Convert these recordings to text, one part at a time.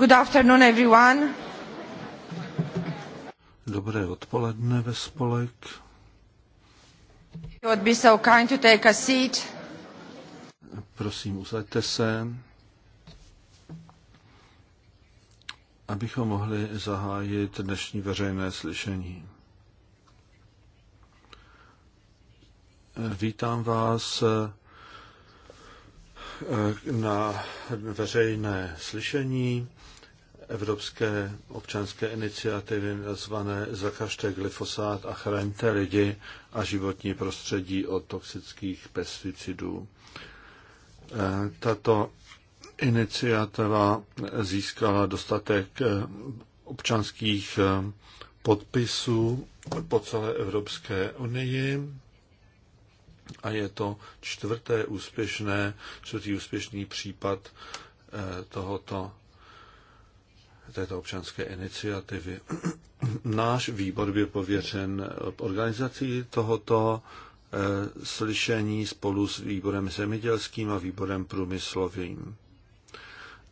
Good afternoon, everyone. Dobré odpoledne ve spolek. would be so kind to take a seat. Prosím, usaďte se. Abychom mohli zahájit dnešní veřejné slyšení. Vítám vás Eh, na veřejné slyšení Evropské občanské iniciativy nazvané Zakažte glyfosát a chraňte lidi a životní prostředí od toxických pesticidů. Eh, tato iniciativa získala dostatek eh, občanských podpisů po celé Evropské unii a je to čtvrté úspěšné, čtvrtý úspěšný případ eh, tohoto, této občanské iniciativy. Náš výbor byl pověřen organizací tohoto eh, slyšení spolu s výborem zemědělským a výborem průmyslovým.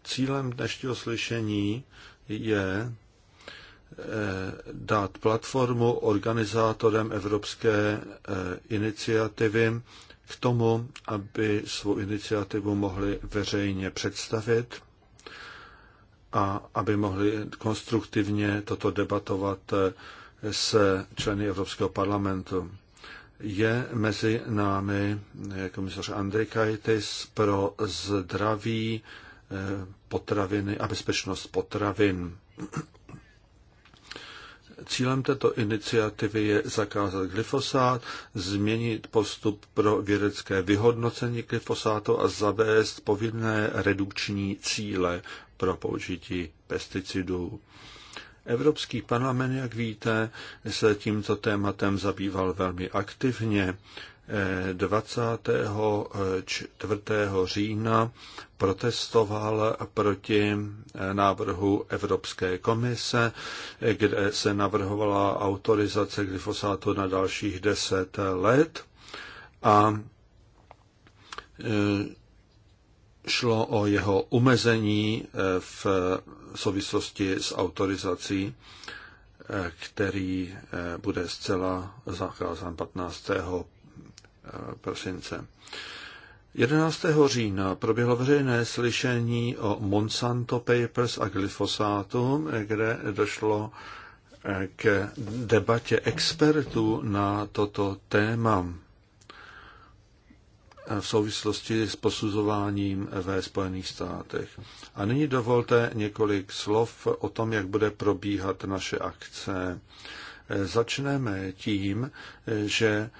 Cílem dnešního slyšení je Eh, dát platformu organizátorem evropské eh, iniciativy k tomu, aby svou iniciativu mohli veřejně představit a aby mohli konstruktivně toto debatovat eh, s členy Evropského parlamentu. Je mezi námi komisař Andrej Kajtis pro zdraví potraviny a bezpečnost potravin. Cílem této iniciativy je zakázat glyfosát, změnit postup pro vědecké vyhodnocení glyfosátu a zavést povinné redukční cíle pro použití pesticidů. Evropský parlament, jak víte, se tímto tématem zabýval velmi aktivně 24. října protestoval proti návrhu Evropské komise, kde se navrhovala autorizace glyfosátu na dalších 10 let a e, šlo o jeho umezení e, v souvislosti s autorizací, e, který bude zcela zakázán 15 prosince. 11. října proběhlo veřejné slyšení o Monsanto Papers a glyfosátu, kde došlo eh, k debatě expertů na toto téma v souvislosti s posuzováním ve Spojených státech. A nyní dovolte několik slov o tom, jak bude probíhat naše akce. Eh, začneme tím, že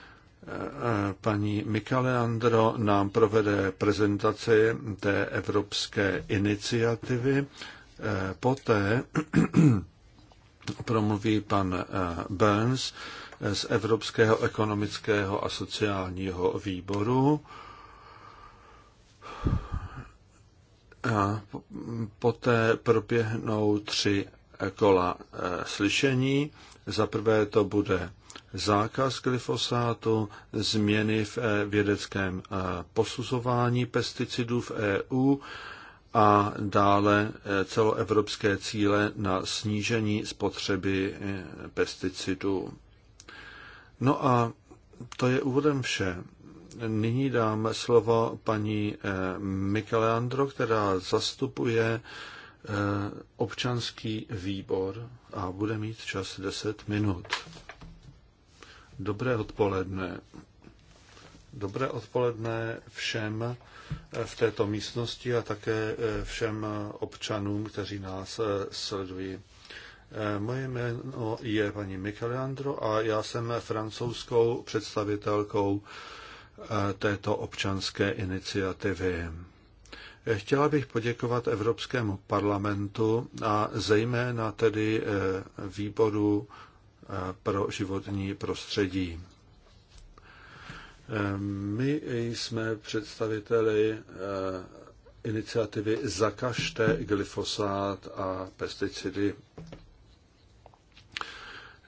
Paní Micaleandro nám provede prezentaci té evropské iniciativy. Poté promluví pan eh, Burns eh, z Evropského ekonomického a sociálního výboru. A poté proběhnou tři kola eh, slyšení. Za prvé to bude zákaz glyfosátu, změny v eh, vědeckém eh, posuzování pesticidů v EU a dále eh, celoevropské cíle na snížení spotřeby pesticidů. No a to je úvodem vše. Nyní dám slovo paní Mikaleandro, která zastupuje občanský výbor a bude mít čas 10 minut. Dobré odpoledne. Dobré odpoledne všem eh, v této místnosti a také eh, všem občanům, kteří nás eh, sledují. Moje jméno je paní Michelandro a já jsem francouzskou představitelkou této občanské iniciativy. Chtěla bych poděkovat Evropskému parlamentu a zejména tedy výboru pro životní prostředí. Eh, my jsme představiteli eh, iniciativy Zakažte glyfosát a pesticidy.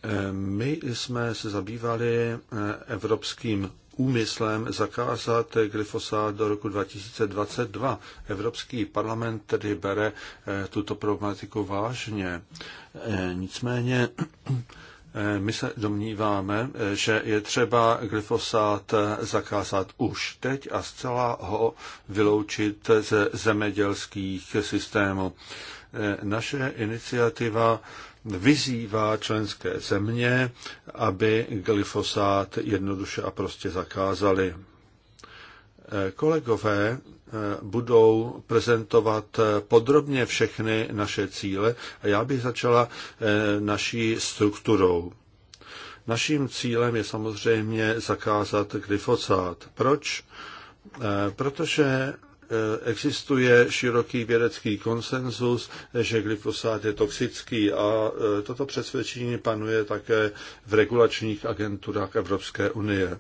Eh, my jsme se zabývali evropským úmyslem zakázat glyfosát do roku 2022. Evropský parlament tedy bere tuto problematiku vážně. Nicméně Eh, my se domníváme, eh, že je třeba glyfosát eh, zakázat už teď a zcela ho vyloučit ze zemědělských systémů. Naše iniciativa vyzývá členské země, aby glyfosát jednoduše a prostě zakázali. Kolegové budou prezentovat podrobně všechny naše cíle a já bych začala eh, naší strukturou. Naším cílem je samozřejmě zakázat glyfosát. Proč? Eh, protože eh, existuje široký vědecký konsenzus, že glyfosát je toxický a toto přesvědčení panuje také v regulačních agenturách Evropské unie.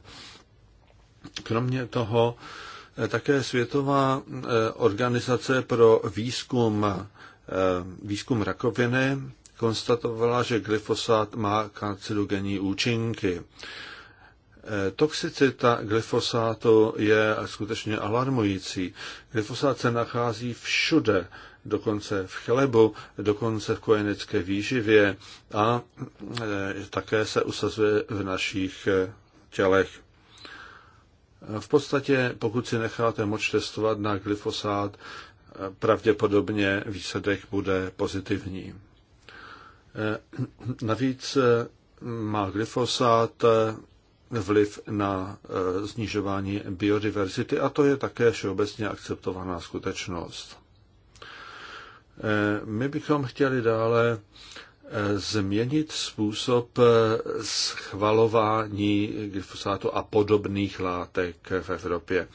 Kromě toho také Světová eh, organizace pro výzkum, eh, výzkum rakoviny konstatovala, že glyfosát má karcinogenní účinky. Eh, toxicita glyfosátu je skutečně alarmující. Glyfosát se nachází všude, dokonce v chlebu, dokonce v kojenecké výživě a také se usazuje v našich tělech. V podstatě, pokud si necháte moč testovat na glyfosát, pravděpodobně výsledek bude pozitivní. Eh, navíc eh, má glyfosát eh, vliv na snižování biodiverzity a to je také všeobecně akceptovaná skutečnost. My bychom chtěli dále změnit způsob schvalování glyfosátu a podobných látek v Evropě.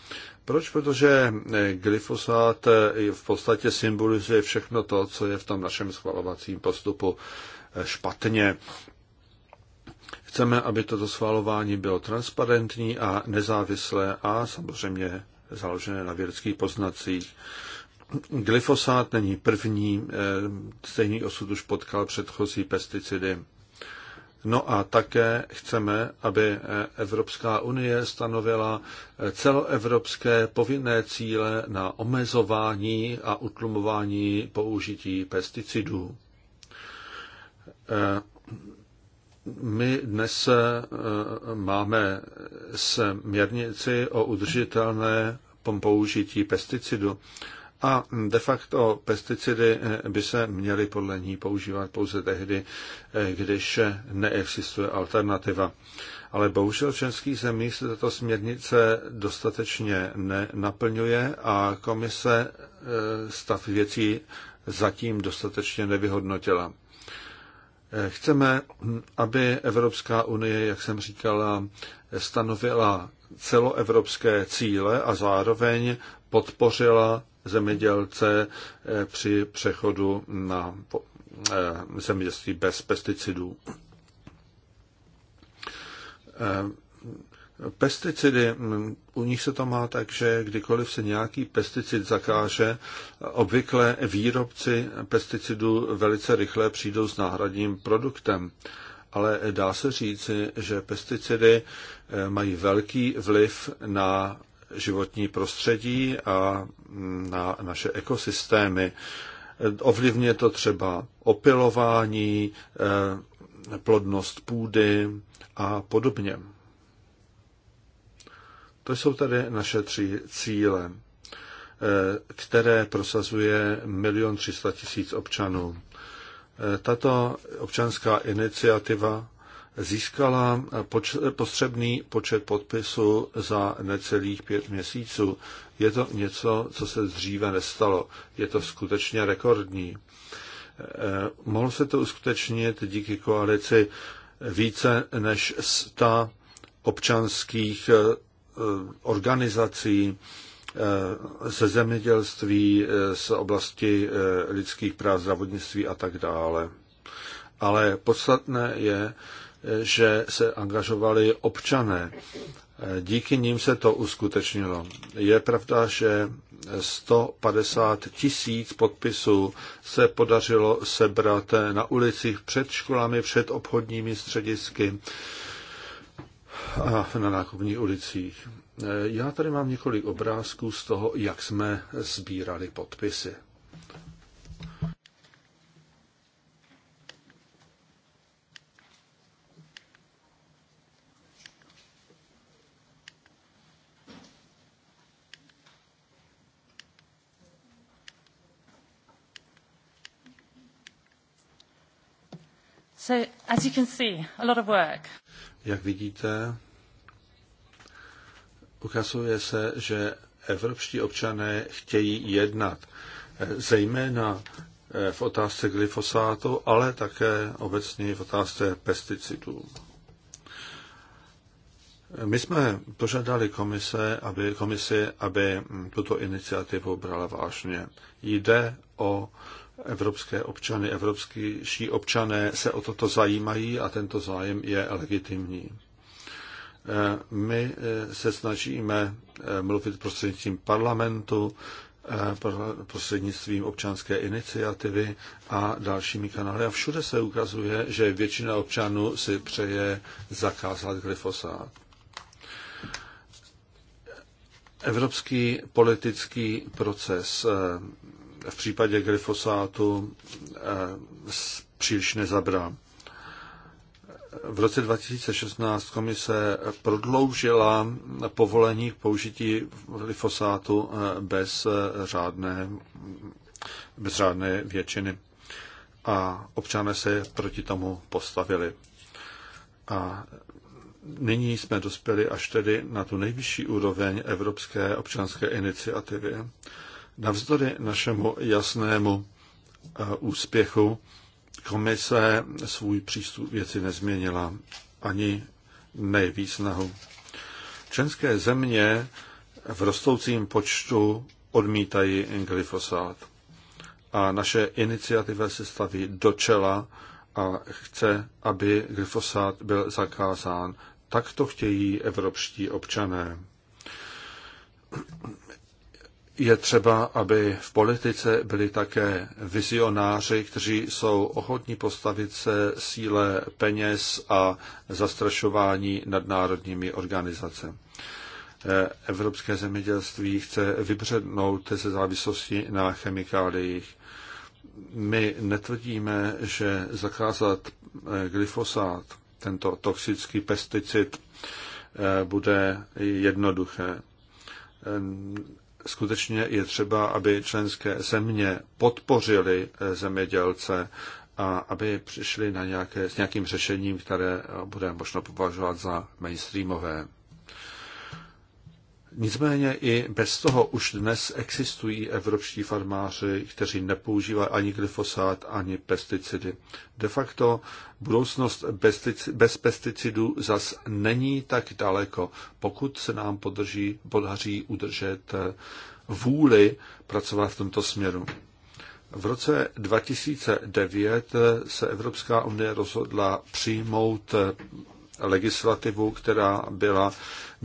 Proč? Protože glyfosát v podstatě symbolizuje všechno to, co je v tom našem schvalovacím postupu špatně. Chceme, aby toto schvalování bylo transparentní a nezávislé a samozřejmě založené na vědeckých poznacích. Glyfosát není první, eh, stejný osud už potkal předchozí pesticidy. No a také chceme, aby eh, Evropská unie stanovila eh, celoevropské povinné cíle na omezování a utlumování použití pesticidů. My dnes máme směrnici o udržitelné použití pesticidu a de facto pesticidy eh, by se měly podle ní používat pouze tehdy, eh, když eh, neexistuje alternativa. Ale bohužel v českých zemích se tato směrnice dostatečně nenaplňuje a komise stav věcí zatím dostatečně nevyhodnotila. Chceme, aby Evropská unie, jak jsem říkala, stanovila celoevropské cíle a zároveň podpořila zemědělce eh, při přechodu na eh, zemědělství bez pesticidů. Eh, pesticidy, mm, u nich se to má tak, že kdykoliv se nějaký pesticid zakáže, obvykle výrobci pesticidů velice rychle přijdou s náhradním produktem. Ale dá se říci, že pesticidy mají velký vliv na životní prostředí a na naše ekosystémy. Ovlivňuje to třeba opilování, eh, plodnost půdy a podobně. To jsou tady naše tři cíle, eh, které prosazuje milion 300 tisíc občanů. Eh, tato občanská iniciativa získala poč- potřebný počet podpisů za necelých pět měsíců. Je to něco, co se dříve nestalo. Je to skutečně rekordní. E, Mohlo se to uskutečnit díky koalici více než 100 občanských e, organizací e, ze zemědělství, z oblasti lidských práv, zdravotnictví a tak dále. Ale podstatné je, že se angažovali občané. Díky nim se to uskutečnilo. Je pravda, že 150 tisíc podpisů se podařilo sebrat na ulicích před školami, před obchodními středisky a na nákupních ulicích. Já tady mám několik obrázků z toho, jak jsme sbírali podpisy. Jak vidíte, ukazuje se, že evropští občané chtějí jednat, eh, zejména eh, v otázce glyfosátu, ale také obecně v otázce pesticidů. My jsme požádali komise, aby, komisi, aby mm, tuto iniciativu brala vážně. Jde o Evropské občany, evropský občané se o toto zajímají a tento zájem je legitimní. Eh, my eh, se snažíme eh, mluvit prostřednictvím parlamentu, prostřednictvím občanské iniciativy a dalšími kanály. A všude se ukazuje, že většina občanů si přeje zakázat glyfosát. Evropský politický proces v případě glyfosátu eh, příliš nezabrá. V roce 2016 komise prodloužila povolení k použití glyfosátu eh, bez eh, řádné, bez řádné většiny a občané se proti tomu postavili. A nyní jsme dospěli až tedy na tu nejvyšší úroveň Evropské občanské iniciativy. Navzdory našemu jasnému eh, úspěchu komise svůj přístup věci nezměnila ani nejvýznahu. Členské země v rostoucím počtu odmítají glyfosát. A naše iniciativa se staví do čela a chce, aby glyfosát byl zakázán. Tak to chtějí evropští občané je třeba, aby v politice byli také vizionáři, kteří jsou ochotní postavit se síle peněz a zastrašování nadnárodními organizacemi. Eh, Evropské zemědělství chce vybřednout ze závislosti na chemikáliích. My netvrdíme, že zakázat eh, glyfosát, tento toxický pesticid, eh, bude jednoduché skutečně je třeba, aby členské země podpořily eh, zemědělce a aby přišli na nějaké, s nějakým řešením, které eh, bude možno považovat za mainstreamové. Nicméně i bez toho už dnes existují evropští farmáři, kteří nepoužívají ani glyfosát, ani pesticidy. De facto budoucnost bez pesticidů zas není tak daleko, pokud se nám podrží, podaří udržet eh, vůli pracovat v tomto směru. V roce 2009 eh, se Evropská unie rozhodla přijmout eh, legislativu, která byla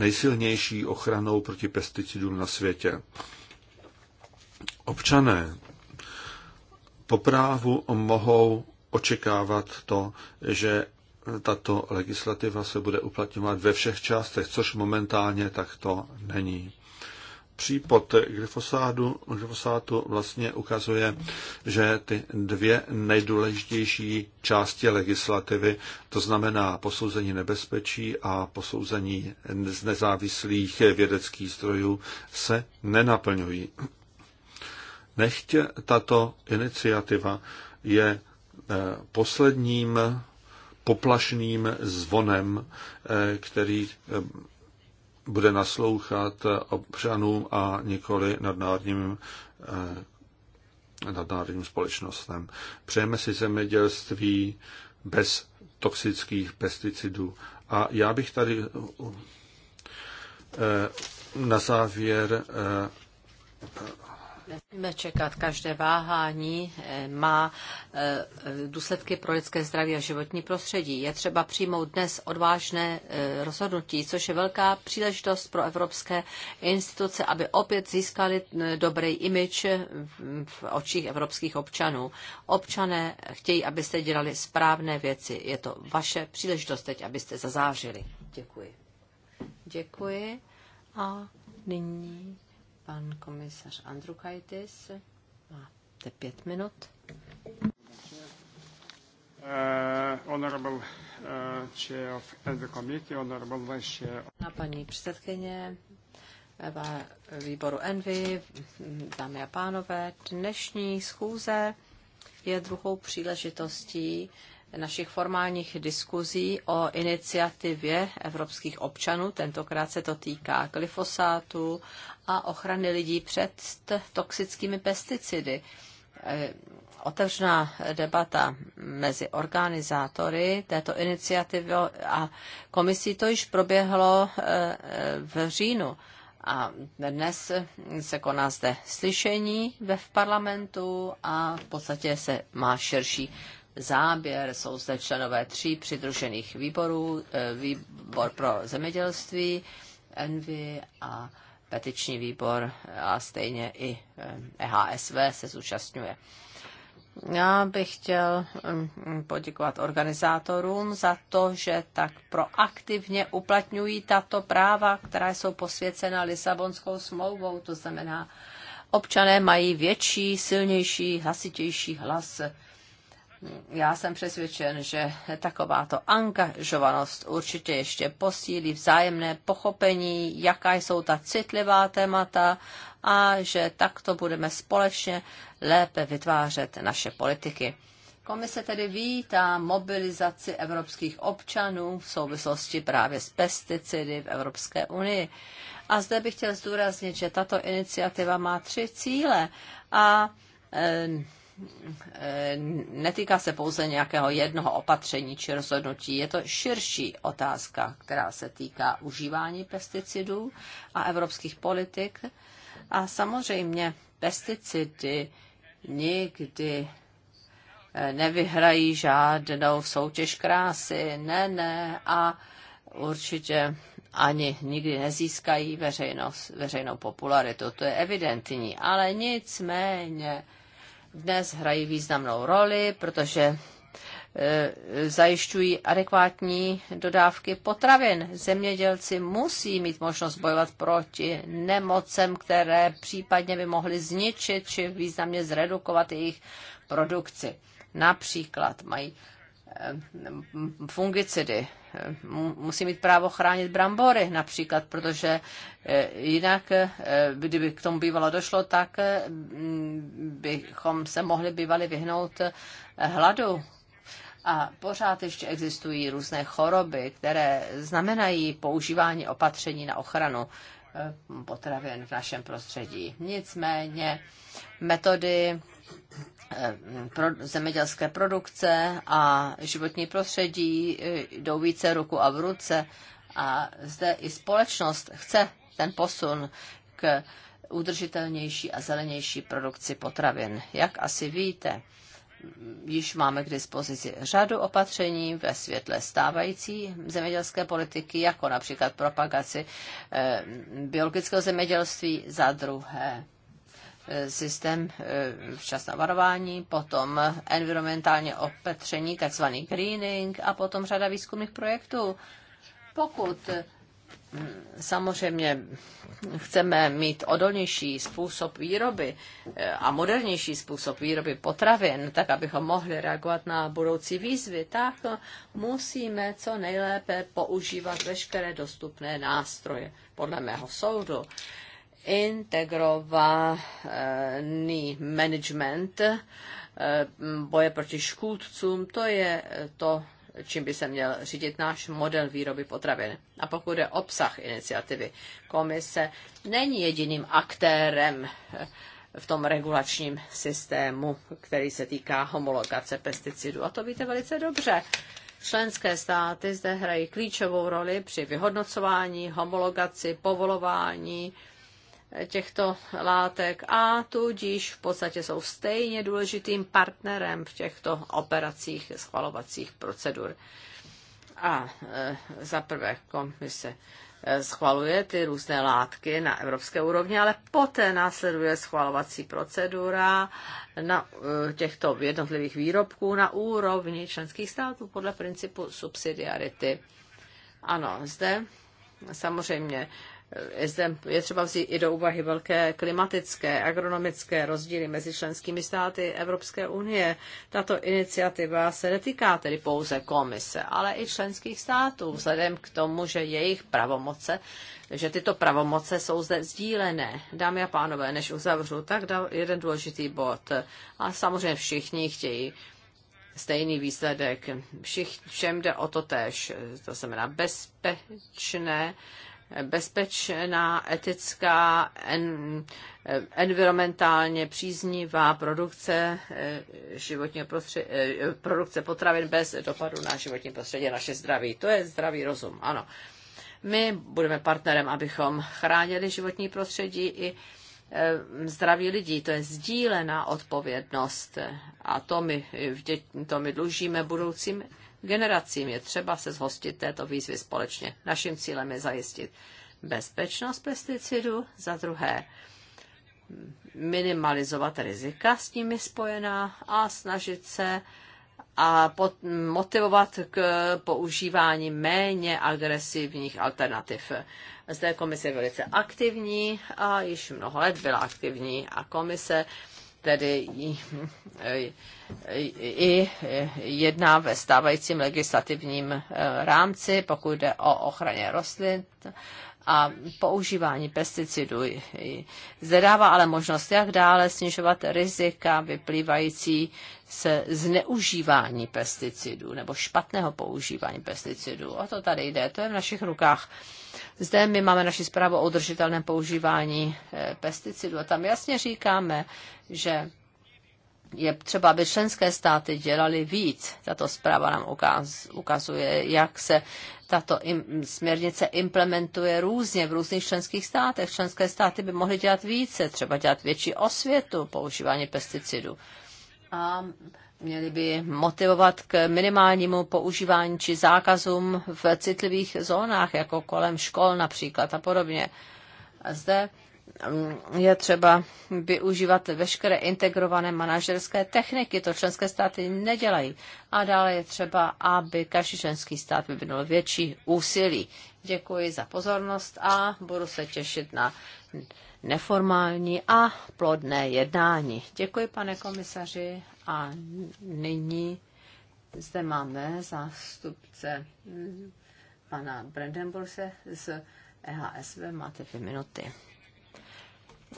nejsilnější ochranou proti pesticidům na světě. Občané po právu mohou očekávat to, že tato legislativa se bude uplatňovat ve všech částech, což momentálně takto není případ glyfosátu, glyfosátu vlastně ukazuje, že ty dvě nejdůležitější části legislativy, to znamená posouzení nebezpečí a posouzení z nezávislých vědeckých strojů, se nenaplňují. Nechť tato iniciativa je eh, posledním poplašným zvonem, eh, který eh, bude naslouchat občanům a nikoli nadnárodním eh, nadnárodním společnostem. Přejeme si zemědělství bez toxických pesticidů. A já bych tady eh, na závěr eh, Nesmíme čekat, každé váhání eh, má eh, důsledky pro lidské zdraví a životní prostředí. Je třeba přijmout dnes odvážné eh, rozhodnutí, což je velká příležitost pro evropské instituce, aby opět získali dobrý imič v očích evropských občanů. Občané chtějí, abyste dělali správné věci. Je to vaše příležitost teď, abyste zazářili. Děkuji. Děkuji. A nyní Pan komisař Andrukaitis, máte pět minut. Uh, honorable uh, chair of the committee, honorable vice chair. paní předsedkyně výboru Envy, dámy a pánové, dnešní schůze je druhou příležitostí našich formálních diskuzí o iniciativě evropských občanů. Tentokrát se to týká glyfosátu a ochrany lidí před toxickými pesticidy. Eh, otevřená debata mezi organizátory této iniciativy a komisí to již proběhlo eh, v říjnu. A dnes se koná zde slyšení ve parlamentu a v podstatě se má širší záběr. Jsou zde členové tří přidružených výborů, eh, výbor pro zemědělství, Envy a petiční výbor a stejně i EHSV e se zúčastňuje. Já bych chtěl mm, poděkovat organizátorům za to, že tak proaktivně uplatňují tato práva, která jsou posvěcena Lisabonskou smlouvou. To znamená, občané mají větší, silnější, hlasitější hlas já jsem přesvědčen, že takováto angažovanost určitě ještě posílí vzájemné pochopení, jaká jsou ta citlivá témata a že takto budeme společně lépe vytvářet naše politiky. Komise tedy vítá mobilizaci evropských občanů v souvislosti právě s pesticidy v Evropské unii. A zde bych chtěl zdůraznit, že tato iniciativa má tři cíle a Eh, netýká se pouze nějakého jednoho opatření či rozhodnutí. Je to širší otázka, která se týká užívání pesticidů a evropských politik. A samozřejmě pesticidy nikdy eh, nevyhrají žádnou soutěž krásy. Ne, ne. A určitě ani nikdy nezískají veřejnost, veřejnou popularitu, to je evidentní, ale nicméně dnes hrají významnou roli, protože e, zajišťují adekvátní dodávky potravin. Zemědělci musí mít možnost bojovat proti nemocem, které případně by mohly zničit či významně zredukovat jejich produkci. Například mají Eh, fungicidy. Eh, musí mít právo chránit brambory například, protože eh, jinak, kdyby k tomu bývalo došlo, tak mm, bychom se mohli bývali vyhnout hladu. A pořád ještě existují různé choroby, které znamenají používání opatření na ochranu potravin v našem prostředí. Nicméně metody Eh, zemědělské produkce a životní prostředí eh, jdou více ruku a v ruce. A zde i společnost chce ten posun k udržitelnější a zelenější produkci potravin. Jak asi víte, již máme k dispozici řadu opatření ve světle stávající zemědělské politiky, jako například propagaci eh, biologického zemědělství za druhé systém eh, včasného varování, potom environmentálně opatření, takzvaný greening a potom řada výzkumných projektů. Pokud hm, samozřejmě chceme mít odolnější způsob výroby eh, a modernější způsob výroby potravin, tak abychom mohli reagovat na budoucí výzvy, tak musíme co nejlépe používat veškeré dostupné nástroje, podle mého soudu integrovaný management eh, boje proti škůdcům, to je to, čím by se měl řídit náš model výroby potravin. A pokud je obsah iniciativy, komise není jediným aktérem eh, v tom regulačním systému, který se týká homologace pesticidů. A to víte velice dobře. Členské státy zde hrají klíčovou roli při vyhodnocování, homologaci, povolování, těchto látek a tudíž v podstatě jsou stejně důležitým partnerem v těchto operacích schvalovacích procedur. A e, za prvé komise e, schvaluje ty různé látky na evropské úrovni, ale poté následuje schvalovací procedura na e, těchto jednotlivých výrobků na úrovni členských států podle principu subsidiarity. Ano, zde samozřejmě zde je třeba vzít i do úvahy velké klimatické, agronomické rozdíly mezi členskými státy Evropské unie. Tato iniciativa se netýká tedy pouze komise, ale i členských států, vzhledem k tomu, že jejich pravomoce, že tyto pravomoce jsou zde sdílené. Dámy a pánové, než uzavřu, tak dal jeden důležitý bod. A samozřejmě všichni chtějí stejný výsledek. Všich, všem jde o to tež, to znamená bezpečné bezpečná, etická, en, environmentálně příznivá produkce eh, životního prostředí, eh, produkce potravin bez dopadu na životní prostředí a naše zdraví. To je zdravý rozum, ano. My budeme partnerem, abychom chránili životní prostředí i eh, zdraví lidí, to je sdílená odpovědnost a to my, to my dlužíme budoucím generacím. Je třeba se zhostit této výzvy společně. Naším cílem je zajistit bezpečnost pesticidů, za druhé minimalizovat rizika s nimi spojená a snažit se a pot, motivovat k používání méně agresivních alternativ. Zde komise je velice aktivní a již mnoho let byla aktivní a komise tedy i jedná ve stávajícím legislativním eh, rámci, pokud jde o ochraně rostlin a používání pesticidů. Zde dává ale možnost, jak dále snižovat rizika vyplývající se zneužívání pesticidů nebo špatného používání pesticidů. O to tady jde, to je v našich rukách. Zde my máme naši zprávu o udržitelném používání eh, pesticidů a tam jasně říkáme, že je třeba, aby členské státy dělali víc. Tato zpráva nám ukaz, ukazuje, jak se tato im, směrnice implementuje různě v různých členských státech. Členské státy by mohly dělat více, třeba dělat větší osvětu používání pesticidů. A měli by motivovat k minimálnímu používání či zákazům v citlivých zónách, jako kolem škol například a podobně. A zde mm, je třeba využívat veškeré integrované manažerské techniky. To členské státy nedělají. A dále je třeba, aby každý členský stát vyvinul větší úsilí. Děkuji za pozornost a budu se těšit na neformální a plodné jednání. Děkuji, pane komisaři. A nyní zde máme zástupce pana Brandenburse z EHSV. Máte dvě minuty.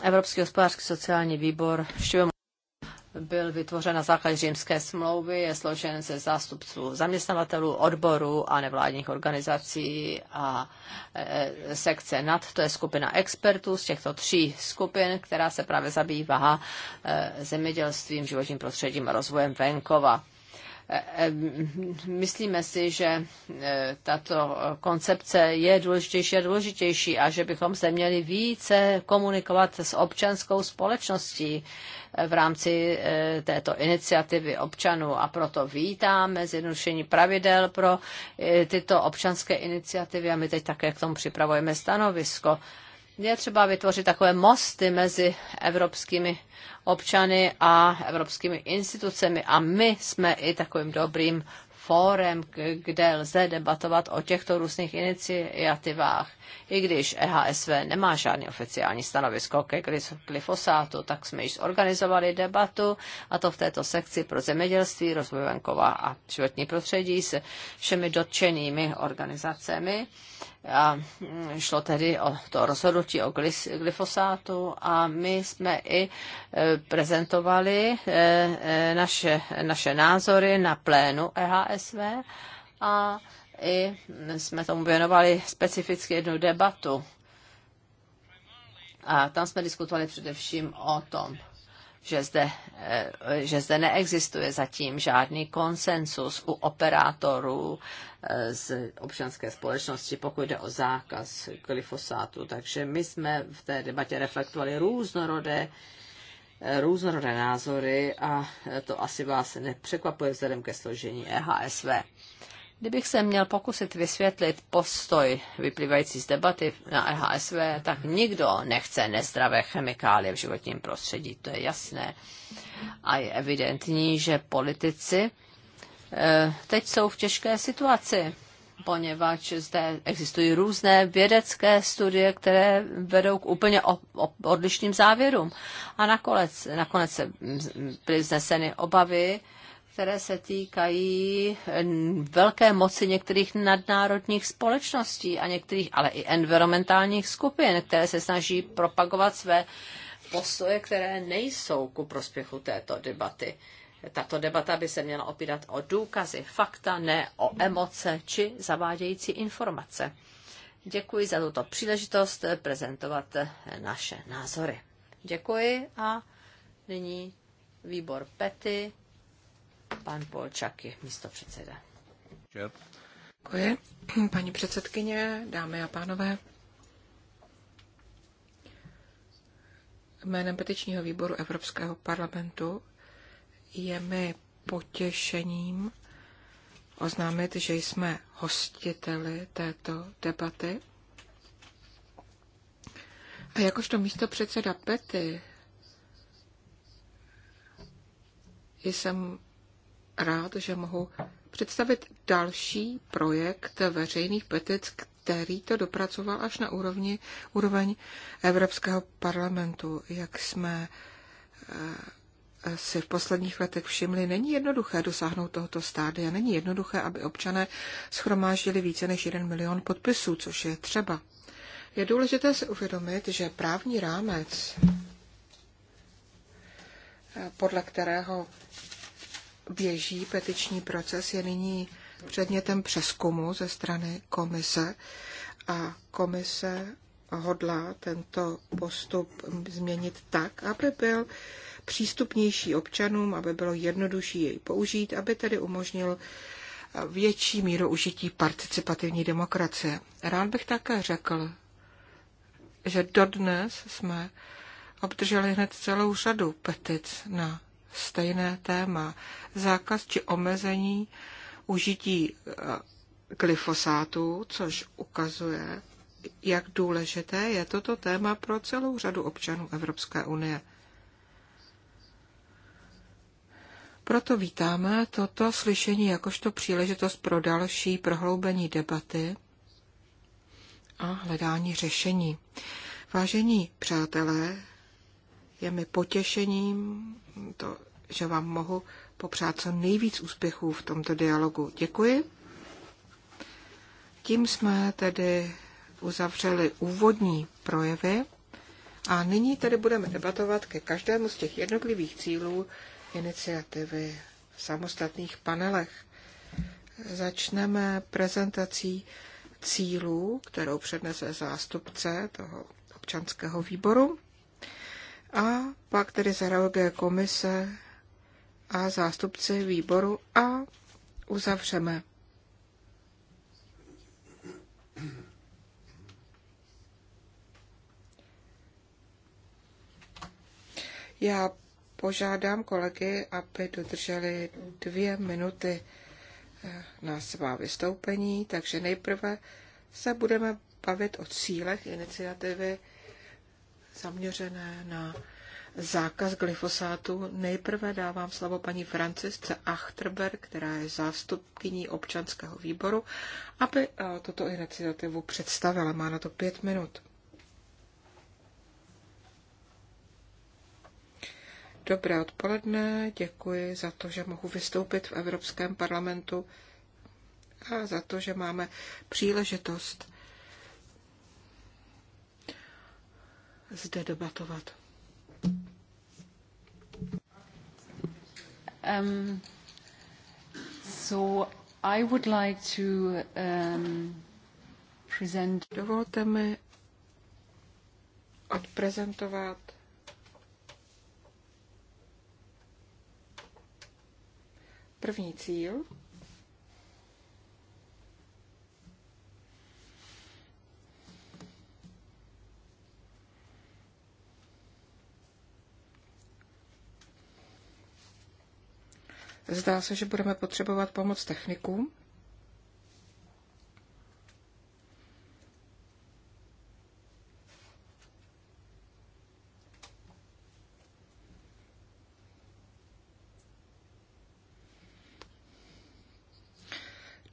Evropský hospodářský sociální výbor byl vytvořen na základě římské smlouvy, je složen ze zástupců zaměstnavatelů, odborů a nevládních organizací a e, sekce NAD, to je skupina expertů z těchto tří skupin, která se právě zabývá e, zemědělstvím, životním prostředím a rozvojem venkova. Eh, eh, myslíme si, že eh, tato koncepce je důležitější a důležitější a že bychom se měli více komunikovat s občanskou společností v rámci této iniciativy občanů a proto vítáme zjednodušení pravidel pro tyto občanské iniciativy a my teď také k tomu připravujeme stanovisko. Je třeba vytvořit takové mosty mezi evropskými občany a evropskými institucemi a my jsme i takovým dobrým fórem, kde lze debatovat o těchto různých iniciativách. I když EHSV nemá žádný oficiální stanovisko ke glyfosátu, tak jsme již zorganizovali debatu, a to v této sekci pro zemědělství, rozvoj venkova a životní prostředí se všemi dotčenými organizacemi. A mm, šlo tedy o to rozhodnutí o glyfosátu a my jsme i e, prezentovali e, e, naše, naše názory na plénu EHSV a i jsme tomu věnovali specificky jednu debatu. A tam jsme diskutovali především o tom, že zde, eh, že zde neexistuje zatím žádný konsensus u operátorů eh, z občanské společnosti, pokud jde o zákaz glyfosátu. Takže my jsme v té debatě reflektovali různorodé eh, různorodé názory a to asi vás nepřekvapuje vzhledem ke složení EHSV. Kdybych se měl pokusit vysvětlit postoj vyplývající z debaty na EHSV, tak nikdo nechce nezdravé chemikálie v životním prostředí, to je jasné. A je evidentní, že politici eh, teď jsou v těžké situaci, poněvadž zde existují různé vědecké studie, které vedou k úplně odlišným závěrům. A nakonec, nakonec byly zneseny obavy, které se týkají eh, velké moci některých nadnárodních společností a některých, ale i environmentálních skupin, které se snaží propagovat své postoje, které nejsou ku prospěchu této debaty. Tato debata by se měla opírat o důkazy, fakta, ne o emoce či zavádějící informace. Děkuji za tuto příležitost prezentovat eh, naše názory. Děkuji a nyní výbor Pety Pan Polčak je místo předseda. Děkuji. Paní předsedkyně, dámy a pánové, jménem petičního výboru Evropského parlamentu je mi potěšením oznámit, že jsme hostiteli této debaty. A jakožto místo předseda Pety jsem rád, že mohu představit další projekt veřejných petic, který to dopracoval až na úrovni, úroveň Evropského parlamentu. Jak jsme eh, si v posledních letech všimli, není jednoduché dosáhnout tohoto stádia. Není jednoduché, aby občané schromáždili více než jeden milion podpisů, což je třeba. Je důležité si uvědomit, že právní rámec, eh, podle kterého běží petiční proces, je nyní předmětem přeskumu ze strany komise a komise hodlá tento postup změnit tak, aby byl přístupnější občanům, aby bylo jednodušší jej použít, aby tedy umožnil větší míru užití participativní demokracie. Rád bych také řekl, že dodnes jsme obdrželi hned celou řadu petic na stejné téma. Zákaz či omezení užití eh, glyfosátu, což ukazuje, jak důležité je toto téma pro celou řadu občanů Evropské unie. Proto vítáme toto slyšení jakožto příležitost pro další prohloubení debaty a hledání řešení. Vážení přátelé, je mi potěšením, to, že vám mohu popřát co nejvíc úspěchů v tomto dialogu. Děkuji. Tím jsme tedy uzavřeli úvodní projevy a nyní tedy budeme debatovat ke každému z těch jednotlivých cílů iniciativy v samostatných panelech. Začneme prezentací cílů, kterou přednese zástupce toho občanského výboru. A pak tedy zareaguje komise a zástupci výboru a uzavřeme. Já požádám kolegy, aby dodrželi dvě minuty eh, na svá vystoupení, takže nejprve se budeme bavit o cílech iniciativy zaměřené na zákaz glyfosátu. Nejprve dávám slovo paní Francisce Achterberg, která je zástupkyní občanského výboru, aby eh, tuto iniciativu představila. Má na to pět minut. Dobré odpoledne, děkuji za to, že mohu vystoupit v Evropském parlamentu a za to, že máme příležitost zde debatovat. Um, so I would like to um, present... Dovolte mi odprezentovat první cíl, Zdá se, že budeme potřebovat pomoc technikům.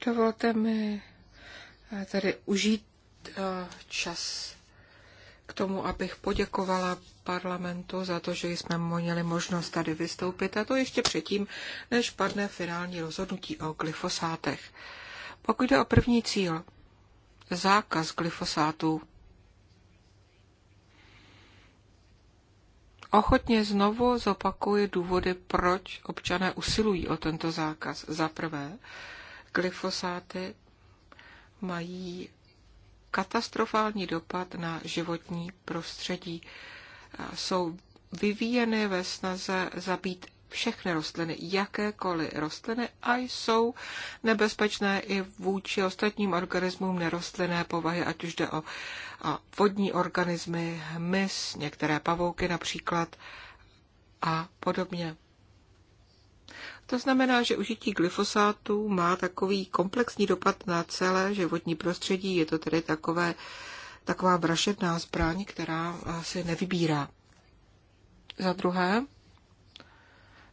Dovolte mi eh, tedy užít eh, čas k tomu, abych poděkovala parlamentu za to, že jsme měli možnost tady vystoupit, a to ještě předtím, než padne finální rozhodnutí o glyfosátech. Pokud jde o první cíl, zákaz glyfosátů, Ochotně znovu zopakuje důvody, proč občané usilují o tento zákaz. Za prvé, glyfosáty mají katastrofální dopad na životní prostředí. Jsou vyvíjeny ve snaze zabít všechny rostliny, jakékoliv rostliny a jsou nebezpečné i vůči ostatním organismům nerostlinné povahy, ať už jde o vodní organismy, hmyz, některé pavouky například a podobně. To znamená, že užití glyfosátu má takový komplexní dopad na celé životní prostředí. Je to tedy takové, taková vražedná zbraň, která se nevybírá. Za druhé,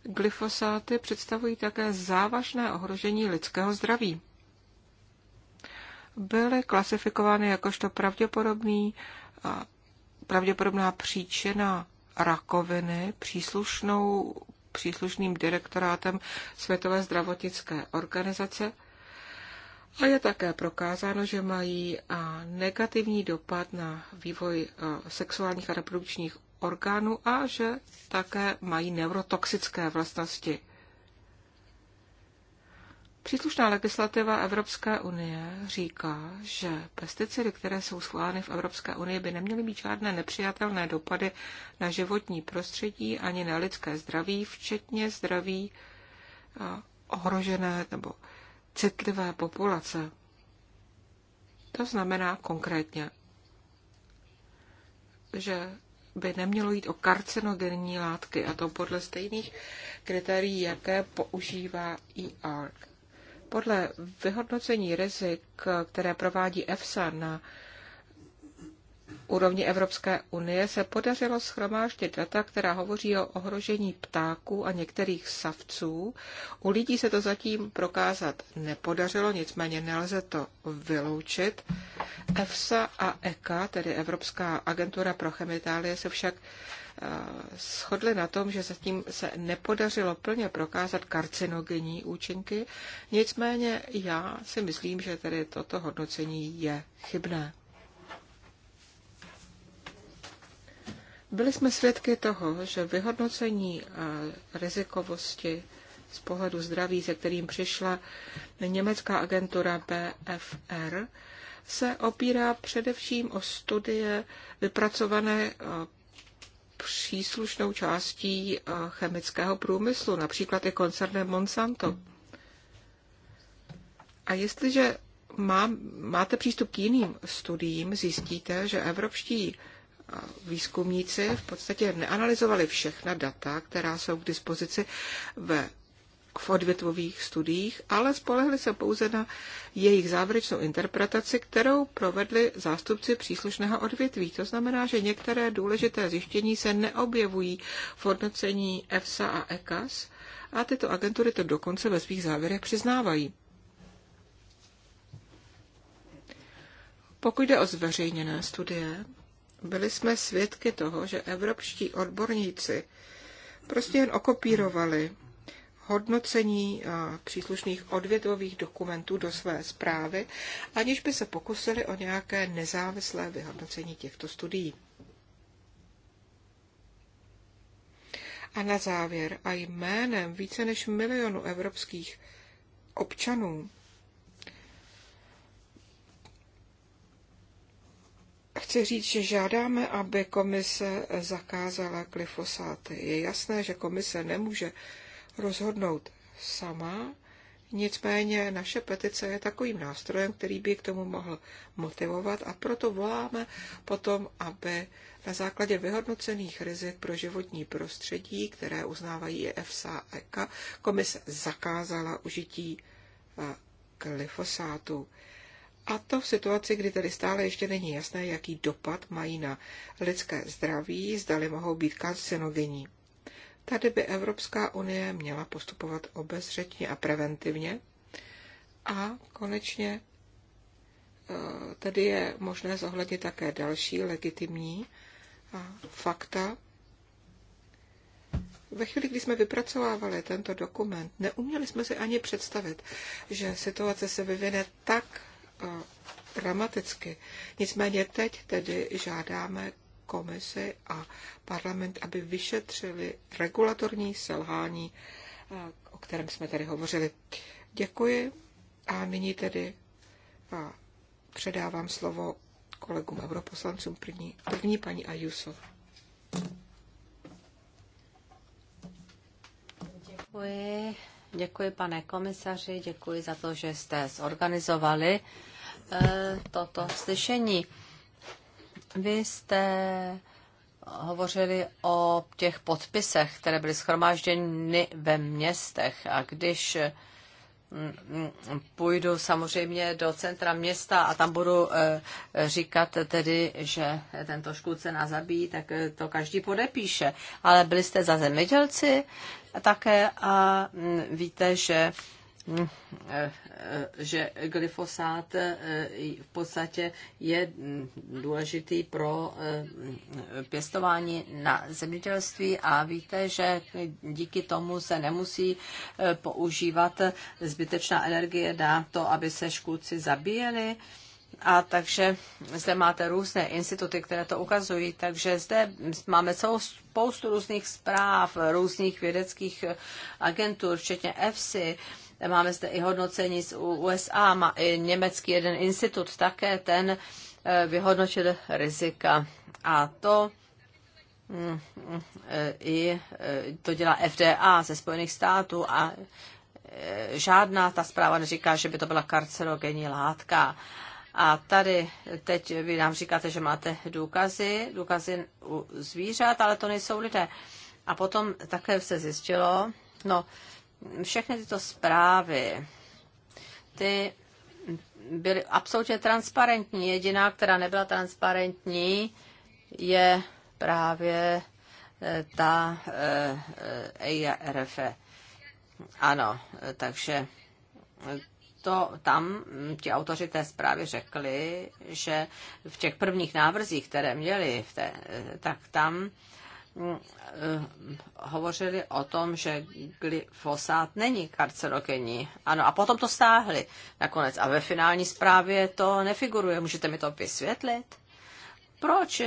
glyfosáty představují také závažné ohrožení lidského zdraví. Byly klasifikovány jakožto pravděpodobný, pravděpodobná příčina rakoviny příslušnou příslušným direktorátem Světové zdravotnické organizace. A je také prokázáno, že mají negativní dopad na vývoj sexuálních a reprodukčních orgánů a že také mají neurotoxické vlastnosti. Příslušná legislativa Evropské unie říká, že pesticidy, které jsou schváleny v Evropské unii, by neměly být žádné nepřijatelné dopady na životní prostředí ani na lidské zdraví, včetně zdraví ohrožené nebo citlivé populace. To znamená konkrétně, že by nemělo jít o karcinogenní látky, a to podle stejných kritérií, jaké používá ER, podle vyhodnocení rizik, které provádí EFSA na úrovni Evropské unie, se podařilo schromáždit data, která hovoří o ohrožení ptáků a některých savců. U lidí se to zatím prokázat nepodařilo, nicméně nelze to vyloučit. EFSA a ECA, tedy Evropská agentura pro chemikálie, se však shodli na tom, že zatím se nepodařilo plně prokázat karcinogenní účinky, nicméně já si myslím, že tedy toto hodnocení je chybné. Byli jsme svědky toho, že vyhodnocení eh, rizikovosti z pohledu zdraví, se kterým přišla německá agentura BFR, se opírá především o studie vypracované eh, příslušnou částí eh, chemického průmyslu, například i koncernem Monsanto. A jestliže má, máte přístup k jiným studiím, zjistíte, že evropští eh, výzkumníci v podstatě neanalyzovali všechna data, která jsou k dispozici ve v odvětvových studiích, ale spolehli se pouze na jejich závěrečnou interpretaci, kterou provedli zástupci příslušného odvětví. To znamená, že některé důležité zjištění se neobjevují v hodnocení EFSA a ECAS a tyto agentury to dokonce ve svých závěrech přiznávají. Pokud jde o zveřejněné studie, byli jsme svědky toho, že evropští odborníci prostě jen okopírovali hodnocení eh, příslušných odvětvových dokumentů do své zprávy, aniž by se pokusili o nějaké nezávislé vyhodnocení těchto studií. A na závěr a jménem více než milionu evropských občanů chci říct, že žádáme, aby komise zakázala glyfosáty. Je jasné, že komise nemůže rozhodnout sama, nicméně naše petice je takovým nástrojem, který by k tomu mohl motivovat a proto voláme potom, aby na základě vyhodnocených rizik pro životní prostředí, které uznávají i EFSA a ECA, komise zakázala užití eh, glyfosátu. A to v situaci, kdy tedy stále ještě není jasné, jaký dopad mají na lidské zdraví, zdali mohou být karcinogenní. Tady by Evropská unie měla postupovat obezřetně a preventivně. A konečně e, tady je možné zohlednit také další legitimní e, fakta. Ve chvíli, kdy jsme vypracovávali tento dokument, neuměli jsme si ani představit, že situace se vyvine tak e, dramaticky. Nicméně teď tedy žádáme komisi a parlament, aby vyšetřili regulatorní selhání, eh, o kterém jsme tady hovořili. Děkuji a nyní tedy eh, předávám slovo kolegům europoslancům první, první paní Ajuso. Děkuji. Děkuji, pane komisaři, děkuji za to, že jste zorganizovali eh, toto slyšení. Vy jste hovořili o těch podpisech, které byly schromážděny ve městech. A když mm, mm, půjdu samozřejmě do centra města a tam budu eh, říkat tedy, že tento škůdce nás zabíjí, tak eh, to každý podepíše. Ale byli jste za zemědělci také a mm, víte, že že glyfosát eh, v podstatě je důležitý pro eh, pěstování na zemědělství a víte, že díky tomu se nemusí eh, používat zbytečná energie na to, aby se škůdci zabíjeli. A takže zde máte různé instituty, které to ukazují. Takže zde máme celou spoustu různých zpráv, různých vědeckých agentur, včetně EFSI, Máme zde i hodnocení z USA, má i německý jeden institut také, ten eh, vyhodnotil rizika. A to mm, mm, eh, i eh, to dělá FDA ze Spojených států a žádná ta zpráva neříká, že by to byla karcerogenní látka. A tady teď vy nám říkáte, že máte důkazy, důkazy u zvířat, ale to nejsou lidé. A potom také se zjistilo, no, všechny tyto zprávy, ty byly absolutně transparentní. Jediná, která nebyla transparentní, je právě eh, ta EIRF. Eh, eh, ano, takže to tam hm, ti autoři té zprávy řekli, že v těch prvních návrzích, které měli, v té, tak tam Eh, hovořili o tom, že glyfosát není karcerogenní. Ano, a potom to stáhli nakonec. A ve finální zprávě to nefiguruje. Můžete mi to vysvětlit? Proč?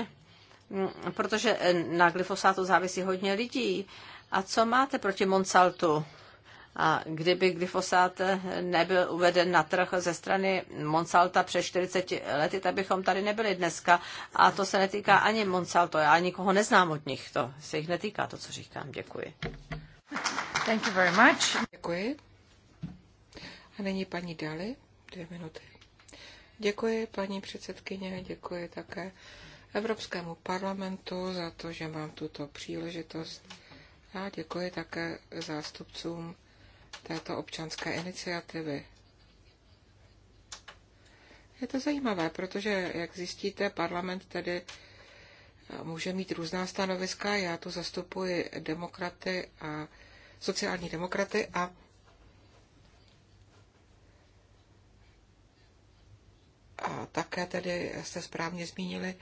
Mm, protože na glyfosátu závisí hodně lidí. A co máte proti Monsaltu? A kdyby glyfosát nebyl uveden na trh ze strany Monsalta před 40 lety, tak bychom tady nebyli dneska. A to se netýká ani Monsalto, já nikoho neznám od nich, to se jich netýká, to, co říkám. Děkuji. Thank you very much. Děkuji. A nyní paní Dali, dvě minuty. Děkuji paní předsedkyně, děkuji také Evropskému parlamentu za to, že mám tuto příležitost a děkuji také zástupcům této občanské iniciativy. Je to zajímavé, protože, jak zjistíte, parlament tedy eh, může mít různá stanoviska. Já tu zastupuji demokraty a sociální demokraty a a také tedy jste správně zmínili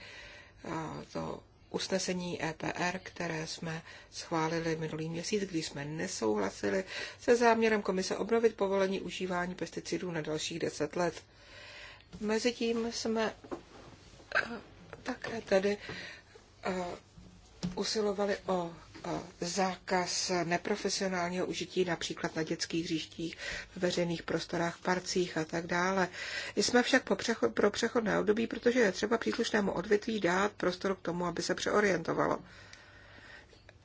eh, to usnesení EPR, které jsme schválili minulý měsíc, kdy jsme nesouhlasili se záměrem komise obnovit povolení užívání pesticidů na dalších deset let. Mezitím jsme eh, také tedy eh, usilovali o zákaz neprofesionálního užití například na dětských hřištích, ve veřejných prostorách, parcích a tak dále. Jsme však po přechod, pro přechodné období, protože je třeba příslušnému odvětví dát prostor k tomu, aby se přeorientovalo.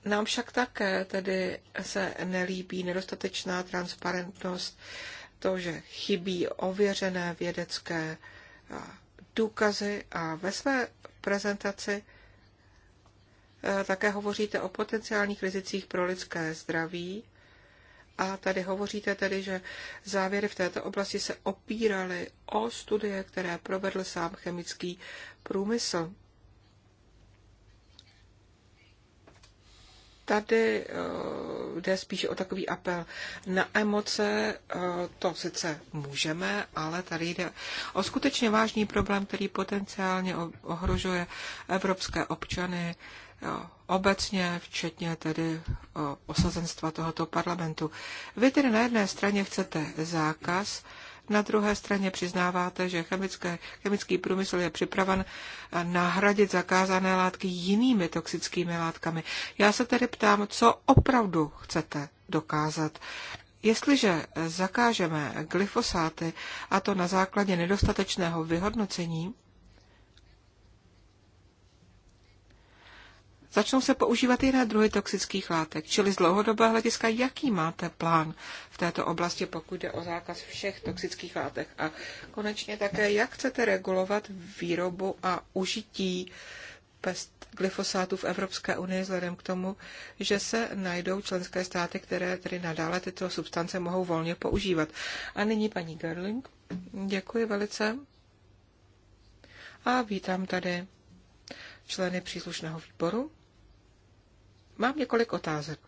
Nám však také tedy se nelíbí nedostatečná transparentnost, to, že chybí ověřené vědecké důkazy a ve své prezentaci Eh, také hovoříte o potenciálních rizicích pro lidské zdraví. A tady hovoříte tedy, že závěry v této oblasti se opíraly o studie, které provedl sám chemický průmysl. Tady eh, jde spíše o takový apel na emoce, eh, to sice můžeme, ale tady jde o skutečně vážný problém, který potenciálně ohrožuje evropské občany, obecně, včetně tedy osazenstva tohoto parlamentu. Vy tedy na jedné straně chcete zákaz, na druhé straně přiznáváte, že chemické, chemický průmysl je připraven nahradit zakázané látky jinými toxickými látkami. Já se tedy ptám, co opravdu chcete dokázat. Jestliže zakážeme glyfosáty, a to na základě nedostatečného vyhodnocení, začnou se používat jiné druhy toxických látek. Čili z dlouhodobého hlediska, jaký máte plán v této oblasti, pokud jde o zákaz všech toxických látek? A konečně také, jak chcete regulovat výrobu a užití pest glyfosátu v Evropské unii vzhledem k tomu, že se najdou členské státy, které tedy nadále tyto substance mohou volně používat. A nyní paní Gerling. Děkuji velice. A vítám tady členy příslušného výboru. Mám několik otázek.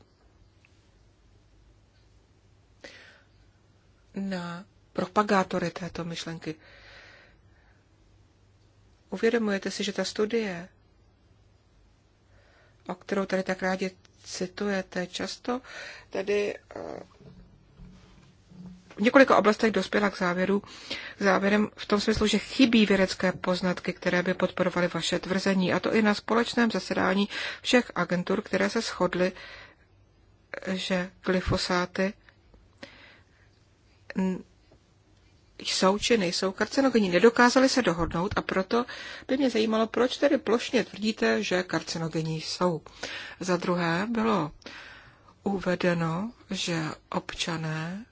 Na propagátory této myšlenky. Uvědomujete si, že ta studie, o kterou tady tak rádi citujete často, tedy eh, v několika oblastech dospěla k závěru, k závěrem v tom smyslu, že chybí vědecké poznatky, které by podporovaly vaše tvrzení, a to i na společném zasedání všech agentur, které se shodly, že glyfosáty jsou či nejsou karcinogenní. Nedokázali se dohodnout a proto by mě zajímalo, proč tedy plošně tvrdíte, že karcinogenní jsou. Za druhé bylo uvedeno, že občané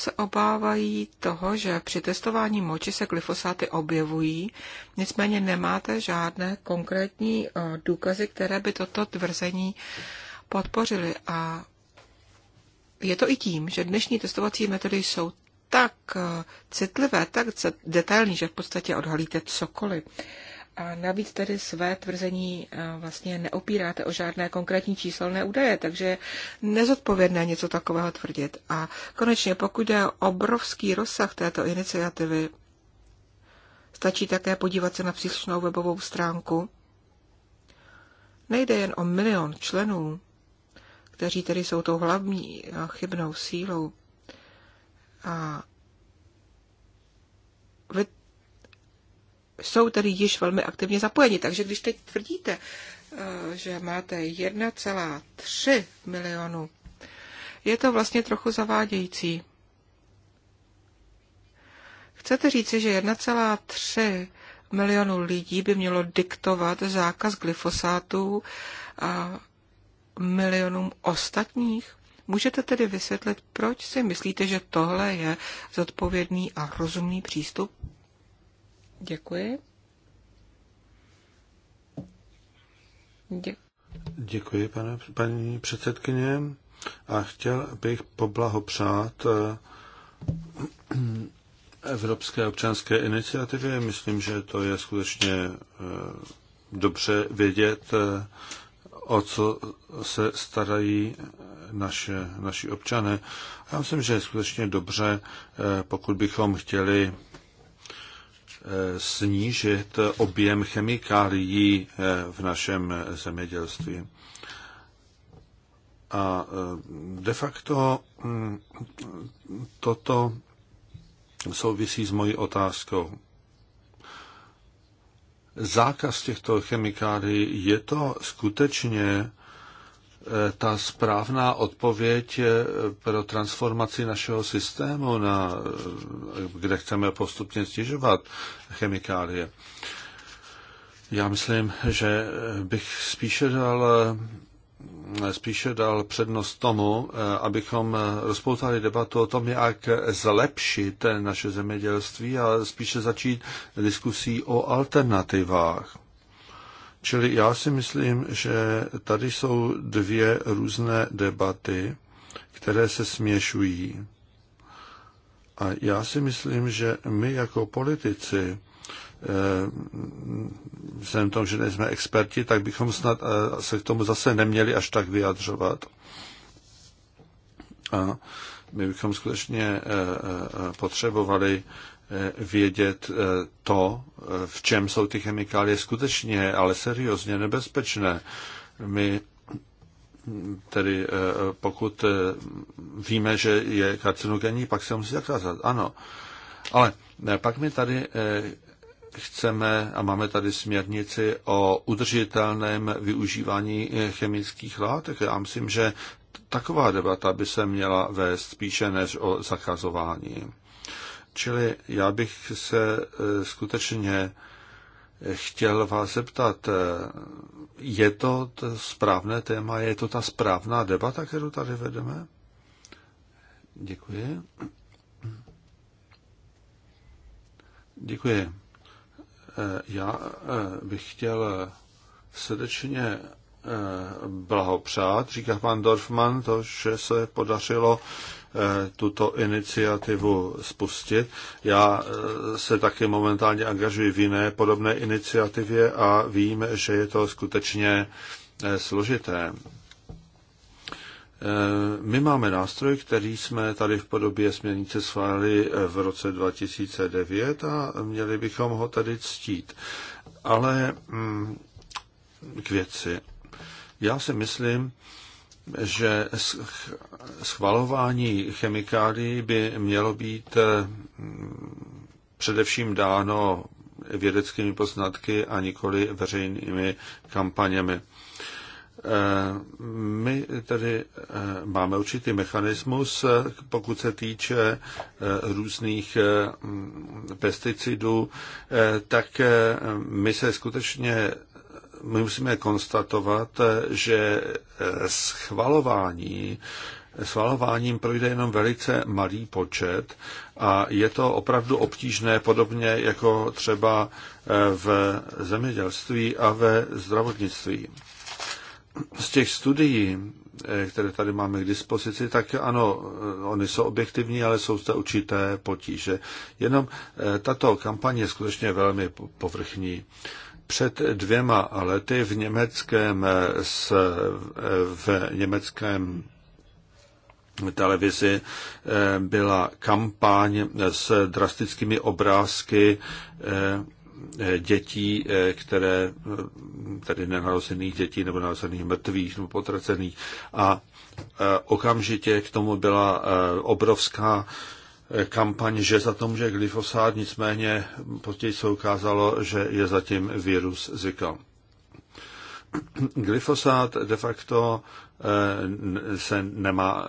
se obávají toho, že při testování moči se glyfosáty objevují, nicméně nemáte žádné konkrétní eh, důkazy, které by toto tvrzení podpořily. A je to i tím, že dnešní testovací metody jsou tak eh, citlivé, tak detailní, že v podstatě odhalíte cokoliv. A navíc tedy své tvrzení eh, vlastně neopíráte o žádné konkrétní číselné údaje, takže je nezodpovědné něco takového tvrdit. A konečně, pokud je obrovský rozsah této iniciativy, stačí také podívat se na příslušnou webovou stránku. Nejde jen o milion členů, kteří tedy jsou tou hlavní eh, chybnou sílou. A jsou tedy již velmi aktivně zapojeni. Takže když teď tvrdíte, eh, že máte 1,3 milionu, je to vlastně trochu zavádějící. Chcete říci, že 1,3 milionu lidí by mělo diktovat zákaz glyfosátů a milionům ostatních? Můžete tedy vysvětlit, proč si myslíte, že tohle je zodpovědný a rozumný přístup? Děkuji. Dě- Děkuji, pane, paní předsedkyně. A chtěl bych poblahopřát eh, Evropské občanské iniciativě. Myslím, že to je skutečně eh, dobře vědět, eh, o co se starají naše, naši občané. Já myslím, že je skutečně dobře, pokud bychom chtěli snížit objem chemikálií eh, v našem zemědělství. A eh, de facto mm, toto souvisí s mojí otázkou. Zákaz těchto chemikálií je to skutečně Eh, ta správná odpověď eh, pro transformaci našeho systému, na, eh, kde chceme postupně stěžovat chemikálie. Já myslím, že bych spíše dal spíše dal přednost tomu, abychom rozpoutali debatu o tom, jak zlepšit naše zemědělství a spíše začít diskusí o alternativách. Čili já si myslím, že tady jsou dvě různé debaty, které se směšují. A já si myslím, že my jako politici, eh, vzhledem tomu, že nejsme experti, tak bychom snad eh, se k tomu zase neměli až tak vyjadřovat. A my bychom skutečně eh, potřebovali Eh, vědět eh, to, eh, v čem jsou ty chemikálie skutečně, ale seriózně nebezpečné. My tedy pokud víme, že je karcinogenní, pak se musí zakázat. Ano. Ale ne. pak my tady chceme a máme tady směrnici o udržitelném využívání chemických látek. Já myslím, že taková debata by se měla vést spíše než o zakazování. Čili já bych se e, skutečně e, chtěl vás zeptat, e, je to, to správné téma, je to ta správná debata, kterou tady vedeme? Děkuji. Děkuji. Já bych chtěl srdečně blahopřát, říká pan Dorfman, to, že se podařilo Eh, tuto iniciativu spustit. Já eh, se taky momentálně angažuji v jiné podobné iniciativě a vím, že je to skutečně eh, složité. My máme nástroj, který jsme tady v podobě směrnice schválili v roce 2009 a měli bychom ho tady ctít. Ale mm, k věci. Já si myslím, že schvalování chemikálií by mělo být eh, především dáno vědeckými poznatky a nikoli veřejnými kampaněmi. Eh, my tedy eh, máme určitý mechanismus, pokud se týče různých pesticidů, tak my se skutečně my musíme konstatovat, že eh, schvalování schvalováním projde jenom velice malý počet a je to opravdu obtížné, podobně jako třeba eh, v zemědělství a ve zdravotnictví. Z těch studií, eh, které tady máme k dispozici, tak ano, oni jsou objektivní, ale jsou zde určité potíže. Jenom tato kampaně je skutečně velmi povrchní. Před dvěma lety v německém, s, v německém televizi eh, byla kampaň s drastickými obrázky eh, dětí, eh, které, tedy nenarozených dětí nebo narozených mrtvých nebo potracených. A okamžitě k tomu byla obrovská Eh, kampaň, že za to může glyfosát, nicméně později se ukázalo, že je zatím virus Zika. Glyfosát de facto eh, se nemá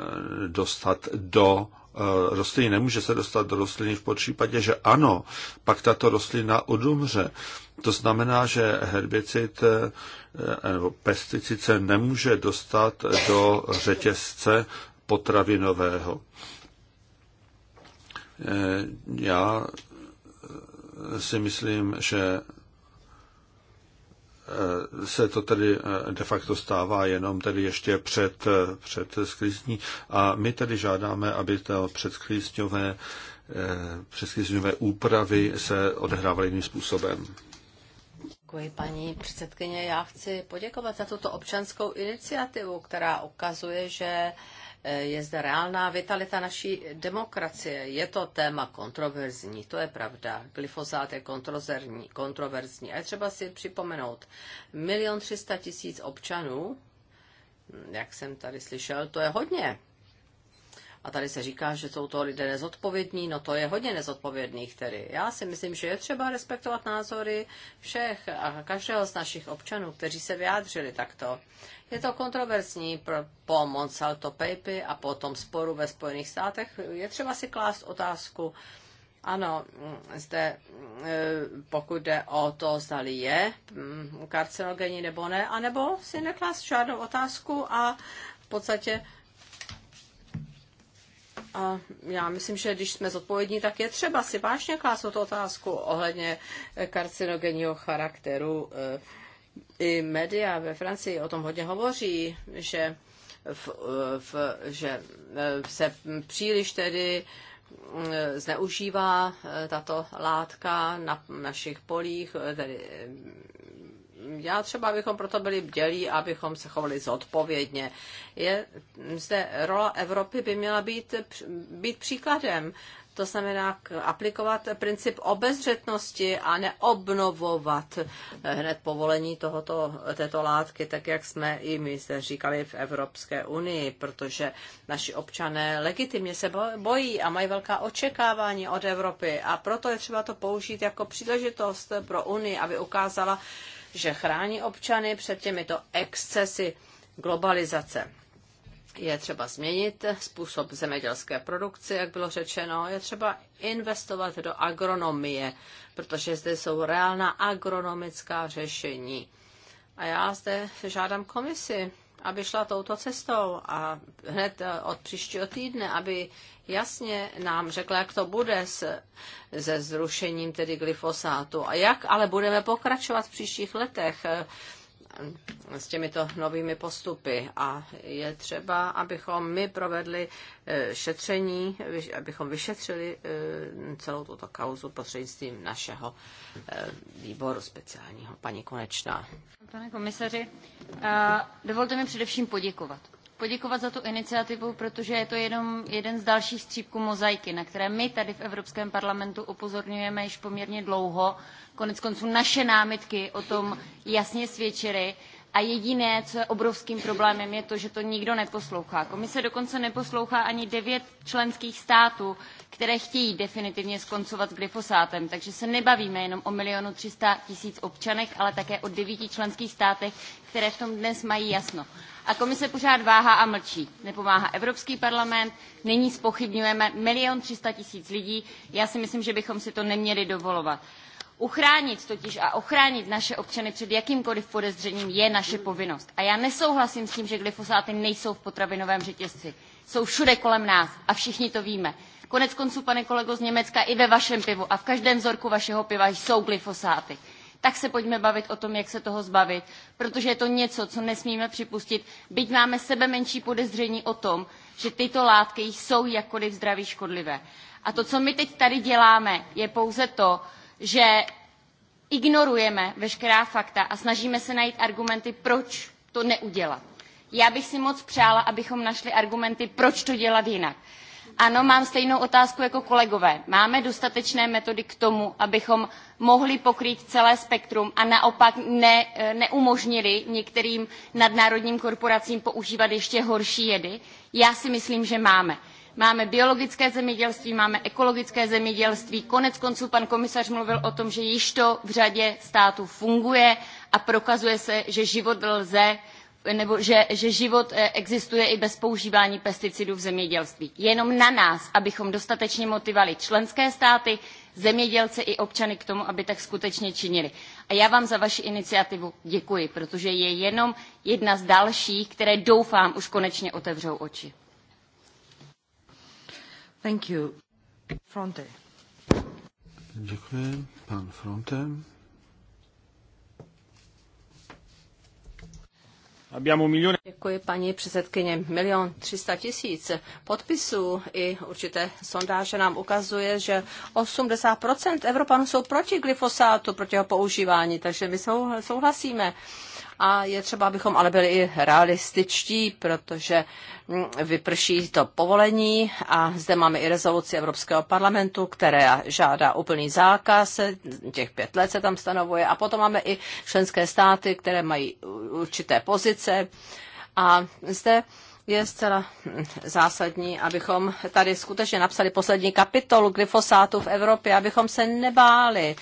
dostat do eh, rostliny, nemůže se dostat do rostliny v případě, že ano, pak tato rostlina odumře. To znamená, že herbicid nebo pesticid se nemůže dostat do řetězce potravinového. Eh, já eh, si myslím, že eh, se to tedy de facto stává jenom tedy ještě před, před sklizní. A my tedy žádáme, aby to předsklizňové, předsklizňové úpravy se odehrávaly jiným způsobem. Děkuji, paní předsedkyně. Já chci poděkovat za tuto občanskou iniciativu, která ukazuje, že je zde reálná vitalita naší demokracie. Je to téma kontroverzní, to je pravda. Glyfozát je kontroverzní, kontroverzní. A je třeba si připomenout, milion třista tisíc občanů, jak jsem tady slyšel, to je hodně. A tady se říká, že jsou to lidé nezodpovědní, no to je hodně nezodpovědných tedy. Já si myslím, že je třeba respektovat názory všech a každého z našich občanů, kteří se vyjádřili takto. Je to kontroverzní pro, po Monsalto Papy a po tom sporu ve Spojených státech. Je třeba si klást otázku, ano, zde e, pokud jde o to, zda je mm, karcinogenní nebo ne, anebo si neklást žádnou otázku a v podstatě a já myslím, že když jsme zodpovědní, tak je třeba si vážně klást tu otázku ohledně karcinogenního charakteru. E, I média ve Francii o tom hodně hovoří, že, v, v, že e, se příliš tedy e, zneužívá tato látka na našich polích, tedy já třeba, abychom proto byli bdělí, abychom se chovali zodpovědně. Je, zde rola Evropy by měla být, být příkladem. To znamená aplikovat princip obezřetnosti a neobnovovat eh, hned povolení tohoto, této látky, tak jak jsme i my se říkali v Evropské unii, protože naši občané legitimně se bojí a mají velká očekávání od Evropy a proto je třeba to použít jako příležitost pro Unii, aby ukázala, že chrání občany před těmito excesy globalizace. Je třeba změnit způsob zemědělské produkce, jak bylo řečeno. Je třeba investovat do agronomie, protože zde jsou reálná agronomická řešení. A já zde žádám komisi, aby šla touto cestou a hned od příštího týdne, aby jasně nám řekla, jak to bude s, se zrušením tedy glyfosátu a jak ale budeme pokračovat v příštích letech eh, s těmito novými postupy. A je třeba, abychom my provedli eh, šetření, abychom vyšetřili eh, celou tuto kauzu prostřednictvím našeho výboru speciálního. Paní Konečná. Pane komisaři, dovolte mi především poděkovat poděkovat za tu iniciativu, protože je to jenom jeden z dalších střípků mozaiky, na které my tady v Evropském parlamentu upozorňujeme již poměrně dlouho. Konec konců naše námitky o tom jasně svědčily a jediné, co je obrovským problémem, je to, že to nikdo neposlouchá. Komise dokonce neposlouchá ani devět členských států, které chtějí definitivně skoncovat s glyfosátem. Takže se nebavíme jenom o milionu 300 tisíc občanech, ale také o devíti členských státech, které v tom dnes mají jasno. A komise pořád váhá a mlčí. Nepomáhá Evropský parlament, nyní spochybňujeme milion 300 tisíc lidí. Já si myslím, že bychom si to neměli dovolovat. Uchránit totiž a ochránit naše občany před jakýmkoliv podezřením je naše povinnost. A já nesouhlasím s tím, že glyfosáty nejsou v potravinovém řetězci. Jsou všude kolem nás a všichni to víme. Konec konců, pane kolego z Německa, i ve vašem pivu a v každém vzorku vašeho piva jsou glyfosáty. Tak se pojďme bavit o tom, jak se toho zbavit, protože je to něco, co nesmíme připustit, byť máme sebe menší podezření o tom, že tyto látky jsou jakkoliv zdraví škodlivé. A to, co my teď tady děláme, je pouze to, že ignorujeme veškerá fakta a snažíme se najít argumenty, proč to neudělat. Já bych si moc přála, abychom našli argumenty, proč to dělat jinak. Ano, mám stejnou otázku jako kolegové. Máme dostatečné metody k tomu, abychom mohli pokrýt celé spektrum a naopak ne, eh, neumožnili některým nadnárodním korporacím používat ještě horší jedy? Já si myslím, že máme. Máme biologické zemědělství, máme ekologické zemědělství. Konec konců pan komisař mluvil o tom, že již to v řadě států funguje a prokazuje se, že život lze nebo že, že život eh, existuje i bez používání pesticidů v zemědělství. Je jenom na nás, abychom dostatečně motivovali členské státy, zemědělce i občany k tomu, aby tak skutečně činili. A já vám za vaši iniciativu děkuji, protože je jenom jedna z dalších, které doufám už konečně otevřou oči. Thank you. Fronte. Děkuji, pan Fronte. Děkuji, paní předsedkyně. Milion třista tisíc podpisů i určité sondáže nám ukazuje, že 80% Evropanů jsou proti glyfosátu, proti jeho používání, takže my souhlasíme. A je třeba, abychom ale byli i realističtí, protože mm, vyprší to povolení a zde máme i rezoluci Evropského parlamentu, která žádá úplný zákaz, těch pět let se tam stanovuje a potom máme i členské státy, které mají určité pozice a zde je zcela mm, zásadní, abychom tady skutečně napsali poslední kapitolu glyfosátu v Evropě, abychom se nebáli,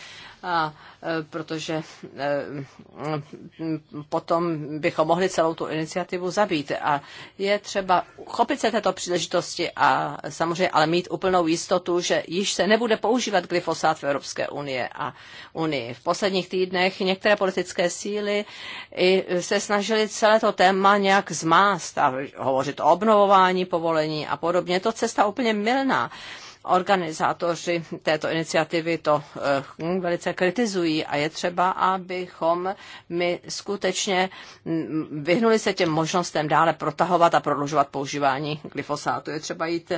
a e, protože e, potom bychom mohli celou tu iniciativu zabít. A je třeba chopit se této příležitosti a samozřejmě ale mít úplnou jistotu, že již se nebude používat glyfosát v Evropské unie a unii. V posledních týdnech některé politické síly i se snažily celé to téma nějak zmást a hovořit o obnovování povolení a podobně. To cesta úplně milná. Organizátoři této iniciativy to eh, velice kritizují a je třeba, abychom my skutečně mm, vyhnuli se těm možnostem dále protahovat a prodlužovat používání glyfosátu. Je třeba jít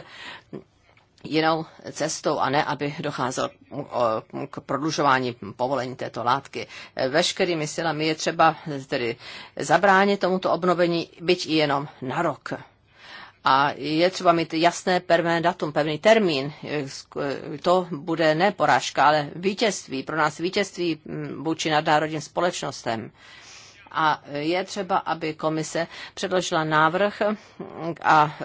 jinou cestou a ne, aby docházelo eh, k prodlužování povolení této látky. Eh, veškerými silami je třeba tedy zabránit tomuto obnovení, byť i jenom na rok. A je třeba mít jasné pevné datum, pevný termín. To bude ne porážka, ale vítězství. Pro nás vítězství mm, vůči nadnárodním společnostem a je třeba, aby komise předložila návrh a,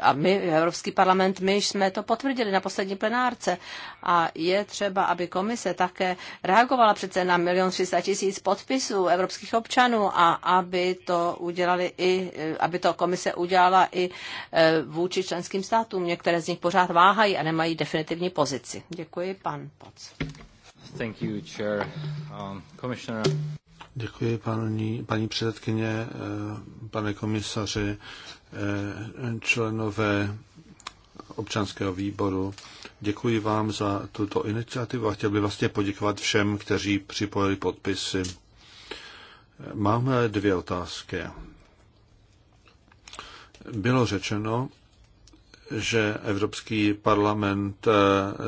a my, Evropský parlament, my jsme to potvrdili na poslední plenárce a je třeba, aby komise také reagovala přece na milion 300 tisíc podpisů evropských občanů a aby to udělali i, aby to komise udělala i e, vůči členským státům. Některé z nich pořád váhají a nemají definitivní pozici. Děkuji, pan Poc. Thank you, Chair. Um, Commissioner, Děkuji, paní, paní předsedkyně, eh, pane komisaři, eh, členové občanského výboru. Děkuji vám za tuto iniciativu a chtěl bych vlastně poděkovat všem, kteří připojili podpisy. Eh, máme dvě otázky. Bylo řečeno, že Evropský parlament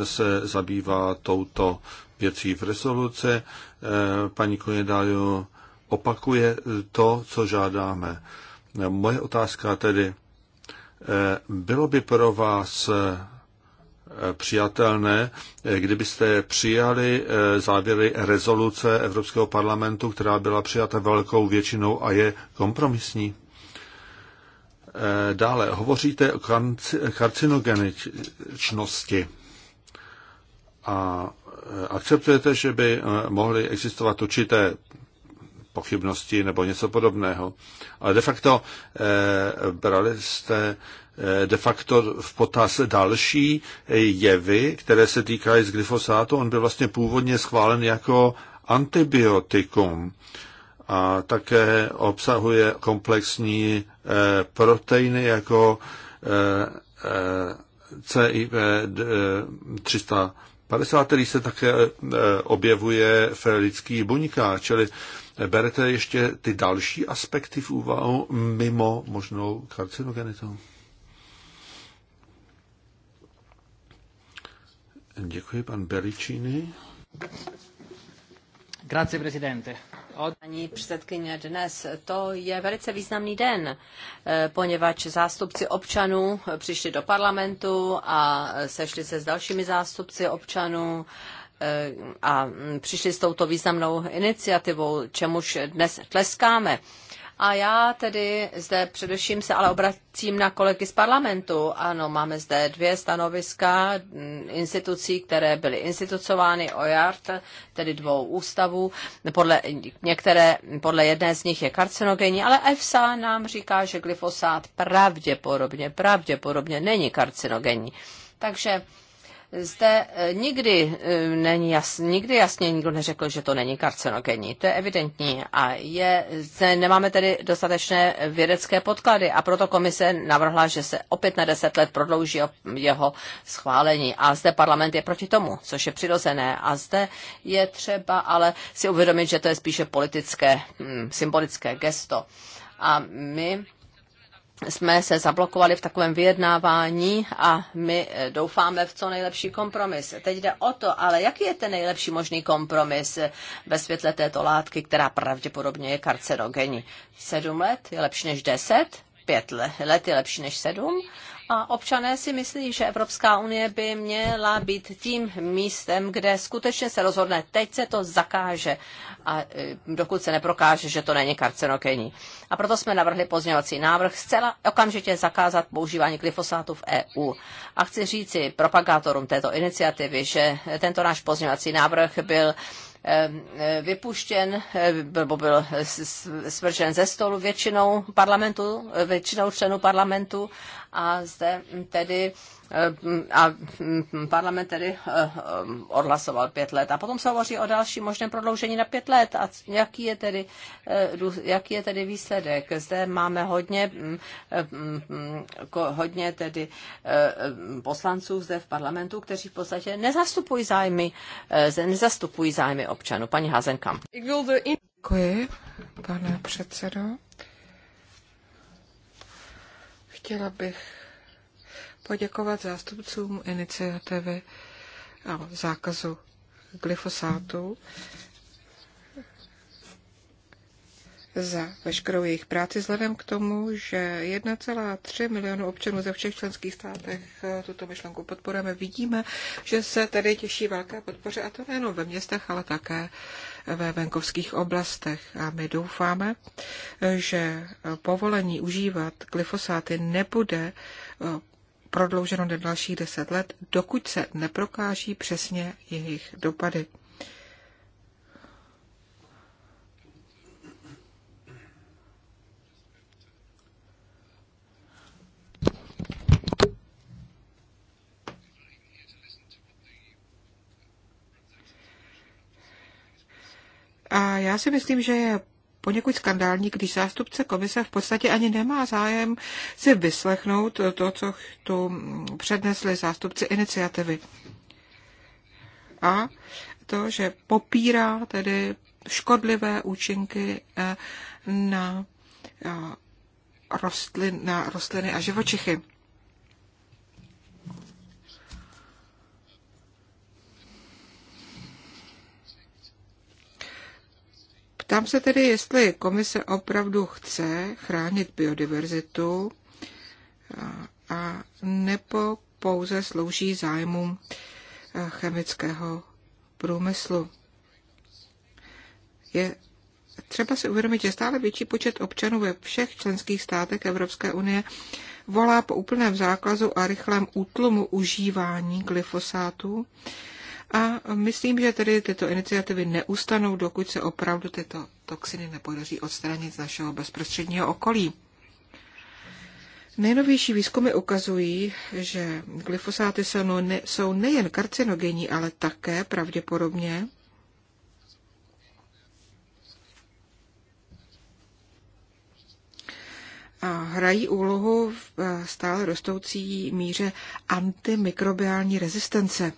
se zabývá touto věcí v rezoluci. Eh, paní Konědáju opakuje to, co žádáme. Moje otázka tedy, eh, bylo by pro vás eh, přijatelné, kdybyste přijali závěry rezoluce Evropského parlamentu, která byla přijata velkou většinou a je kompromisní? Dále hovoříte o karcinogeničnosti a akceptujete, že by eh, mohly existovat určité pochybnosti nebo něco podobného. Ale de facto eh, brali jste eh, de facto v potaz další eh, jevy, které se týkají z glyfosátu. On byl vlastně původně schválen jako antibiotikum a také obsahuje komplexní eh, proteiny jako eh, eh, CIP 300 50, se také e, objevuje v lidských buňkách, čili berete ještě ty další aspekty v úvahu mimo možnou karcinogenitu? Děkuji, pan Bericini. Grazie, presidente. Paní předsedkyně, dnes to je velice významný den, eh, poněvadž zástupci občanů přišli do parlamentu a sešli se s dalšími zástupci občanů eh, a mm, přišli s touto významnou iniciativou, čemuž dnes tleskáme. A já tedy zde především se ale obracím na kolegy z parlamentu. Ano, máme zde dvě stanoviska mm, institucí, které byly institucovány OJART, tedy dvou ústavů. Podle, některé, podle jedné z nich je karcinogenní, ale EFSA nám říká, že glyfosát pravděpodobně, pravděpodobně není karcinogenní. Takže zde e, nikdy e, není jasný, nikdy jasně nikdo neřekl, že to není karcinogenní. To je evidentní a je, nemáme tedy dostatečné vědecké podklady a proto komise navrhla, že se opět na deset let prodlouží jeho schválení a zde parlament je proti tomu, což je přirozené a zde je třeba ale si uvědomit, že to je spíše politické, hm, symbolické gesto a my jsme se zablokovali v takovém vyjednávání a my eh, doufáme v co nejlepší kompromis. Teď jde o to, ale jaký je ten nejlepší možný kompromis eh, ve světle této látky, která pravděpodobně je karcerogenní? Sedm let je lepší než deset? Pět let je lepší než sedm? A občané si myslí, že Evropská unie by měla být tím místem, kde skutečně se rozhodne, teď se to zakáže, a e, dokud se neprokáže, že to není karcinogenní. A proto jsme navrhli pozměňovací návrh zcela okamžitě zakázat používání glyfosátu v EU. A chci říci propagátorům této iniciativy, že tento náš pozměňovací návrh byl e, vypuštěn, e, nebo byl svržen ze stolu většinou parlamentu, většinou členů parlamentu a zde tedy eh, a hm, parlament tedy eh, eh, odhlasoval pět let. A potom se hovoří o dalším možném prodloužení na pět let. A jaký je tedy, jaký je tedy výsledek? Zde máme hodně, hm, hm, hodně tedy poslanců zde v parlamentu, kteří v podstatě nezastupují zájmy, nezastupují zájmy občanů. Paní Hazenka. Děkuji, pane předsedo. Chtěla bych poděkovat zástupcům iniciativy a zákazu glyfosátu za veškerou jejich práci, vzhledem k tomu, že 1,3 milionu občanů ze všech členských státech eh, tuto myšlenku podporujeme. Vidíme, že se tady těší velké podpoře, a to nejenom ve městech, ale také ve venkovských oblastech. A my doufáme, že povolení užívat glyfosáty nebude eh, prodlouženo na dalších deset let, dokud se neprokáží přesně jejich dopady. A já si myslím, že je poněkud skandální, když zástupce komise v podstatě ani nemá zájem si vyslechnout to, co tu přednesli zástupci iniciativy. A to, že popírá tedy škodlivé účinky eh, na eh, na rostliny a živočichy. Ptám se tedy, jestli komise opravdu chce chránit biodiverzitu a nebo pouze slouží zájmům chemického průmyslu. Je třeba si uvědomit, že stále větší počet občanů ve všech členských státech Evropské unie volá po úplném zákazu a rychlém útlumu užívání glyfosátu a myslím, že tedy tyto iniciativy neustanou, dokud se opravdu tyto toxiny nepodaří odstranit z našeho bezprostředního okolí. Nejnovější výzkumy ukazují, že glyfosáty jsou no nejen karcinogenní, ale také pravděpodobně hrají úlohu v stále rostoucí míře antimikrobiální rezistence.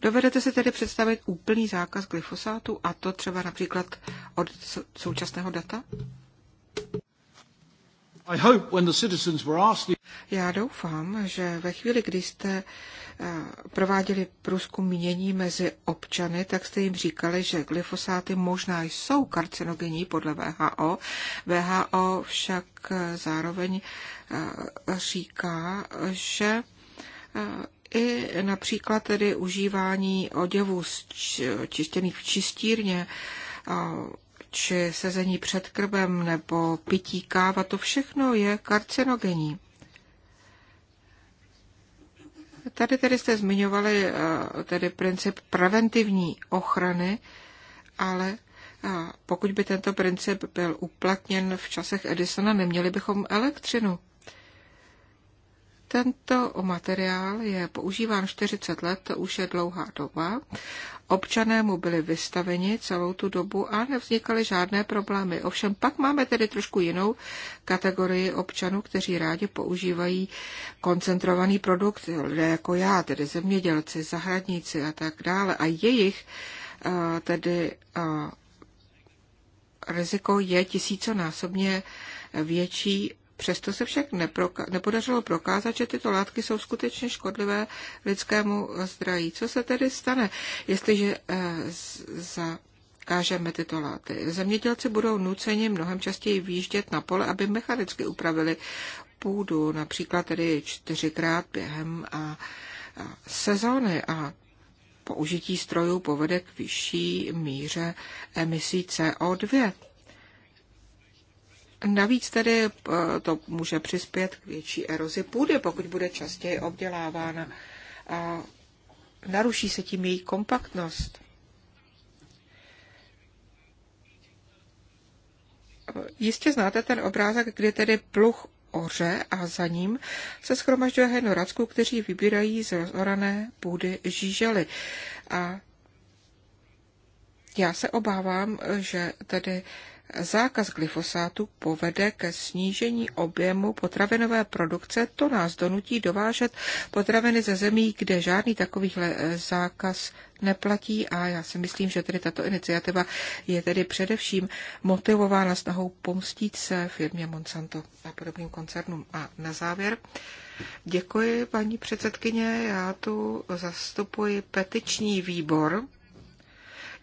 Dovedete si tedy představit úplný zákaz glyfosátu a to třeba například od současného data? Já doufám, že ve chvíli, kdy jste eh, prováděli průzkum mínění mezi občany, tak jste jim říkali, že glyfosáty možná jsou karcinogenní podle VHO. VHO však eh, zároveň eh, říká, že i například tedy užívání oděvů čištěných v čistírně, či sezení před krbem nebo pití káva, to všechno je karcinogenní. Tady tedy jste zmiňovali tedy princip preventivní ochrany, ale pokud by tento princip byl uplatněn v časech Edisona, neměli bychom elektřinu. Tento materiál je používán 40 let, to už je dlouhá doba. Občané mu byli vystaveni celou tu dobu a nevznikaly žádné problémy. Ovšem pak máme tedy trošku jinou kategorii občanů, kteří rádi používají koncentrovaný produkt, lidé jako já, tedy zemědělci, zahradníci a tak dále. A jejich eh, tedy eh, riziko je tisíconásobně větší Přesto se však neproka- nepodařilo prokázat, že tyto látky jsou skutečně škodlivé lidskému zdraví. Co se tedy stane, jestliže eh, za kážeme tyto láty. Zemědělci budou nuceni mnohem častěji výjíždět na pole, aby mechanicky upravili půdu, například tedy čtyřikrát během a, a sezóny a použití strojů povede k vyšší míře emisí CO2. Navíc tedy eh, to může přispět k větší erozi půdy, pokud bude častěji obdělávána. A naruší se tím její kompaktnost. Jistě znáte ten obrázek, kdy tedy pluch oře a za ním se schromažďuje heno racků, kteří vybírají z rozorané půdy žížely. A já se obávám, že tedy uh, Zákaz glyfosátu povede ke snížení objemu potravinové produkce, to nás donutí dovážet potraviny ze zemí, kde žádný takový eh, zákaz neplatí a já si myslím, že tedy tato iniciativa je tedy především motivována snahou pomstít se firmě Monsanto a podobným koncernům. A na závěr děkuji paní předsedkyně, já tu zastupuji petiční výbor,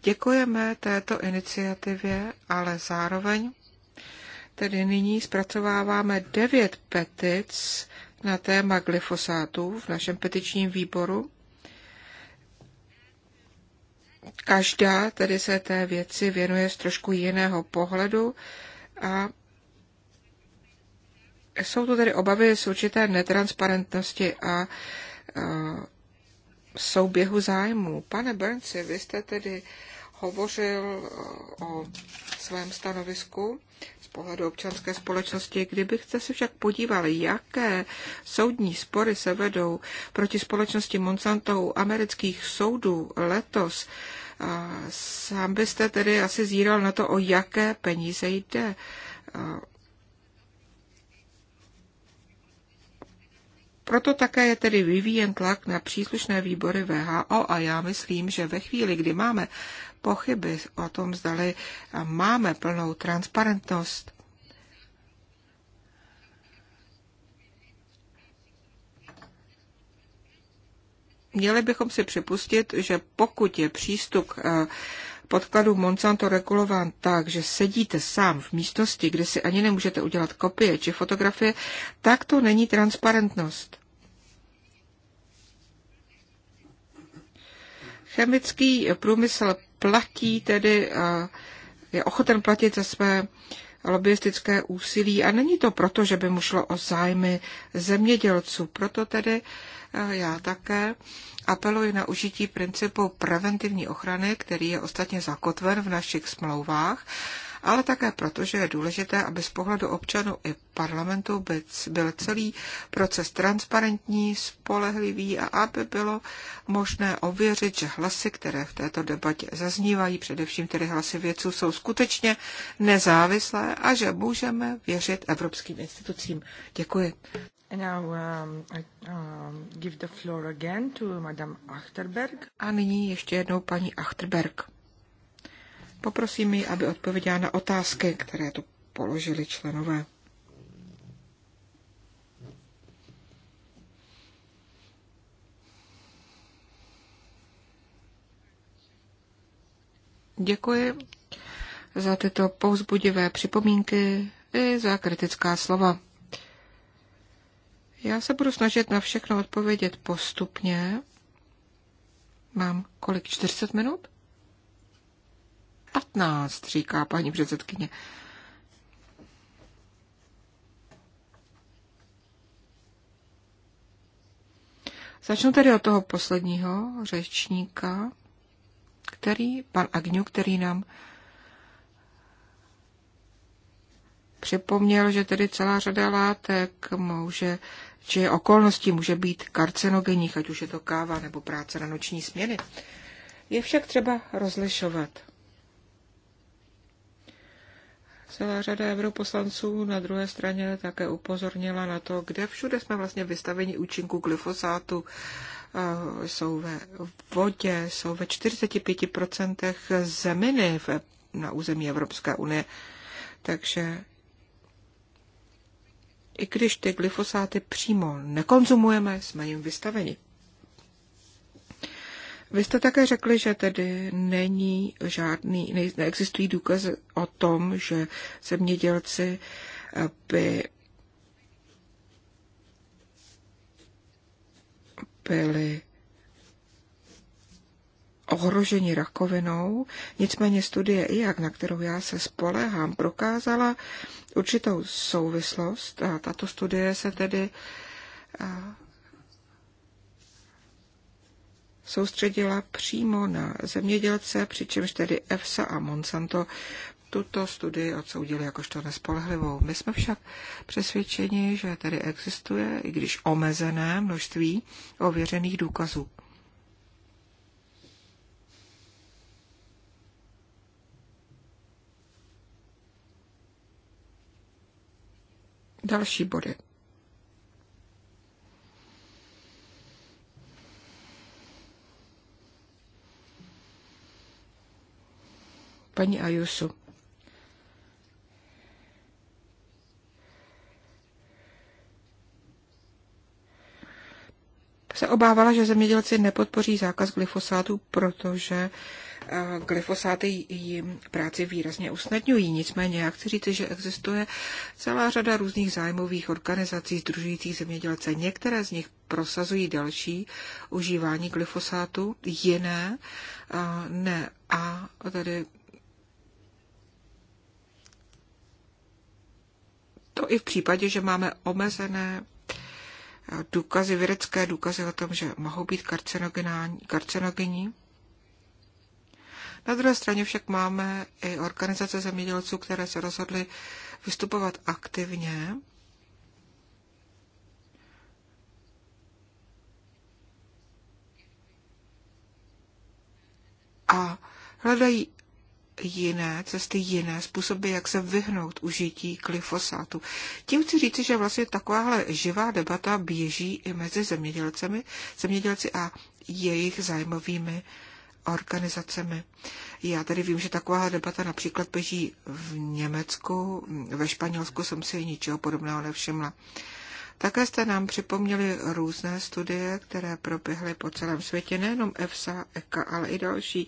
Děkujeme této iniciativě, ale zároveň tedy nyní zpracováváme devět petic na téma glyfosátu v našem petičním výboru. Každá tedy se té věci věnuje z trošku jiného pohledu a jsou tu tedy obavy z určité netransparentnosti a souběhu zájmů. Pane Bernci, vy jste tedy hovořil eh, o svém stanovisku z pohledu občanské společnosti. Kdybyste se však podívali, jaké soudní spory se vedou proti společnosti Monsanto u amerických soudů letos, eh, sám byste tedy asi zíral na to, o jaké peníze jde. Eh, Proto také je tedy vyvíjen tlak na příslušné výbory VHO a já myslím, že ve chvíli, kdy máme pochyby o tom, zdali máme plnou transparentnost, měli bychom si připustit, že pokud je přístup uh, podkladu Monsanto regulován tak, že sedíte sám v místnosti, kde si ani nemůžete udělat kopie či fotografie, tak to není transparentnost. Chemický průmysl platí tedy, je ochoten platit za své lobbyistické úsilí a není to proto, že by mu šlo o zájmy zemědělců. Proto tedy eh, já také apeluji na užití principu preventivní ochrany, který je ostatně zakotven v našich smlouvách ale také proto, že je důležité, aby z pohledu občanů i parlamentu byl celý proces transparentní, spolehlivý a aby bylo možné ověřit, že hlasy, které v této debatě zaznívají, především tedy hlasy vědců, jsou skutečně nezávislé a že můžeme věřit evropským institucím. Děkuji. Now, um, I, um, give the floor again to Madame Achterberg. A nyní ještě jednou paní Achterberg. Poprosím ji, aby odpověděla na otázky, které tu položili členové. Děkuji za tyto pouzbudivé připomínky i za kritická slova. Já se budu snažit na všechno odpovědět postupně. Mám kolik? 40 minut? Patnáct, říká paní předsedkyně. Začnu tedy od toho posledního řečníka, který, pan Agňu, který nám připomněl, že tedy celá řada látek může, či okolností může být karcinogenních, ať už je to káva nebo práce na noční směny. Je však třeba rozlišovat. Celá řada europoslanců na druhé straně také upozornila na to, kde všude jsme vlastně vystaveni účinku glyfosátu. Eh, jsou ve vodě, jsou ve 45% zeminy na území Evropské unie. Takže i když ty glyfosáty přímo nekonzumujeme, jsme jim vystaveni. Vy jste také řekli, že tedy není žádný, ne, neexistují důkazy o tom, že zemědělci eh, by byli ohroženi rakovinou, nicméně studie IAK, na kterou já se spolehám, prokázala určitou souvislost a tato studie se tedy eh, soustředila přímo na zemědělce, přičemž tedy EFSA a Monsanto tuto studii odsoudili jakožto nespolehlivou. My jsme však přesvědčeni, že tady existuje, i když omezené množství ověřených důkazů. Další body. Paní Ajusu. se obávala, že zemědělci nepodpoří zákaz glyfosátu, protože eh, glyfosáty jim práci výrazně usnadňují. Nicméně já chci říct, že existuje celá řada různých zájmových organizací združujících zemědělce. Některé z nich prosazují další užívání glyfosátu, jiné eh, ne. A tady to i v případě, že máme omezené eh, důkazy, vědecké důkazy o tom, že mohou být karcinogenní. Na druhé straně však máme i organizace zemědělců, které se rozhodly vystupovat aktivně a hledají jiné cesty, jiné způsoby, jak se vyhnout užití glyfosátu. Tím chci říci, že vlastně takováhle živá debata běží i mezi zemědělcemi, zemědělci a jejich zájmovými organizacemi. Já tady vím, že taková debata například běží v Německu, ve Španělsku jsem si ničeho podobného nevšimla. Také jste nám připomněli různé studie, které proběhly po celém světě, nejenom EFSA, EKA, ale i další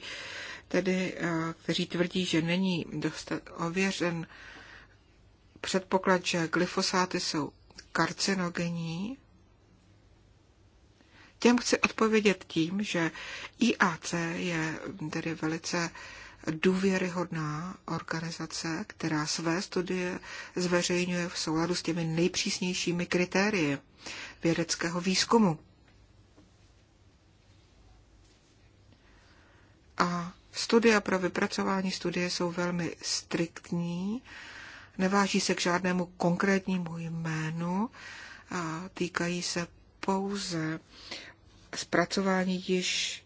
tedy, eh, kteří tvrdí, že není dostat ověřen předpoklad, že glyfosáty jsou karcinogenní, těm chci odpovědět tím, že IAC je tedy velice důvěryhodná organizace, která své studie zveřejňuje v souladu s těmi nejpřísnějšími kritérii vědeckého výzkumu. A Studia pro vypracování studie jsou velmi striktní, neváží se k žádnému konkrétnímu jménu a týkají se pouze zpracování již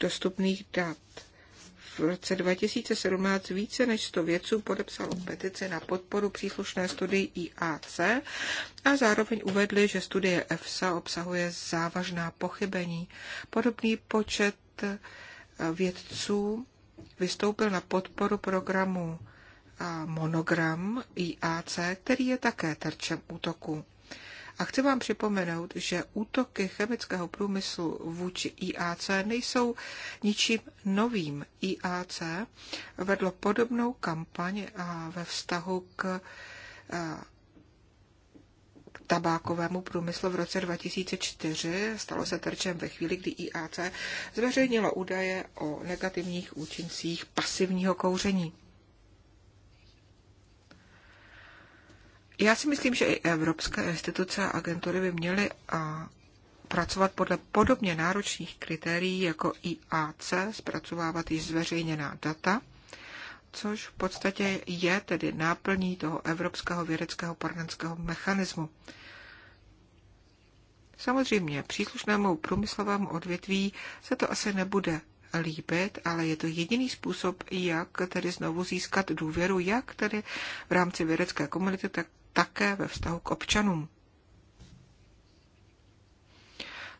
dostupných dat. V roce 2017 více než 100 vědců podepsalo petici na podporu příslušné studii IAC a zároveň uvedli, že studie EFSA obsahuje závažná pochybení. Podobný počet vědců vystoupil na podporu programu Monogram IAC, který je také terčem útoku. A chci vám připomenout, že útoky chemického průmyslu vůči IAC nejsou ničím novým. IAC vedlo podobnou kampaň ve vztahu k tabákovému průmyslu v roce 2004. Stalo se terčem ve chvíli, kdy IAC zveřejnilo údaje o negativních účincích pasivního kouření. Já si myslím, že i evropské instituce a agentury by měly pracovat podle podobně náročných kritérií jako IAC, zpracovávat již zveřejněná data – což v podstatě je tedy náplní toho evropského vědeckého partnerského mechanismu. Samozřejmě příslušnému průmyslovému odvětví se to asi nebude líbit, ale je to jediný způsob, jak tedy znovu získat důvěru, jak tedy v rámci vědecké komunity, tak také ve vztahu k občanům.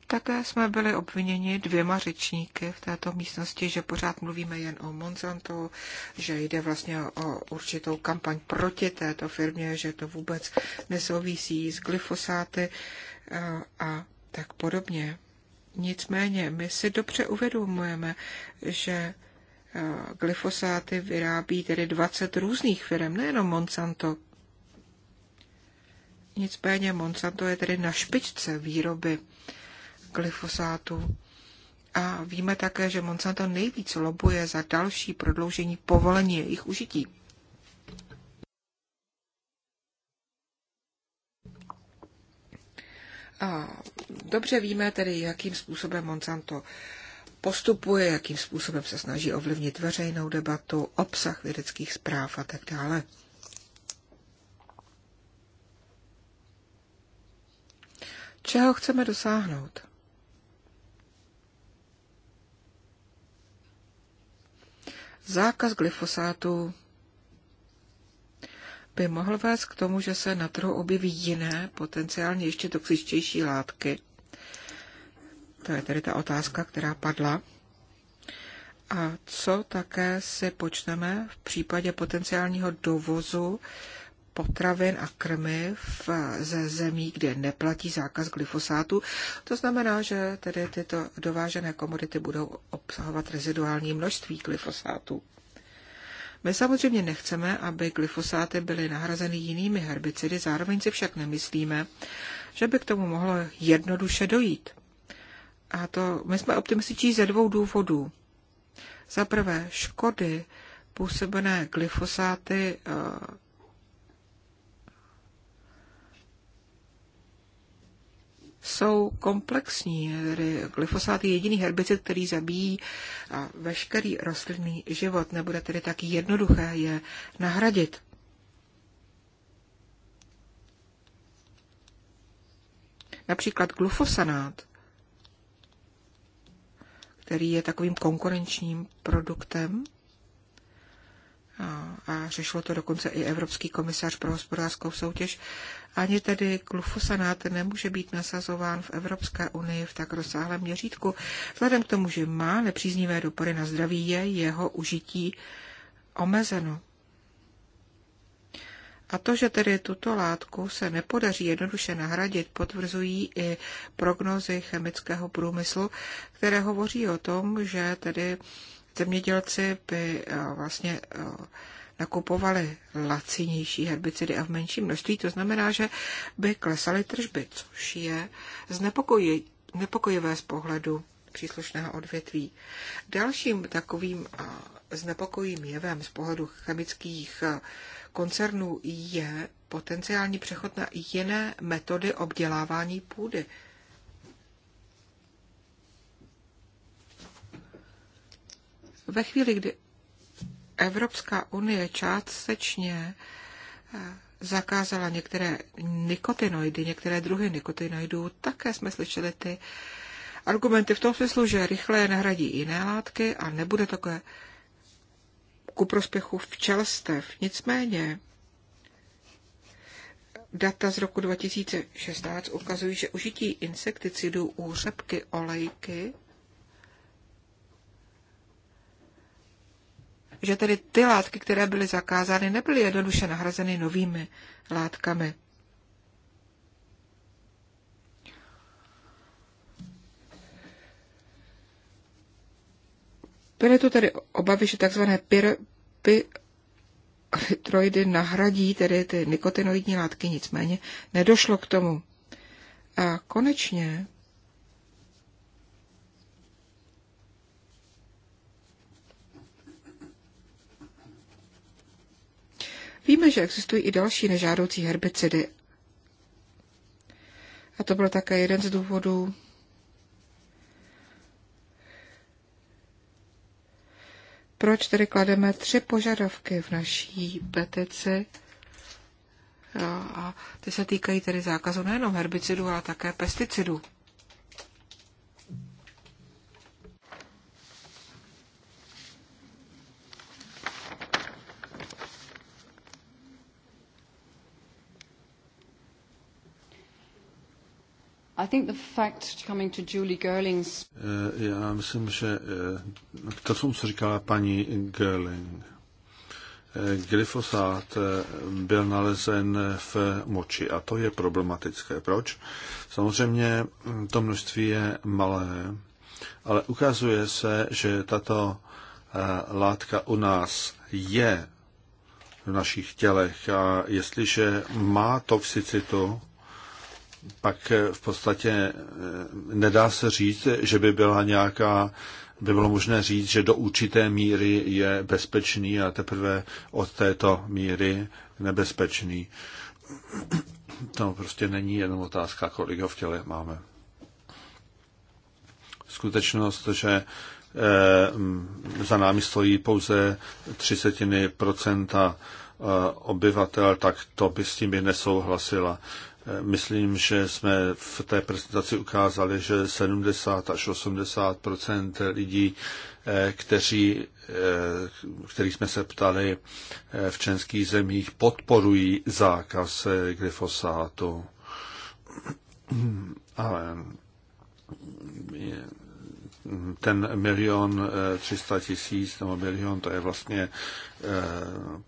Také jsme byli obviněni dvěma řečníky v této místnosti, že pořád mluvíme jen o Monsanto, že jde vlastně o určitou kampaň proti této firmě, že to vůbec nesouvisí s glyfosáty eh, a tak podobně. Nicméně my si dobře uvědomujeme, že eh, glyfosáty vyrábí tedy 20 různých firm, nejenom Monsanto. Nicméně Monsanto je tedy na špičce výroby uh, glyfosátu. A víme také, že Monsanto nejvíc lobuje za další prodloužení povolení jejich užití. A dobře víme tedy, jakým způsobem Monsanto postupuje, jakým způsobem se snaží ovlivnit veřejnou debatu, obsah vědeckých zpráv a tak dále. Čeho chceme dosáhnout? Zákaz glyfosátu by mohl vést k tomu, že se na trhu objeví jiné, potenciálně ještě toxičtější látky. To je tedy ta otázka, která padla. A co také si počneme v případě potenciálního dovozu potravin a krmiv ze zemí, kde neplatí zákaz glyfosátu. To znamená, že tedy tyto dovážené komodity budou obsahovat reziduální množství glyfosátu. My samozřejmě nechceme, aby glyfosáty byly nahrazeny jinými herbicidy, zároveň si však nemyslíme, že by k tomu mohlo jednoduše dojít. A to my jsme optimističní ze dvou důvodů. Za prvé, škody působené glyfosáty eh, jsou komplexní. Glyfosát je jediný herbicid, který zabíjí veškerý rostlinný život. Nebude tedy tak jednoduché je nahradit. Například glufosanát, který je takovým konkurenčním produktem, a řešilo to dokonce i Evropský komisař pro hospodářskou soutěž, ani tedy glufosanát nemůže být nasazován v Evropské unii v tak rozsáhlém měřítku. Vzhledem k tomu, že má nepříznivé dopady na zdraví, je jeho užití omezeno. A to, že tedy tuto látku se nepodaří jednoduše nahradit, potvrzují i prognozy chemického průmyslu, které hovoří o tom, že tedy zemědělci by eh, vlastně eh, nakupovali lacinější herbicidy a v menším množství, to znamená, že by klesaly tržby, což je znepokojivé z pohledu příslušného odvětví. Dalším takovým eh, znepokojivým jevem z pohledu chemických koncernů je potenciální přechod na jiné metody obdělávání půdy. Ve chvíli, kdy Evropská unie částečně eh, zakázala některé nikotinoidy, některé druhy nikotinoidů, také jsme slyšeli ty argumenty v tom smyslu, že rychle nahradí jiné látky a nebude takové ku prospěchu včelstev. Nicméně data z roku 2016 ukazují, že užití insekticidů u řepky olejky že tedy ty látky, které byly zakázány, nebyly jednoduše nahrazeny novými látkami. Byly tu tedy obavy, že tzv. pyrytroidy nahradí tedy ty nikotinoidní látky, nicméně nedošlo k tomu. A konečně Víme, že existují i další nežádoucí herbicidy. A to byl také jeden z důvodů, proč tedy klademe tři požadavky v naší petici. A ty se týkají tedy zákazu nejenom herbicidů, ale také pesticidů. I think the fact coming to Julie Girling's... Eh, já myslím, že eh, to, co říkala paní Girling, eh, glyfosát byl nalezen v moči a to je problematické. Proč? Samozřejmě hm, to množství je malé, ale ukazuje se, že tato látka u nás je v našich tělech a jestliže má toxicitu, pak eh, v podstatě eh, nedá se říct, že by byla nějaká by bylo možné říct, že do určité míry je bezpečný a teprve od této míry nebezpečný. To prostě není jenom otázka, kolik ho v těle máme. Skutečnost, že eh, za námi stojí pouze třicetiny procenta obyvatel, tak to by s tím by nesouhlasila. Myslím, že jsme v té prezentaci ukázali, že 70 až 80 lidí, eh, kteří, eh, kterých jsme se ptali eh, v českých zemích, podporují zákaz glyfosátu. Ale ten milion eh, třista tisíc nebo milion, to je vlastně eh,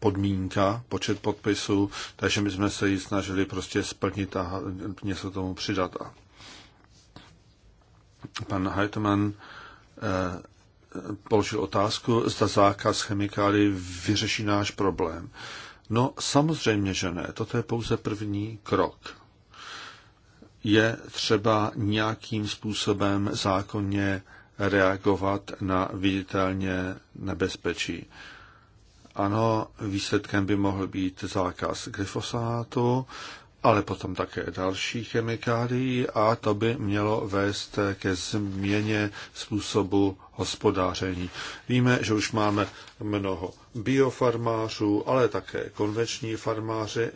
podmínka, počet podpisů, takže my jsme se ji snažili prostě splnit a něco tomu přidat. A pan Heitman eh, položil otázku, zda zákaz chemikály vyřeší náš problém. No samozřejmě, že ne. Toto je pouze první krok je třeba nějakým způsobem zákonně reagovat na viditelně nebezpečí. Ano, výsledkem by mohl být zákaz glyfosátu, ale potom také další chemikálií a to by mělo vést ke změně způsobu hospodáření. Víme, že už máme mnoho biofarmářů, ale také konveční farmáři.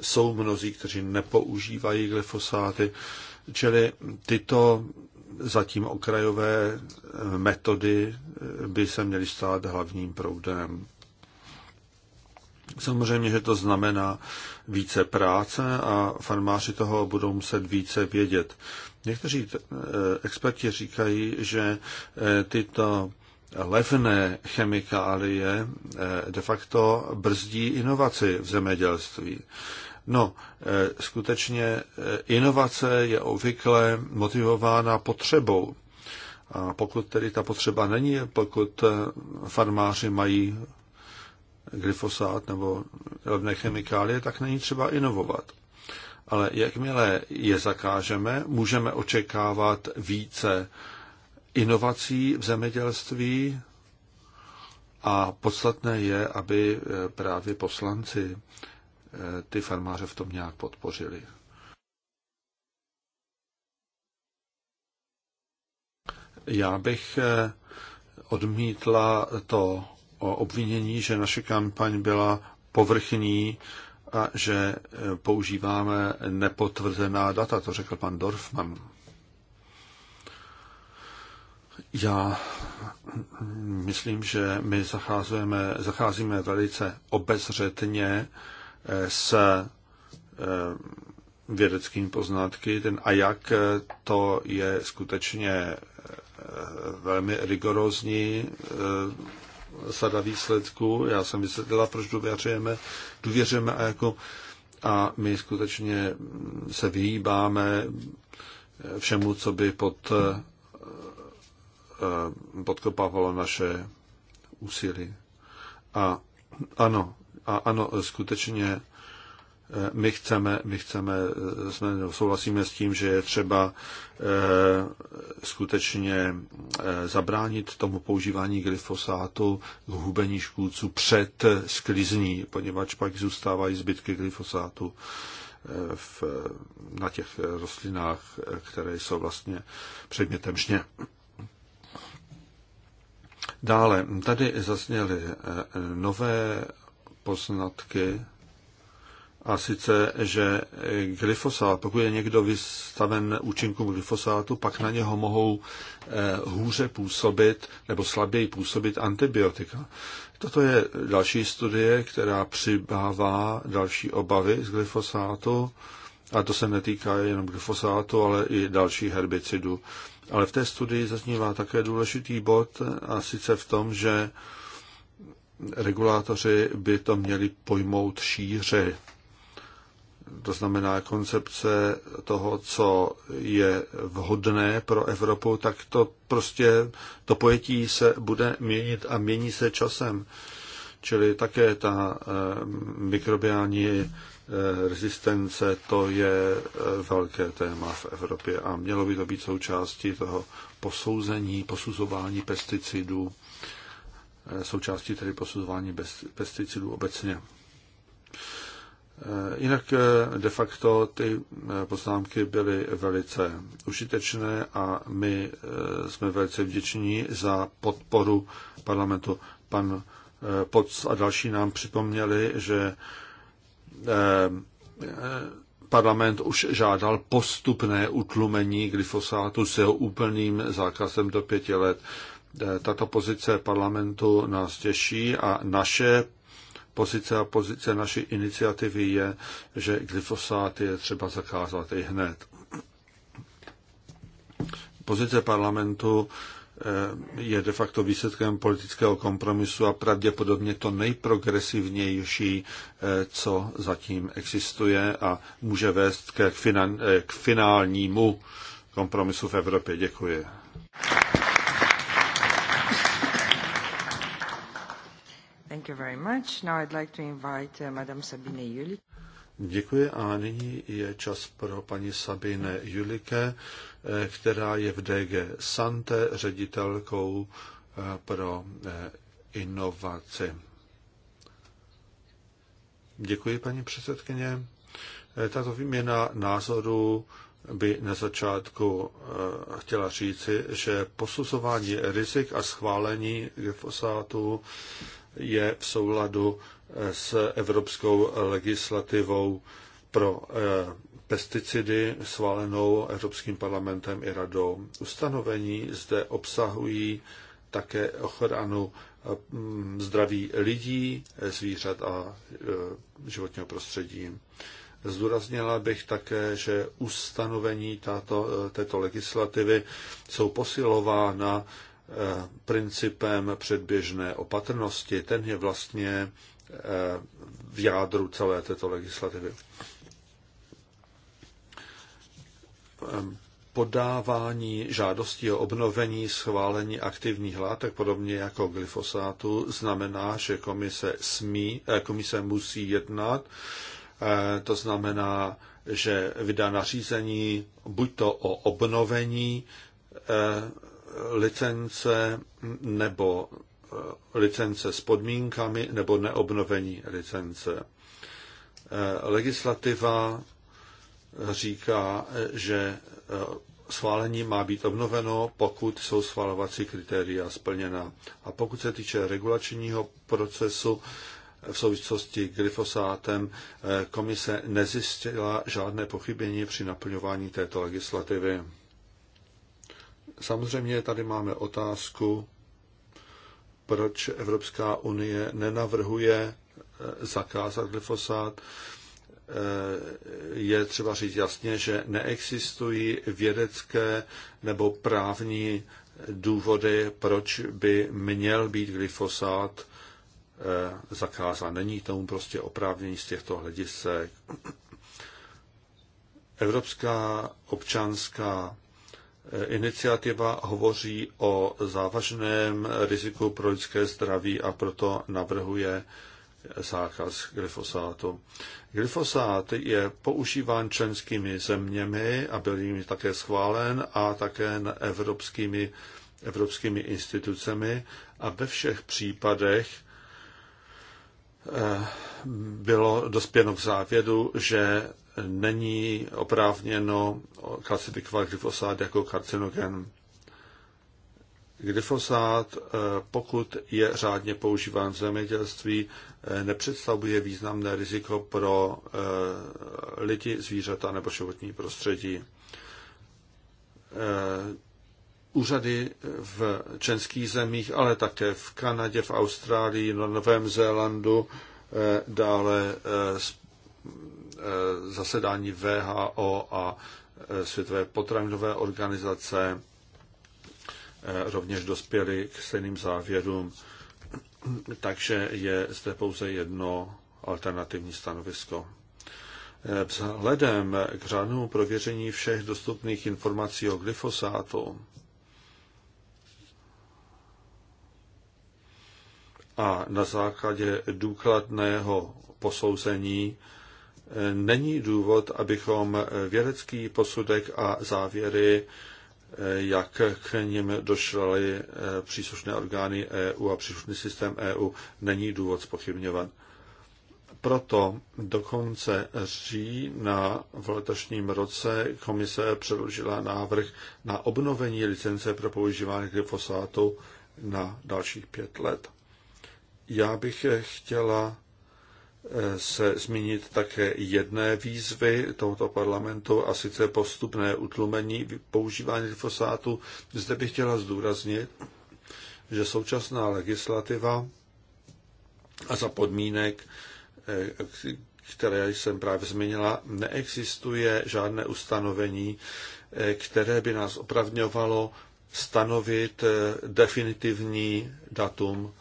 Jsou mnozí, kteří nepoužívají glyfosáty, čili tyto zatím okrajové eh, metody eh, by se měly stát hlavním proudem. Samozřejmě, že to znamená více práce a farmáři toho budou muset více vědět. Někteří eh, experti říkají, že tyto levné chemikálie de facto brzdí inovaci v zemědělství. No, eh, skutečně eh, inovace je obvykle motivována potřebou. A pokud tedy ta potřeba není, pokud eh, farmáři mají glyfosát nebo levné chemikálie, tak není třeba inovovat. Ale jakmile je zakážeme, můžeme očekávat více inovací v zemědělství a podstatné je, aby právě poslanci Eh, ty farmáře v tom nějak podpořili. Já bych eh, odmítla to obvinění, že naše kampaň byla povrchní a že eh, používáme nepotvrzená data, to řekl pan Dorfman. Já myslím, že my zacházíme, zacházíme velice obezřetně s eh, vědeckými poznatky. Ten a jak eh, to je skutečně eh, velmi rigorózní sada výsledků. Já jsem vysvětlila, proč důvěřujeme, důvěřujeme a jako a my skutečně mm, se vyhýbáme všemu, co by pod, podkopávalo naše úsilí. A ano, a ano, skutečně eh, my chceme, my chceme, eh, jsme, no, souhlasíme s tím, že je třeba eh, skutečně zabránit tomu používání glyfosátu k hubení škůdců před sklizní, poněvadž pak zůstávají zbytky glyfosátu v, na těch rostlinách, které jsou vlastně předmětem žně. Dále, tady zazněly nové poznatky, a sice, že glyfosát, pokud je někdo vystaven účinkům glyfosátu, pak na něho mohou eh, hůře působit nebo slaběji působit antibiotika. Toto je další studie, která přibává další obavy z glyfosátu. A to se netýká jenom glyfosátu, ale i dalších herbicidů. Ale v té studii zaznívá také důležitý bod, a sice v tom, že regulátoři by to měli pojmout šíři. To znamená koncepce toho, co je vhodné pro Evropu, tak to prostě, to pojetí se bude měnit a mění se časem. Čili také ta eh, mikrobiální eh, rezistence, to je eh, velké téma v Evropě a mělo by to být součástí toho posouzení, posuzování pesticidů. Eh, součástí tedy posuzování pesticidů obecně. Eh, jinak eh, de facto ty poznámky byly velice užitečné a my jsme velice vděční za podporu parlamentu. Pan Poc a další nám připomněli, že parlament už žádal postupné utlumení glyfosátu s jeho úplným zákazem do pěti let. Eh, tato pozice parlamentu nás těší a naše pozice a pozice naší iniciativy je, že glyfosát je třeba zakázat i hned. Pozice parlamentu eh, je de facto výsledkem politického kompromisu a pravděpodobně to nejprogresivnější, eh, co zatím existuje a může vést k, finan- k finálnímu kompromisu v Evropě. Děkuji. very much. Now I'd like to invite uh, Madame Sabine Děkuji a nyní je čas pro paní Sabine Julike, eh, která je v DG Sante ředitelkou eh, pro eh, inovaci. Děkuji, paní předsedkyně. Tato výměna názorů by na začátku chtěla říci, že posuzování rizik a schválení glyfosátu je v souladu eh, s evropskou legislativou pro eh, pesticidy svalenou Evropským parlamentem i radou. Ustanovení zde obsahují také ochranu eh, zdraví lidí, zvířat a životního prostředí. Zdůraznila bych také, že ustanovení tato, této legislativy jsou posilována Eh, principem předběžné opatrnosti. Ten je vlastně eh, v jádru celé této legislativy. Ehm, podávání žádostí o obnovení schválení aktivních látek, podobně jako glyfosátu, znamená, že komise, smí, eh, komise musí jednat. To znamená, že vydá nařízení buď to o obnovení licence nebo eh, licence s podmínkami nebo neobnovení licence. Eh, legislativa říká, že eh, schválení má být obnoveno, pokud jsou schvalovací kritéria splněna. A pokud se týče regulačního procesu v souvislosti s glyfosátem, komise nezjistila žádné pochybení při naplňování této legislativy. Samozřejmě tady máme otázku, proč Evropská unie nenavrhuje eh, zakázat glyfosát. Eh, je třeba říct jasně, že neexistují vědecké nebo právní důvody, proč by měl být glyfosát eh, zakázán. Není tomu prostě oprávnění z těchto hledisek. Evropská občanská Eh, iniciativa hovoří o závažném riziku pro lidské zdraví a proto navrhuje zákaz glyfosátu. Glyfosát je používán členskými zeměmi a byl jim také schválen a také na evropskými, evropskými institucemi a ve všech případech eh, bylo dospěno k závěru, že není oprávněno klasifikovat glyfosát jako karcinogen. Glyfosát, eh, pokud je řádně používán v zemědělství, eh, nepředstavuje významné riziko pro eh, lidi, zvířata nebo životní prostředí. Úřady v českých zemích, ale také v Kanadě, v Austrálii, na Novém Zélandu, dále Eh, zasedání VHO a eh, Světové potravinové organizace eh, rovněž dospěli k stejným závěrům, takže je zde pouze jedno alternativní stanovisko. Vzhledem k řádnému prověření všech dostupných informací o glyfosátu a na základě důkladného posouzení není důvod, abychom vědecký posudek a závěry, eh, jak k ním došly eh, příslušné orgány EU a příslušný systém EU, není důvod spochybňovat. Proto do konce října v letošním roce komise předložila návrh na obnovení licence pro používání glyfosátu na dalších pět let. Já bych chtěla se zmínit také jedné výzvy tohoto parlamentu, a sice postupné utlumení používání glyfosátu. Zde bych chtěla zdůraznit, že současná legislativa a za podmínek, které jsem právě zmínila, neexistuje žádné ustanovení, které by nás opravňovalo stanovit definitivní datum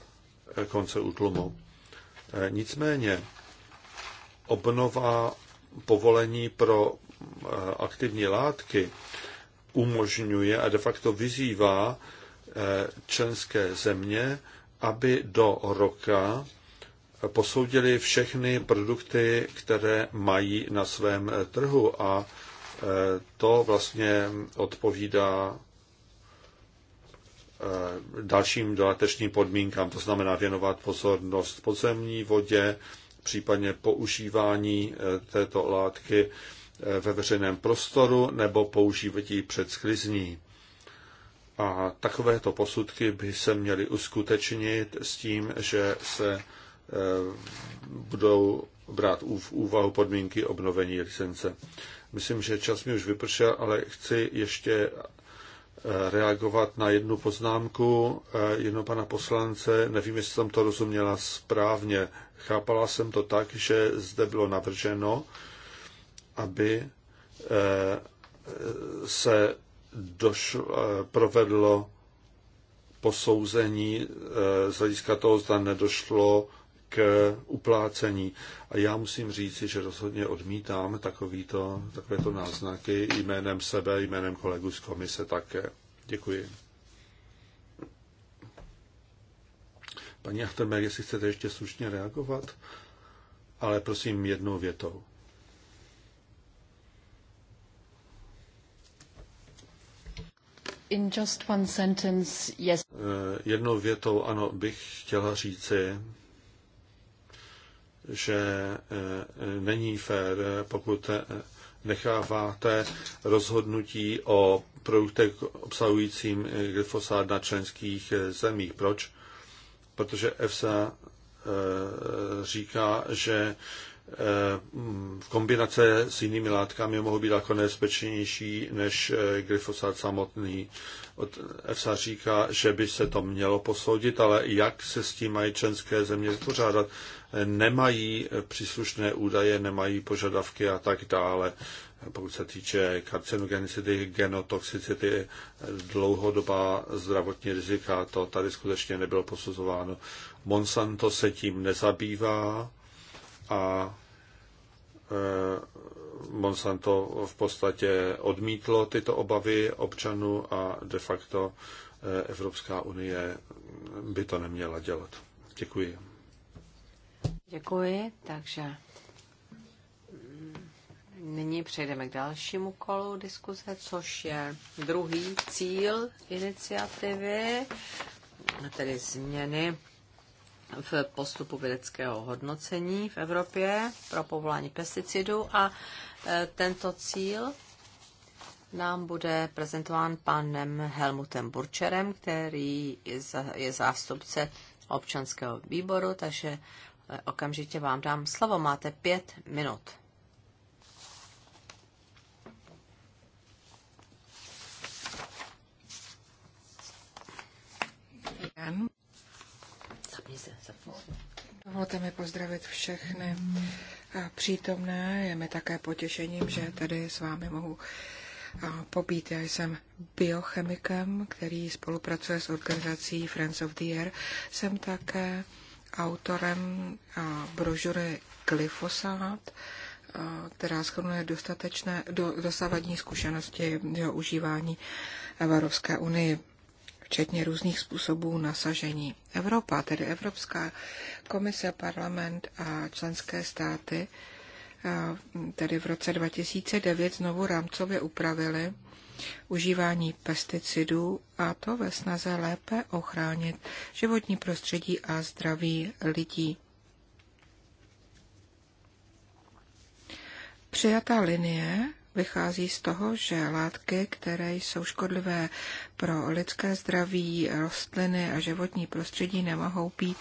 konce útlumu. Eh, nicméně obnova povolení pro eh, aktivní látky umožňuje a de facto vyzývá eh, členské země, aby do roka posoudili všechny produkty, které mají na svém trhu a to vlastně odpovídá Eh, dalším dodatečným podmínkám, to znamená věnovat pozornost podzemní vodě, případně používání eh, této látky eh, ve veřejném prostoru nebo používatí před sklizní. A takovéto posudky by se měly uskutečnit s tím, že se budou brát v úvahu podmínky obnovení licence. Myslím, že čas mi už vypršel, ale chci ještě reagovat na jednu poznámku eh, jednoho pana poslance. Nevím, jestli jsem to rozuměla správně. Chápala jsem to tak, že zde bylo navrženo, aby eh, se došlo, eh, provedlo posouzení z hlediska toho, zda nedošlo k uplácení. A já musím říci, že rozhodně odmítám takovýto, takovéto náznaky jménem sebe, jménem kolegů z komise také. Děkuji. Paní Achtermer, jestli chcete ještě slušně reagovat, ale prosím jednou větou. In just one sentence, yes. Eh, jednou větou, ano, bych chtěla říci, že eh, není fér, pokud eh, necháváte rozhodnutí o produktech obsahujícím eh, glyfosát na členských zemích. Proč? Protože EFSA říká, že v eh, kombinace s jinými látkami mohou být jako nebezpečnější než eh, glyfosát samotný. Od EFSA říká, že by se to mělo posoudit, ale jak se s tím mají členské země vypořádat? Nemají eh, příslušné údaje, nemají požadavky a tak dále. Pokud se týče karcinogenicity, genotoxicity, dlouhodobá zdravotní rizika, to tady skutečně nebylo posuzováno. Monsanto se tím nezabývá a e, Monsanto v podstatě odmítlo tyto obavy občanů a de facto e, Evropská unie by to neměla dělat. Děkuji. Děkuji, takže mm, nyní přejdeme k dalšímu kolu diskuze, což je druhý cíl iniciativy, tedy změny v postupu vědeckého hodnocení v Evropě pro povolání pesticidů a e, tento cíl nám bude prezentován panem Helmutem Burčerem, který je zástupce občanského výboru, takže e, okamžitě vám dám slovo. Máte pět minut. Dovolte mi pozdravit všechny eh, přítomné. Je mi také potěšením, že tady s vámi mohu eh, popít. Já jsem biochemikem, který spolupracuje s organizací Friends of the Year. Jsem také autorem eh, brožury Glyfosát, která schrnuje dostatečné do, dosavadní zkušenosti jeho užívání Evropské unii včetně různých způsobů nasažení. Evropa, tedy Evropská komise, parlament a členské státy, eh, tedy v roce 2009 znovu rámcově upravili užívání pesticidů a to ve snaze lépe ochránit životní prostředí a zdraví lidí. Přijatá linie vychází z toho, že látky, které jsou škodlivé pro lidské zdraví, rostliny a životní prostředí, nemohou být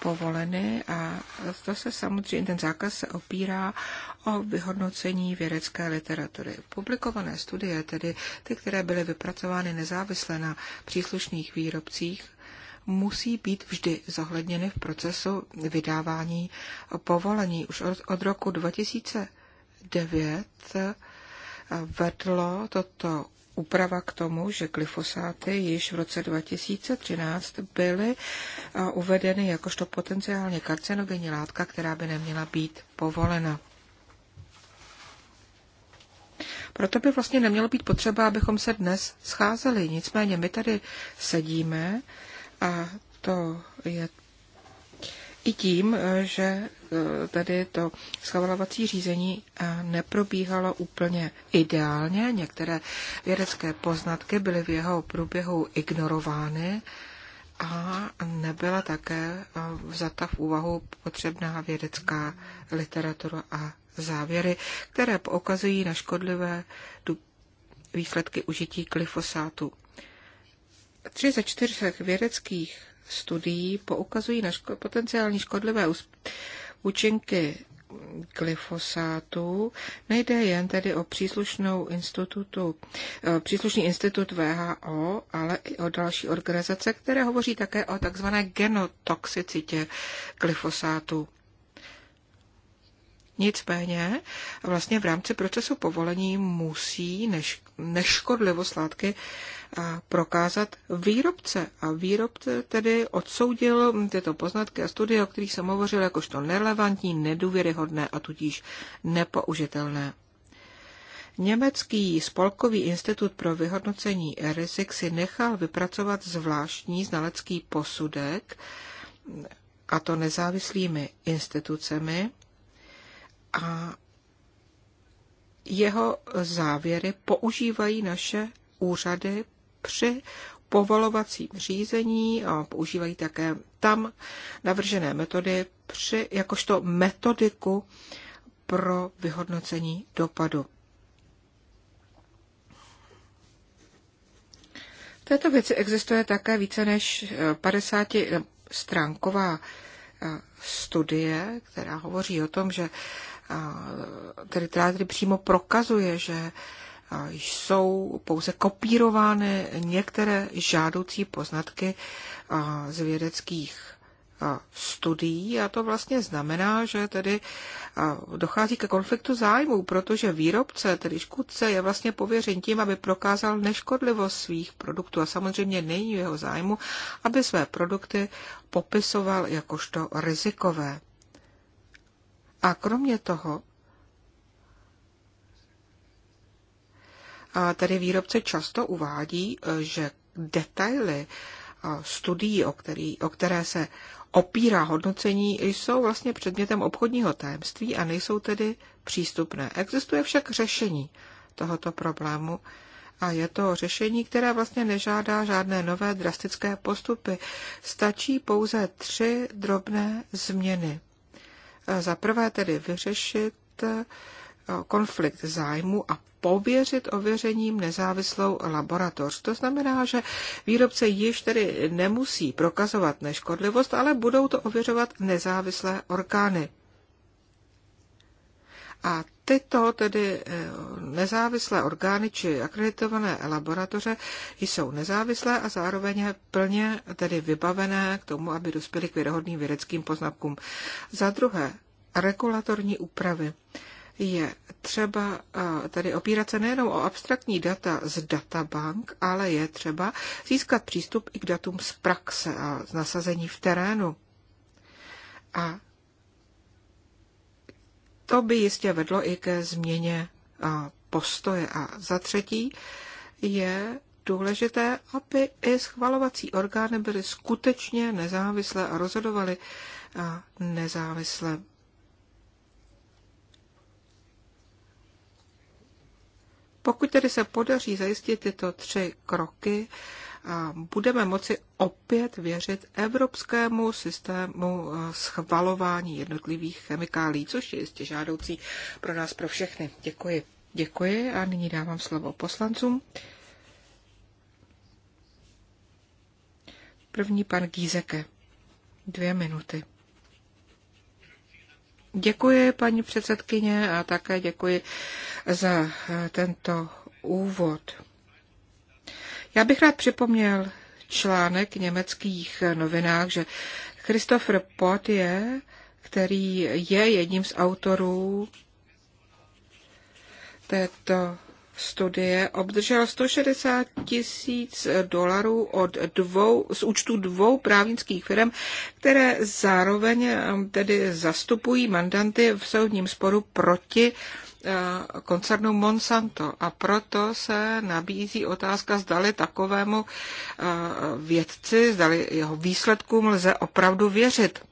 povoleny a to se samozřejmě, ten zákaz se opírá o vyhodnocení vědecké literatury. Publikované studie, tedy ty, které byly vypracovány nezávisle na příslušných výrobcích, musí být vždy zohledněny v procesu vydávání povolení. Už od, od roku 2000 2009 eh, vedlo toto úprava k tomu, že glyfosáty již v roce 2013 byly eh, uvedeny jakožto potenciálně karcinogenní látka, která by neměla být povolena. Proto by vlastně nemělo být potřeba, abychom se dnes scházeli. Nicméně my tady sedíme a to je i tím, eh, že eh, tady to schvalovací řízení eh, neprobíhalo úplně ideálně. Některé vědecké poznatky byly v jeho průběhu ignorovány a nebyla také vzata v úvahu potřebná vědecká literatura a závěry, které poukazují na škodlivé výsledky užití glyfosátu. Tři ze čtyř vědeckých studií poukazují na ško- potenciální škodlivé účinky glyfosátu. Nejde jen tedy o příslušnou institutu, eh, příslušný institut VHO, ale i o další organizace, které hovoří také o takzvané genotoxicitě glyfosátu. Nicméně vlastně v rámci procesu povolení musí neš, neškodlivost látky prokázat výrobce. A výrobce tedy odsoudil tyto poznatky a studie, o kterých jsem hovořil, jakožto nerelevantní, nedůvěryhodné a tudíž nepoužitelné. Německý spolkový institut pro vyhodnocení rizik si nechal vypracovat zvláštní znalecký posudek, a to nezávislými institucemi, a jeho závěry používají naše úřady při povolovacím řízení a používají také tam navržené metody při, jakožto metodiku pro vyhodnocení dopadu. V této věci existuje také více než 50 eh, eh, stránková eh, studie, která hovoří o tom, že tedy, která tedy přímo prokazuje, že jsou pouze kopírovány některé žádoucí poznatky z vědeckých studií a to vlastně znamená, že tedy dochází ke konfliktu zájmů, protože výrobce, tedy škůdce, je vlastně pověřen tím, aby prokázal neškodlivost svých produktů a samozřejmě není jeho zájmu, aby své produkty popisoval jakožto rizikové. A kromě toho tedy výrobce často uvádí, e, že detaily e, studií, o, který, o které se opírá hodnocení, jsou vlastně předmětem obchodního tajemství a nejsou tedy přístupné. Existuje však řešení tohoto problému a je to řešení, které vlastně nežádá žádné nové drastické postupy. Stačí pouze tři drobné změny. E, za prvé tedy vyřešit konflikt zájmu a pověřit ověřením nezávislou laboratoř. To znamená, že výrobce již tedy nemusí prokazovat neškodlivost, ale budou to ověřovat nezávislé orgány. A tyto tedy e, nezávislé orgány či akreditované laboratoře jsou nezávislé a zároveň plně tedy vybavené k tomu, aby dospěly k věrohodným vědeckým poznatkům. Za druhé, regulatorní úpravy je třeba tady opírat se nejenom o abstraktní data z databank, ale je třeba získat přístup i k datům z praxe a z nasazení v terénu. A to by jistě vedlo i ke změně postoje. A za třetí je důležité, aby i schvalovací orgány byly skutečně nezávislé a rozhodovaly nezávisle. Pokud tedy se podaří zajistit tyto tři kroky, budeme moci opět věřit evropskému systému schvalování jednotlivých chemikálí, což je jistě žádoucí pro nás, pro všechny. Děkuji. Děkuji a nyní dávám slovo poslancům. První pan Gízeke. Dvě minuty. Děkuji, paní předsedkyně, a také děkuji za eh, tento úvod. Já bych rád připomněl článek v německých novinách, že Christopher Pot je, který je jedním z autorů této studie obdržel 160 tisíc dolarů od dvou, z účtu dvou právnických firm, které zároveň um, tedy zastupují mandanty v soudním sporu proti uh, koncernu Monsanto a proto se nabízí otázka, zdali takovému uh, vědci, zdali jeho výsledkům lze opravdu věřit.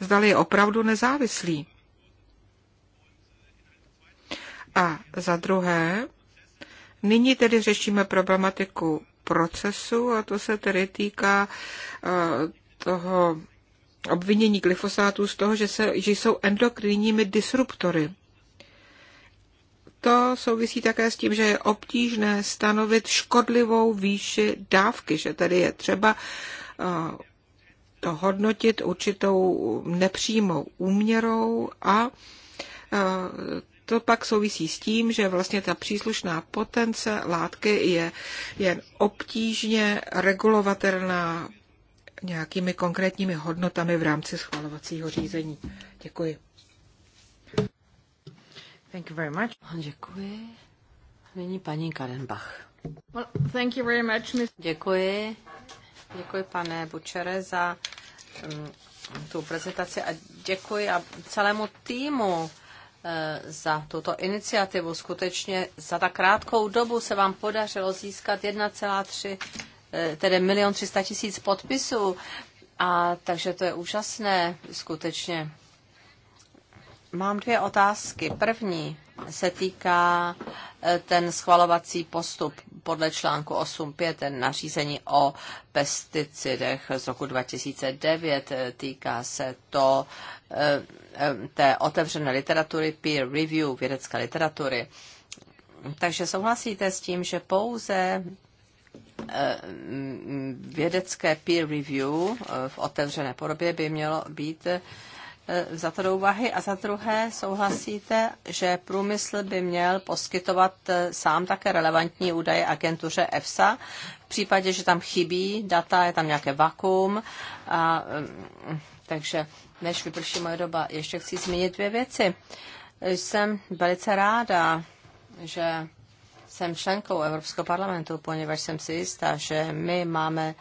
Zdali je opravdu nezávislý. A za druhé, nyní tedy řešíme problematiku procesu a to se tedy týká e, toho obvinění glyfosátů z toho, že, se, že jsou endokrinními disruptory. To souvisí také s tím, že je obtížné stanovit škodlivou výši dávky, že tady je třeba e, to hodnotit určitou nepřímou úměrou a e, to pak souvisí s tím, že vlastně ta příslušná potence látky je jen obtížně regulovatelná nějakými konkrétními hodnotami v rámci schvalovacího řízení. Děkuji. Thank you very much. Děkuji. Nyní paní Kadenbach. Well, thank you very much, Ms. Děkuji. Děkuji, pane Bučere, za um, tu prezentaci a děkuji a celému týmu Eh, za tuto iniciativu. Skutečně za tak krátkou dobu se vám podařilo získat 1,3 eh, tedy milion 300 tisíc podpisů. A takže to je úžasné, skutečně. Mám dvě otázky. První se týká eh, ten schvalovací postup podle článku 8.5, ten nařízení o pesticidech z roku 2009. Eh, týká se to eh, té otevřené literatury, peer review, vědecké literatury. Takže souhlasíte s tím, že pouze vědecké peer review v otevřené podobě by mělo být E, za to do úvahy. A za druhé souhlasíte, že průmysl by měl poskytovat e, sám také relevantní údaje agentuře EFSA v případě, že tam chybí data, je tam nějaké vakuum. A, mm, takže než vyprší moje doba, ještě chci zmínit dvě věci. Jsem velice ráda, že jsem členkou Evropského parlamentu, poněvadž jsem si jistá, že my máme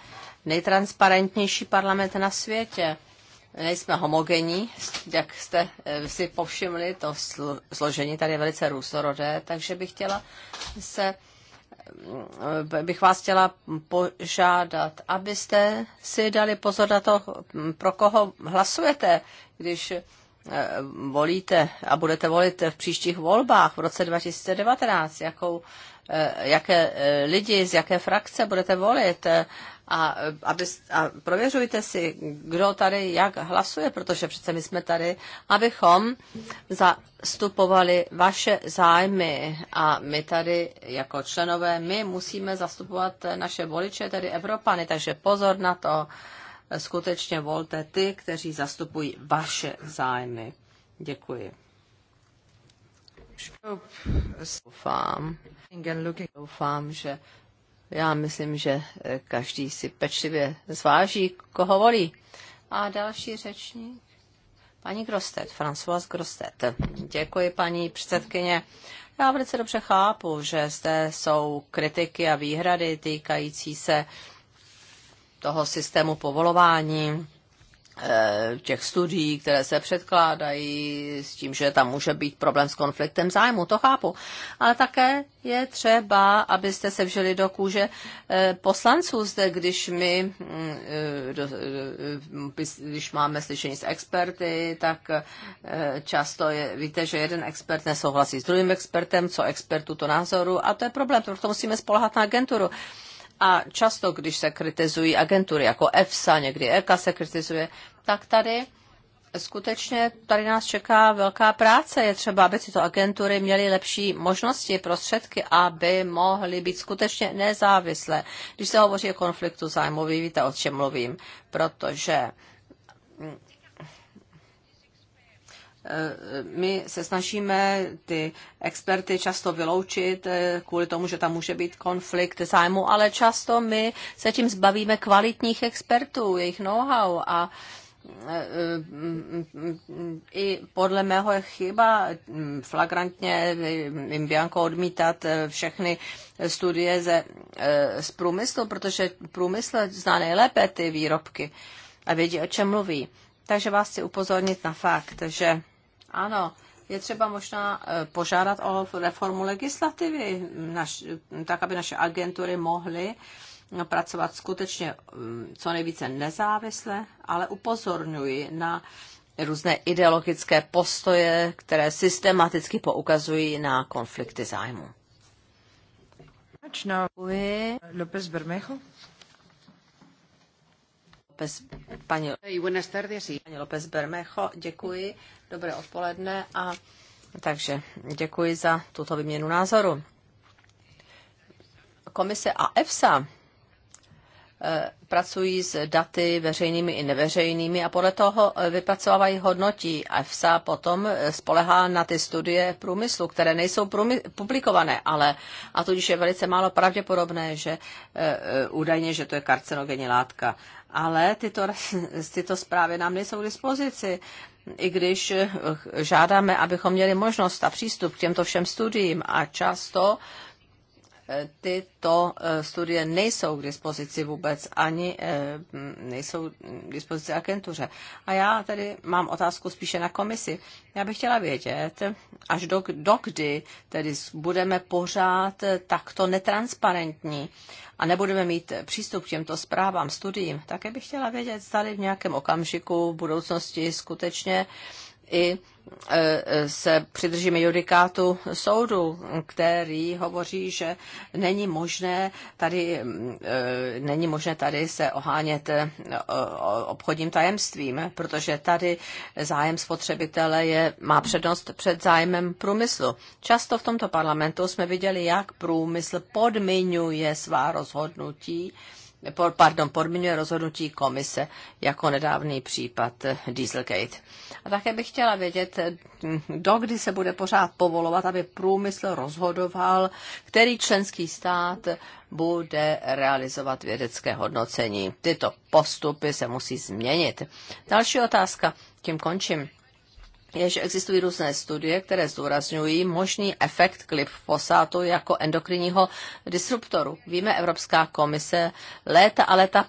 nejtransparentnější parlament na světě nejsme homogenní, jak jste eh, si povšimli, to složení tady je velice různorodé, takže bych chtěla se mm, eh, bych vás chtěla požádat, abyste si dali pozor na to, mm, pro koho hlasujete, když eh, volíte a budete volit v příštích volbách v roce 2019, jakou, jaké lidi, z jaké frakce budete volit a, aby, a prověřujte si, kdo tady jak hlasuje, protože přece my jsme tady, abychom zastupovali vaše zájmy a my tady jako členové, my musíme zastupovat naše voliče, tedy Evropany, takže pozor na to, skutečně volte ty, kteří zastupují vaše zájmy. Děkuji. Doufám, doufám, že já myslím, že eh, každý si pečlivě zváží, koho volí. A další řečník. Paní Grostet, François Grostet. Děkuji, paní předsedkyně. Já velice dobře chápu, že zde jsou kritiky a výhrady týkající se toho systému povolování Eh, těch studií, které se předkládají s tím, že tam může být problém s konfliktem zájmu, to chápu. Ale také je třeba, abyste se vžili do kůže eh, poslanců zde, když my, mm, eh, když máme slyšení s experty, tak často je, víte, že jeden expert nesouhlasí s druhým expertem, co expertu to názoru a to je problém, proto musíme spolehat na agenturu. A často, když se kritizují agentury jako EFSA, někdy EKA se kritizuje, tak tady skutečně tady nás čeká velká práce. Je třeba, aby tyto agentury měly lepší možnosti, prostředky, aby mohly být skutečně nezávislé. Když se hovoří o konfliktu zájmu, víte, o čem mluvím, protože Eh, my se snažíme ty experty často vyloučit eh, kvůli tomu, že tam může být konflikt zájmu, ale často my se tím zbavíme kvalitních expertů, jejich know-how a eh, i podle mého je chyba hm, flagrantně jim Bianco odmítat všechny studie ze, z průmyslu, protože průmysl zná nejlépe ty výrobky a vědí, o čem mluví. Takže vás chci upozornit na fakt, že ano, je třeba možná e, požádat o reformu legislativy, naš, tak aby naše agentury mohly e, pracovat skutečně e, co nejvíce nezávisle, ale upozorňuji na různé ideologické postoje, které systematicky poukazují na konflikty zájmu. López Bermejo. López, paní, paní López Bermejo, děkuji, dobré odpoledne a takže děkuji za tuto vyměnu názoru. Komise a EFSA eh, pracují s daty veřejnými i neveřejnými a podle toho eh, vypracovávají hodnotí. EFSA potom eh, spolehá na ty studie průmyslu, které nejsou průmy- publikované, ale a tudíž je velice málo pravděpodobné, že údajně, že to je karcinogenní látka ale tyto, tyto zprávy nám nejsou k dispozici. I když eh, žádáme, abychom měli možnost a přístup k těmto všem studiím a často tyto eh, studie nejsou k dispozici vůbec, ani eh, nejsou k dispozici agentuře. A já tady mám otázku spíše na komisi. Já bych chtěla vědět, až do, dokdy tedy budeme pořád takto netransparentní a nebudeme mít přístup k těmto zprávám, studiím, také bych chtěla vědět, zda v nějakém okamžiku v budoucnosti skutečně eh, i e, se přidržíme judikátu soudu, který hovoří, že není možné tady, e, není možné tady se ohánět e, obchodním tajemstvím, protože tady zájem spotřebitele je, má přednost před zájmem průmyslu. Často v tomto parlamentu jsme viděli, jak průmysl podmiňuje svá rozhodnutí, pardon, podmiňuje rozhodnutí komise, jako nedávný případ Dieselgate. A také bych chtěla vědět, dokdy se bude pořád povolovat, aby průmysl rozhodoval, který členský stát bude realizovat vědecké hodnocení. Tyto postupy se musí změnit. Další otázka, tím končím je, že existují různé studie, které zdůrazňují možný efekt fosátu jako endokrinního disruptoru. Víme, Evropská komise léta a léta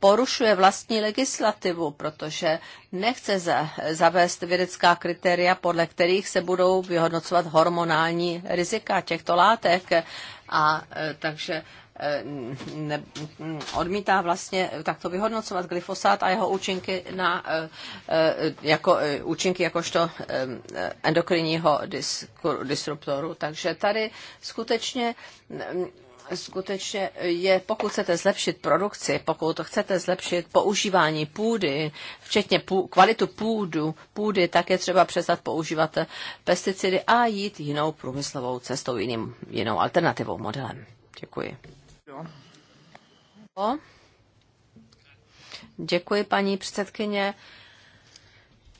porušuje vlastní legislativu, protože nechce zavést vědecká kritéria, podle kterých se budou vyhodnocovat hormonální rizika těchto látek. A e, takže ne, odmítá vlastně takto vyhodnocovat glyfosát a jeho účinky na, eh, eh, jako, eh, účinky jakožto endokrinního disruptoru. Takže tady skutečně skutečně je, pokud chcete zlepšit produkci, pokud to chcete zlepšit používání půdy, včetně pů, kvalitu půdu, půdy, tak je třeba přestat používat pesticidy a jít jinou průmyslovou cestou, jiným, jinou alternativou, modelem. Děkuji. No. Děkuji, paní předsedkyně.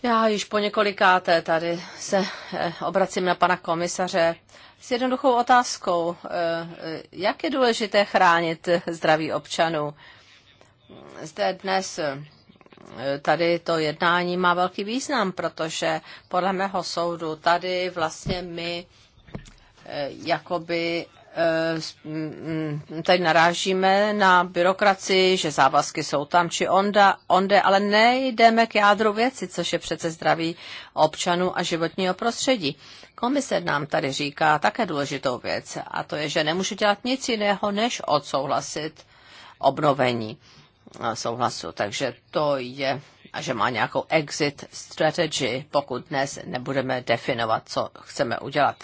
Já již po několikáté tady se eh, obracím na pana komisaře s jednoduchou otázkou. Eh, jak je důležité chránit zdraví občanů? Zde dnes eh, tady to jednání má velký význam, protože podle mého soudu tady vlastně my jakoby Eh, mm, tady narážíme na byrokracii, že závazky jsou tam či onda, onde, ale nejdeme k jádru věci, což je přece zdraví občanů a životního prostředí. Komise nám tady říká také důležitou věc, a to je, že nemůže dělat nic jiného, než odsouhlasit obnovení souhlasu. Takže to je, a že má nějakou exit strategy, pokud dnes nebudeme definovat, co chceme udělat.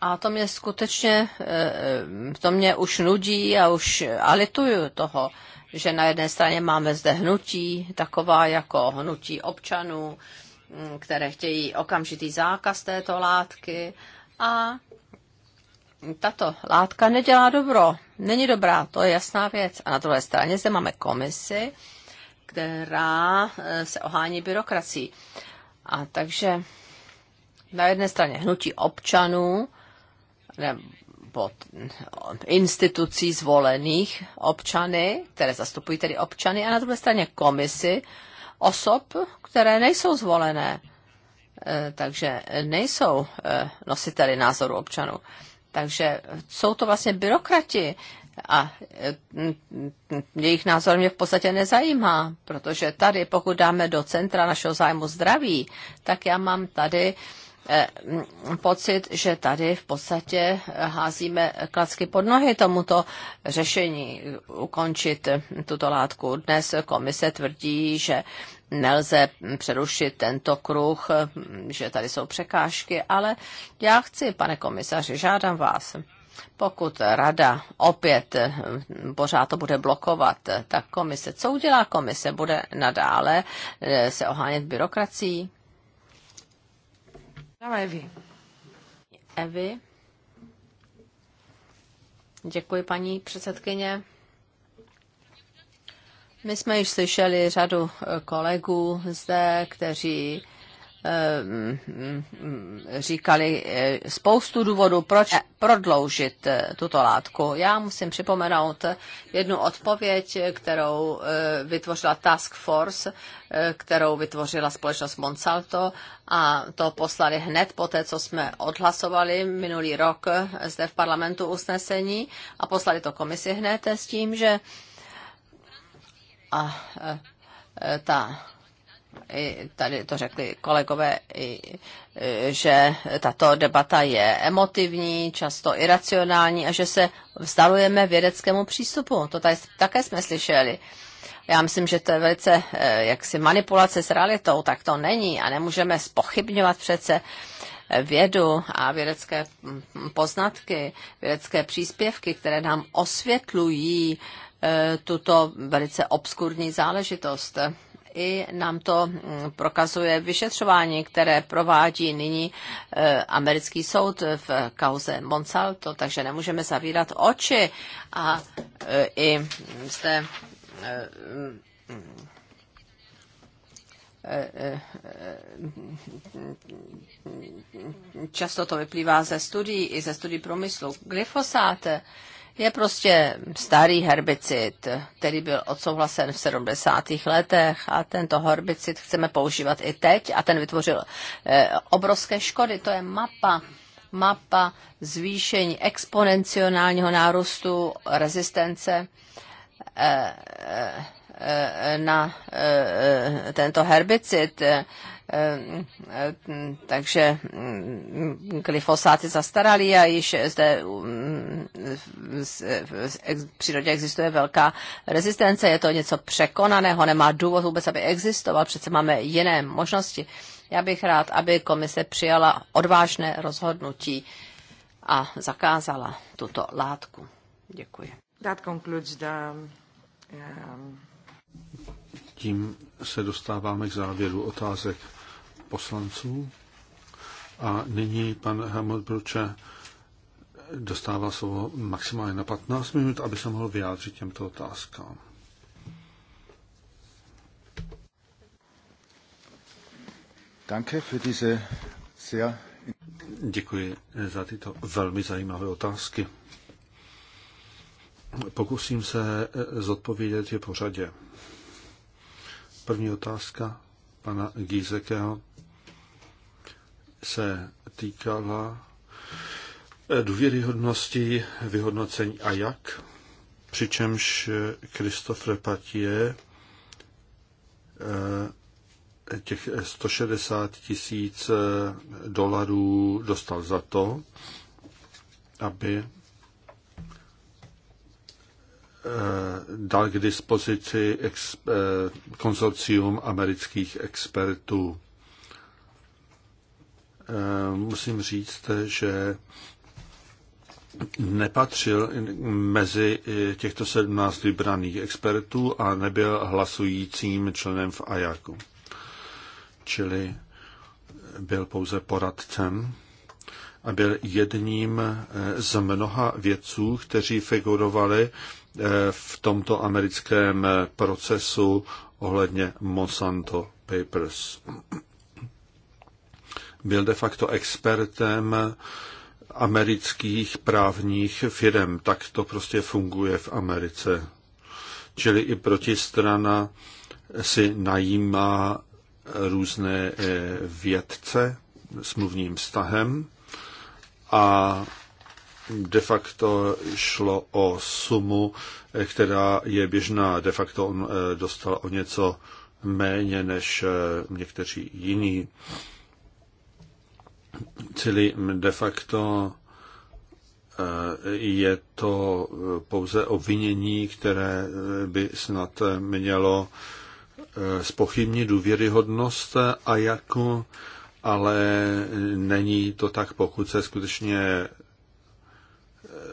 A to mě skutečně, eh, to mě už nudí a už alituju toho, že na jedné straně máme zde hnutí, taková jako hnutí občanů, mm, které chtějí okamžitý zákaz této látky a tato látka nedělá dobro, není dobrá, to je jasná věc. A na druhé straně zde máme komisi, která eh, se ohání byrokracií. A takže na jedné straně hnutí občanů, pod institucí zvolených občany, které zastupují tedy občany, a na druhé straně komisy osob, které nejsou zvolené, eh, takže nejsou eh, nositeli názoru občanů. Takže jsou to vlastně byrokrati a eh, jejich názor mě v podstatě nezajímá, protože tady, pokud dáme do centra našeho zájmu zdraví, tak já mám tady Eh, pocit, že tady v podstatě házíme klacky pod nohy tomuto řešení ukončit tuto látku. Dnes komise tvrdí, že nelze přerušit tento kruh, že tady jsou překážky, ale já chci, pane komisaři, žádám vás, pokud rada opět pořád to bude blokovat, tak komise, co udělá komise? Bude nadále eh, se ohánět byrokracií? Dáme Evi. Evi. Děkuji, paní předsedkyně. My jsme již slyšeli řadu eh, kolegů zde, kteří Eh, říkali eh, spoustu důvodů, proč prodloužit eh, tuto látku. Já musím připomenout jednu odpověď, kterou vytvořila Task Force, kterou vytvořila společnost Monsanto a to poslali hned po té, co jsme odhlasovali minulý rok zde v parlamentu usnesení a poslali to komisi hned s tím, že a, ta i tady to řekli kolegové, i, že tato debata je emotivní, často iracionální a že se vzdalujeme vědeckému přístupu. To tady také jsme slyšeli. Já myslím, že to je velice eh, jaksi manipulace s realitou, tak to není a nemůžeme spochybňovat přece eh, vědu a vědecké hm, hm, poznatky, vědecké příspěvky, které nám osvětlují eh, tuto velice obskurní záležitost i nám to mm, prokazuje vyšetřování, které provádí nyní e, americký soud v kauze Monsalto, takže nemůžeme zavírat oči a e, i zde e, často to vyplývá ze studií i ze studií průmyslu. Glyfosát je prostě starý herbicid, který byl odsouhlasen v 70. letech a tento herbicid chceme používat i teď a ten vytvořil eh, obrovské škody. To je mapa mapa zvýšení exponenciálního nárůstu rezistence eh, eh, na tento herbicid Eh, takže mm, glyfosát je zastaralý a již zde mm, v přírodě existuje velká rezistence, je to něco překonaného, nemá důvod vůbec, aby existoval, přece máme jiné možnosti. Já bych rád, aby komise přijala odvážné rozhodnutí a zakázala tuto látku. Děkuji. That concludes the, um... Tím se dostáváme k závěru otázek poslanců. A nyní pan Helmut Bruče dostává slovo maximálně na 15 minut, aby se mohl vyjádřit těmto otázkám. Danke für diese sehr... Děkuji za tyto velmi zajímavé otázky. Pokusím se zodpovědět je pořadě. První otázka pana Gízekeho se týkala eh, důvěryhodnosti vyhodnocení a jak, přičemž Christophe Patie eh, těch 160 tisíc eh, dolarů dostal za to, aby dal k dispozici konzorcium amerických expertů. Eh, musím říct, že nepatřil mezi eh, těchto 17 vybraných expertů a nebyl hlasujícím členem v Ajaku. Čili eh, byl pouze poradcem a byl jedním z mnoha vědců, kteří figurovali v tomto americkém procesu ohledně Monsanto Papers byl de facto expertem amerických právních firm. Tak to prostě funguje v Americe. Čili i protistrana si najímá různé eh, vědce mluvním vztahem a de facto šlo o sumu, eh, která je běžná. De facto on eh, dostal o něco méně než někteří jiní. Čili de facto eh, je to eh, pouze obvinění, které eh, by snad mělo spochybnit důvěryhodnost a jako, ale není to tak, pokud se skutečně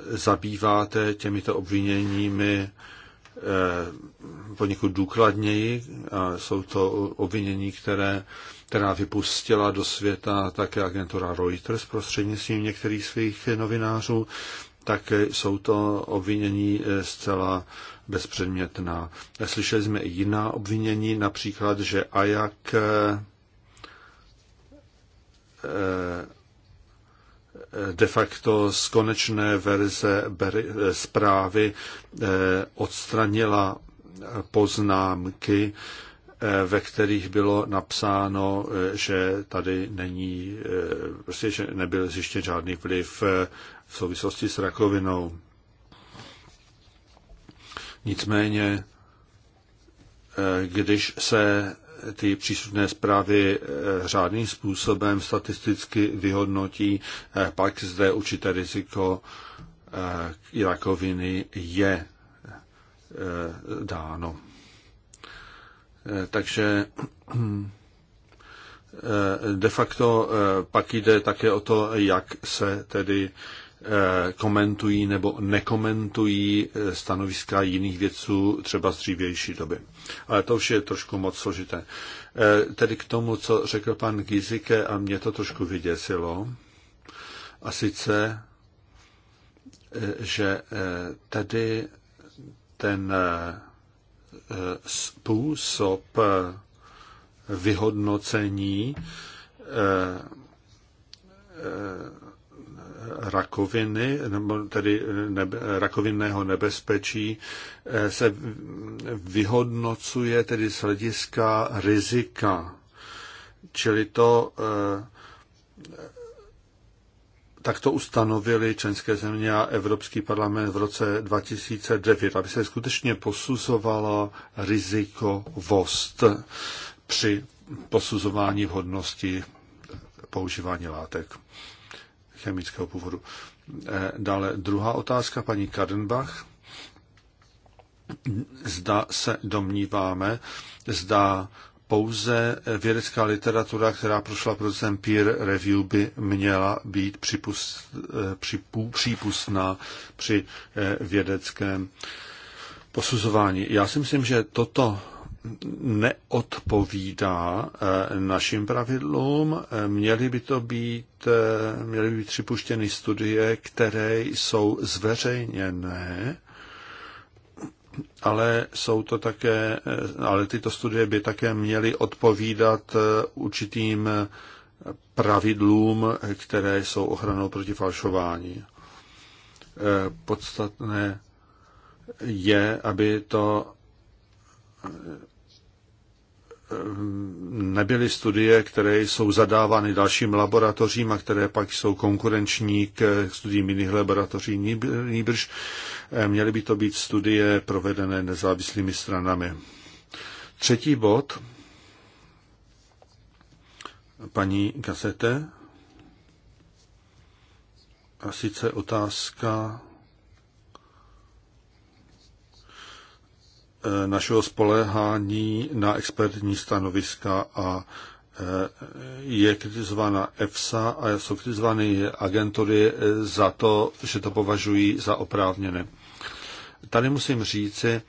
zabýváte těmito obviněními poněkud důkladněji. jsou to obvinění, které která vypustila do světa také agentura Reuters prostřednictvím některých svých novinářů, tak jsou to obvinění eh, zcela bezpředmětná. Slyšeli jsme i jiná obvinění, například, že Ajak eh, eh, de facto z konečné verze zprávy odstranila poznámky, Eh, ve kterých bylo napsáno, eh, že tady není, eh, prostě, že nebyl zjištěn žádný vliv v souvislosti s rakovinou. Nicméně, když se ty příslušné zprávy řádným způsobem statisticky vyhodnotí, pak zde určité riziko rakoviny je dáno. Eh, takže eh, de facto eh, pak jde také o to, jak se tedy komentují nebo nekomentují stanoviska jiných věců třeba z dřívější doby. Ale to už je trošku moc složité. Tedy k tomu, co řekl pan Gizike a mě to trošku vyděsilo, a sice, že tedy ten způsob vyhodnocení eh, eh, rakoviny, nebo tedy nebe, rakovinného nebezpečí, eh, se vyhodnocuje tedy z hlediska rizika. Čili to takto ustanovili členské země a Evropský parlament v roce 2009, aby se skutečně posuzovalo rizikovost při posuzování vhodnosti používání látek chemického původu. Eh, dále druhá otázka, paní Kardenbach. Zda se domníváme, zda pouze vědecká literatura, která prošla procesem peer review, by měla být eh, přípustná při eh, vědeckém posuzování. Já si myslím, že toto neodpovídá eh, našim pravidlům. Měly by to být, měly by být připuštěny studie, které jsou zveřejněné ale jsou to také, eh, ale tyto studie by také měly odpovídat eh, určitým eh, pravidlům, které jsou ochranou proti falšování. Podstatné je, aby to Ehm, nebyly studie, které jsou zadávány dalším laboratořím a které pak jsou konkurenční k studiím jiných laboratoří. Nýbrž, ehm, měly by to být studie provedené nezávislými stranami. Třetí bod. Paní Gazete. A sice otázka Eh, našeho spolehání na expertní stanoviska a eh, je kritizována EFSA a jsou kritizovány agentury eh, za to, že to považují za oprávněné. Tady musím říci,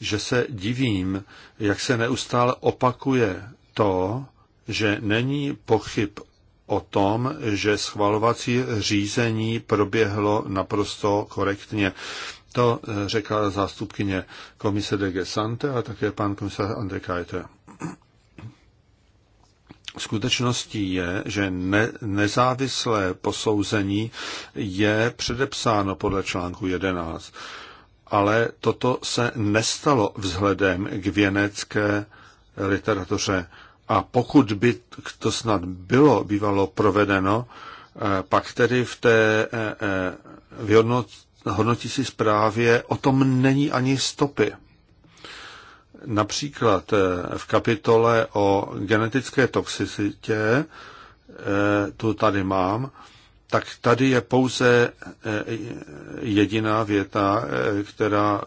že se divím, jak se neustále opakuje to, že není pochyb o tom, že schvalovací řízení proběhlo naprosto korektně. To eh, řekla zástupkyně komise DG Sante a také pan André Kajte. Skutečností je, že ne, nezávislé posouzení je předepsáno podle článku 11, ale toto se nestalo vzhledem k věnecké literatuře. A pokud by to snad bylo bývalo provedeno, eh, pak tedy v té eh, vyhodnot, hodnotící zprávě o tom není ani stopy. Například eh, v kapitole o genetické toxicitě, eh, tu tady mám, tak tady je pouze eh, jediná věta, která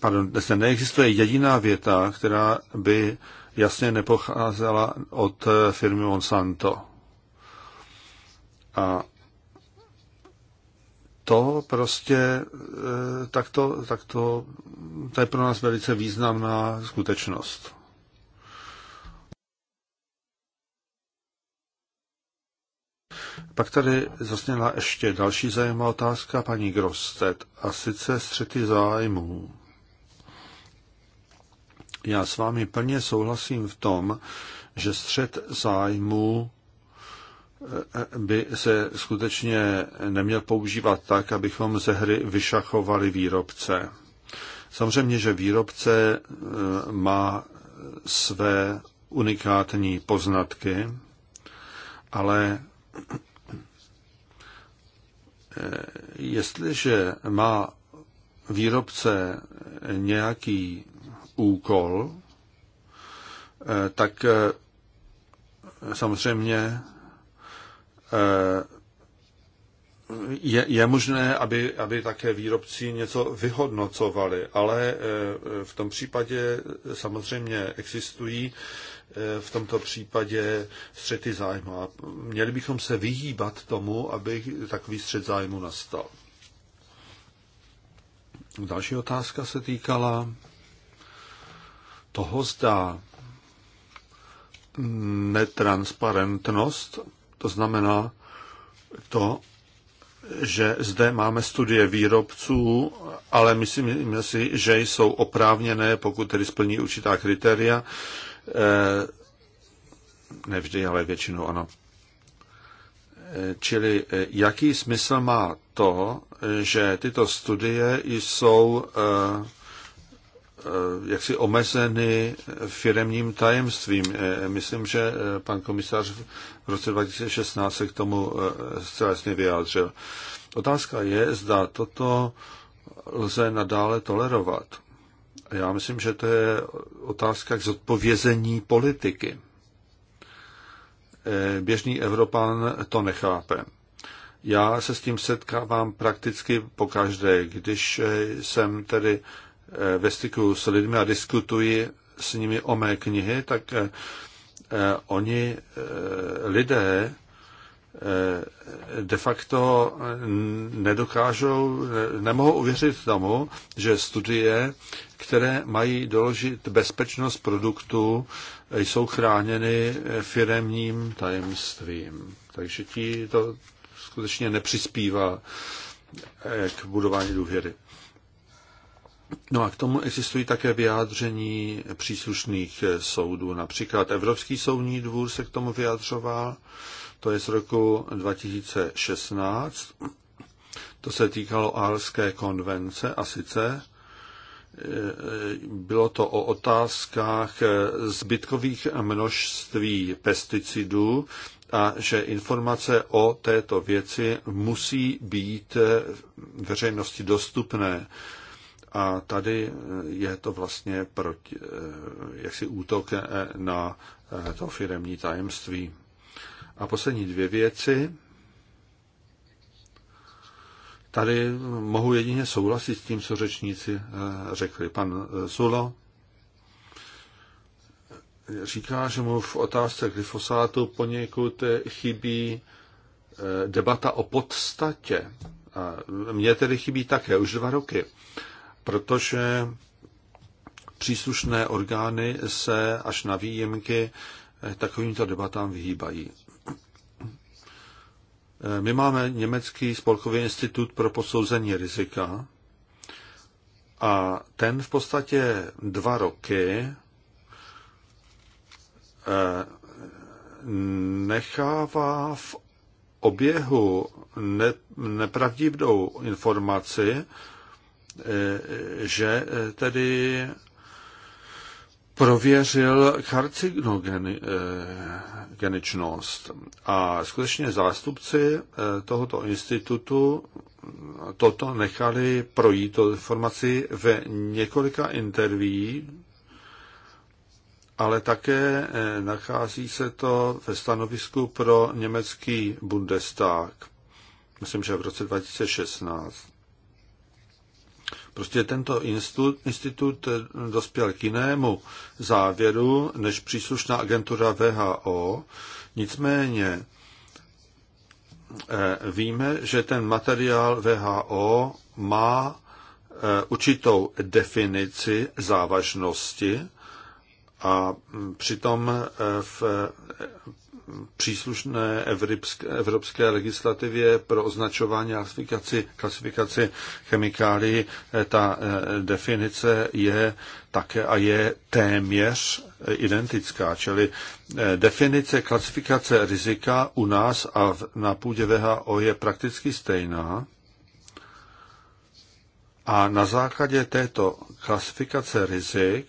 pardon, zde neexistuje jediná věta, která by jasně nepocházela od firmy Monsanto. A to prostě eh, tak to tak to je pro nás velice významná skutečnost. Pak tady zasněla ještě další zajímavá otázka paní Grostet, a sice střety zájmů. Já s vámi plně souhlasím v tom, že střed zájmů by se skutečně neměl používat tak, abychom ze hry vyšachovali výrobce. Samozřejmě, že výrobce e, má své unikátní poznatky, ale e, jestliže má výrobce nějaký úkol, e, tak samozřejmě Eh, je, je možné, aby, aby také výrobci něco vyhodnocovali, ale eh, v tom případě samozřejmě existují eh, v tomto případě střety zájmu. A měli bychom se vyhýbat tomu, aby takový střet zájmu nastal. Další otázka se týkala toho, zda netransparentnost to znamená to, že zde máme studie výrobců, ale myslím si, že jsou oprávněné, pokud tedy splní určitá kritéria. Eh, Nevždy, ale většinou ano. Eh, čili eh, jaký smysl má to, že tyto studie jsou Eh, jaksi omezeny firemním tajemstvím. Eh, myslím, že eh, pan komisař v roce 2016 se k tomu zcela jasně vyjádřil. Otázka je, zda toto lze nadále tolerovat. Já myslím, že to je otázka k zodpovězení politiky. Běžný Evropan to nechápe. Já se s tím setkávám prakticky pokaždé, když jsem tedy Eh, ve styku s lidmi a diskutuji s nimi o mé knihy, tak eh, eh, oni lidé de facto nedokážou, nemohou uvěřit tomu, že studie, které mají doložit bezpečnost produktu, jsou chráněny firemním tajemstvím. Takže ti to skutečně nepřispívá k budování důvěry. No a k tomu existují také vyjádření příslušných soudů. Například Evropský soudní dvůr se k tomu vyjadřoval, to je z roku 2016. To se týkalo Alské konvence a sice e, bylo to o otázkách zbytkových množství pesticidů a že informace o této věci musí být veřejnosti dostupné. A tady je to vlastně proti, eh, jaksi útok eh, na eh, to firemní tajemství. A poslední dvě věci. Tady mohu jedině souhlasit s tím, co řečníci řekli. Pan Zulo říká, že mu v otázce glyfosátu poněkud chybí debata o podstatě. A mně tedy chybí také už dva roky protože příslušné orgány se až na výjimky takovýmto debatám vyhýbají. My máme Německý spolkový institut pro posouzení rizika a ten v podstatě dva roky eh, nechává v oběhu nepravdivou informaci, že eh, tedy prověřil karcinogeničnost. Eh, A skutečně zástupci eh, tohoto institutu toto nechali projít, to informaci ve několika interví, ale také nachází se to ve stanovisku pro německý Bundestag, myslím, že v roce 2016. Prostě tento institut, institut eh, dospěl k jinému závěru než příslušná agentura VHO. Nicméně eh, víme, že ten materiál VHO má eh, určitou definici závažnosti a mm, přitom v příslušné evropské, evropské legislativě pro označování a klasifikaci, klasifikaci chemikálií. Eh, ta eh, definice je také a je téměř identická, čili eh, definice klasifikace rizika u nás a na půdě VHO je prakticky stejná. A na základě této klasifikace rizik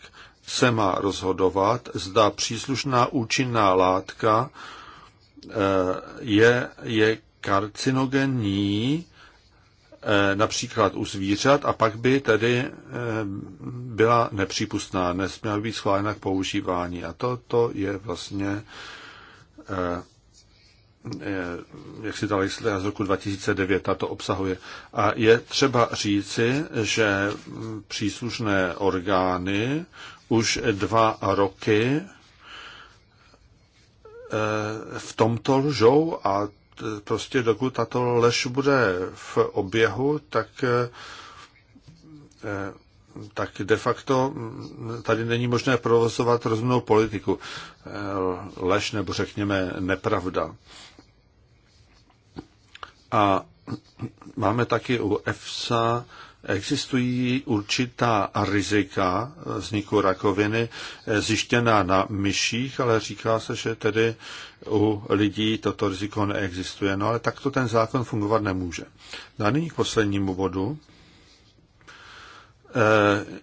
se má rozhodovat, zda příslušná účinná látka eh, je, je karcinogenní, eh, například u zvířat, a pak by tedy eh, byla nepřípustná, nesměla být schválena k používání. A to, to je vlastně jak si ta legislativa z roku 2009 a to obsahuje. A je třeba říci, že mm, příslušné orgány už dva roky eh, v tomto lžou a prostě dokud tato lež bude v oběhu, tak, eh, tak de facto mm, tady není možné provozovat rozumnou politiku. Eh, lež nebo řekněme nepravda. A máme taky u EFSA Existují určitá rizika vzniku rakoviny eh, zjištěná na myších, ale říká se, že tedy u lidí toto riziko neexistuje. No ale takto ten zákon fungovat nemůže. No a nyní k poslednímu bodu. Eh,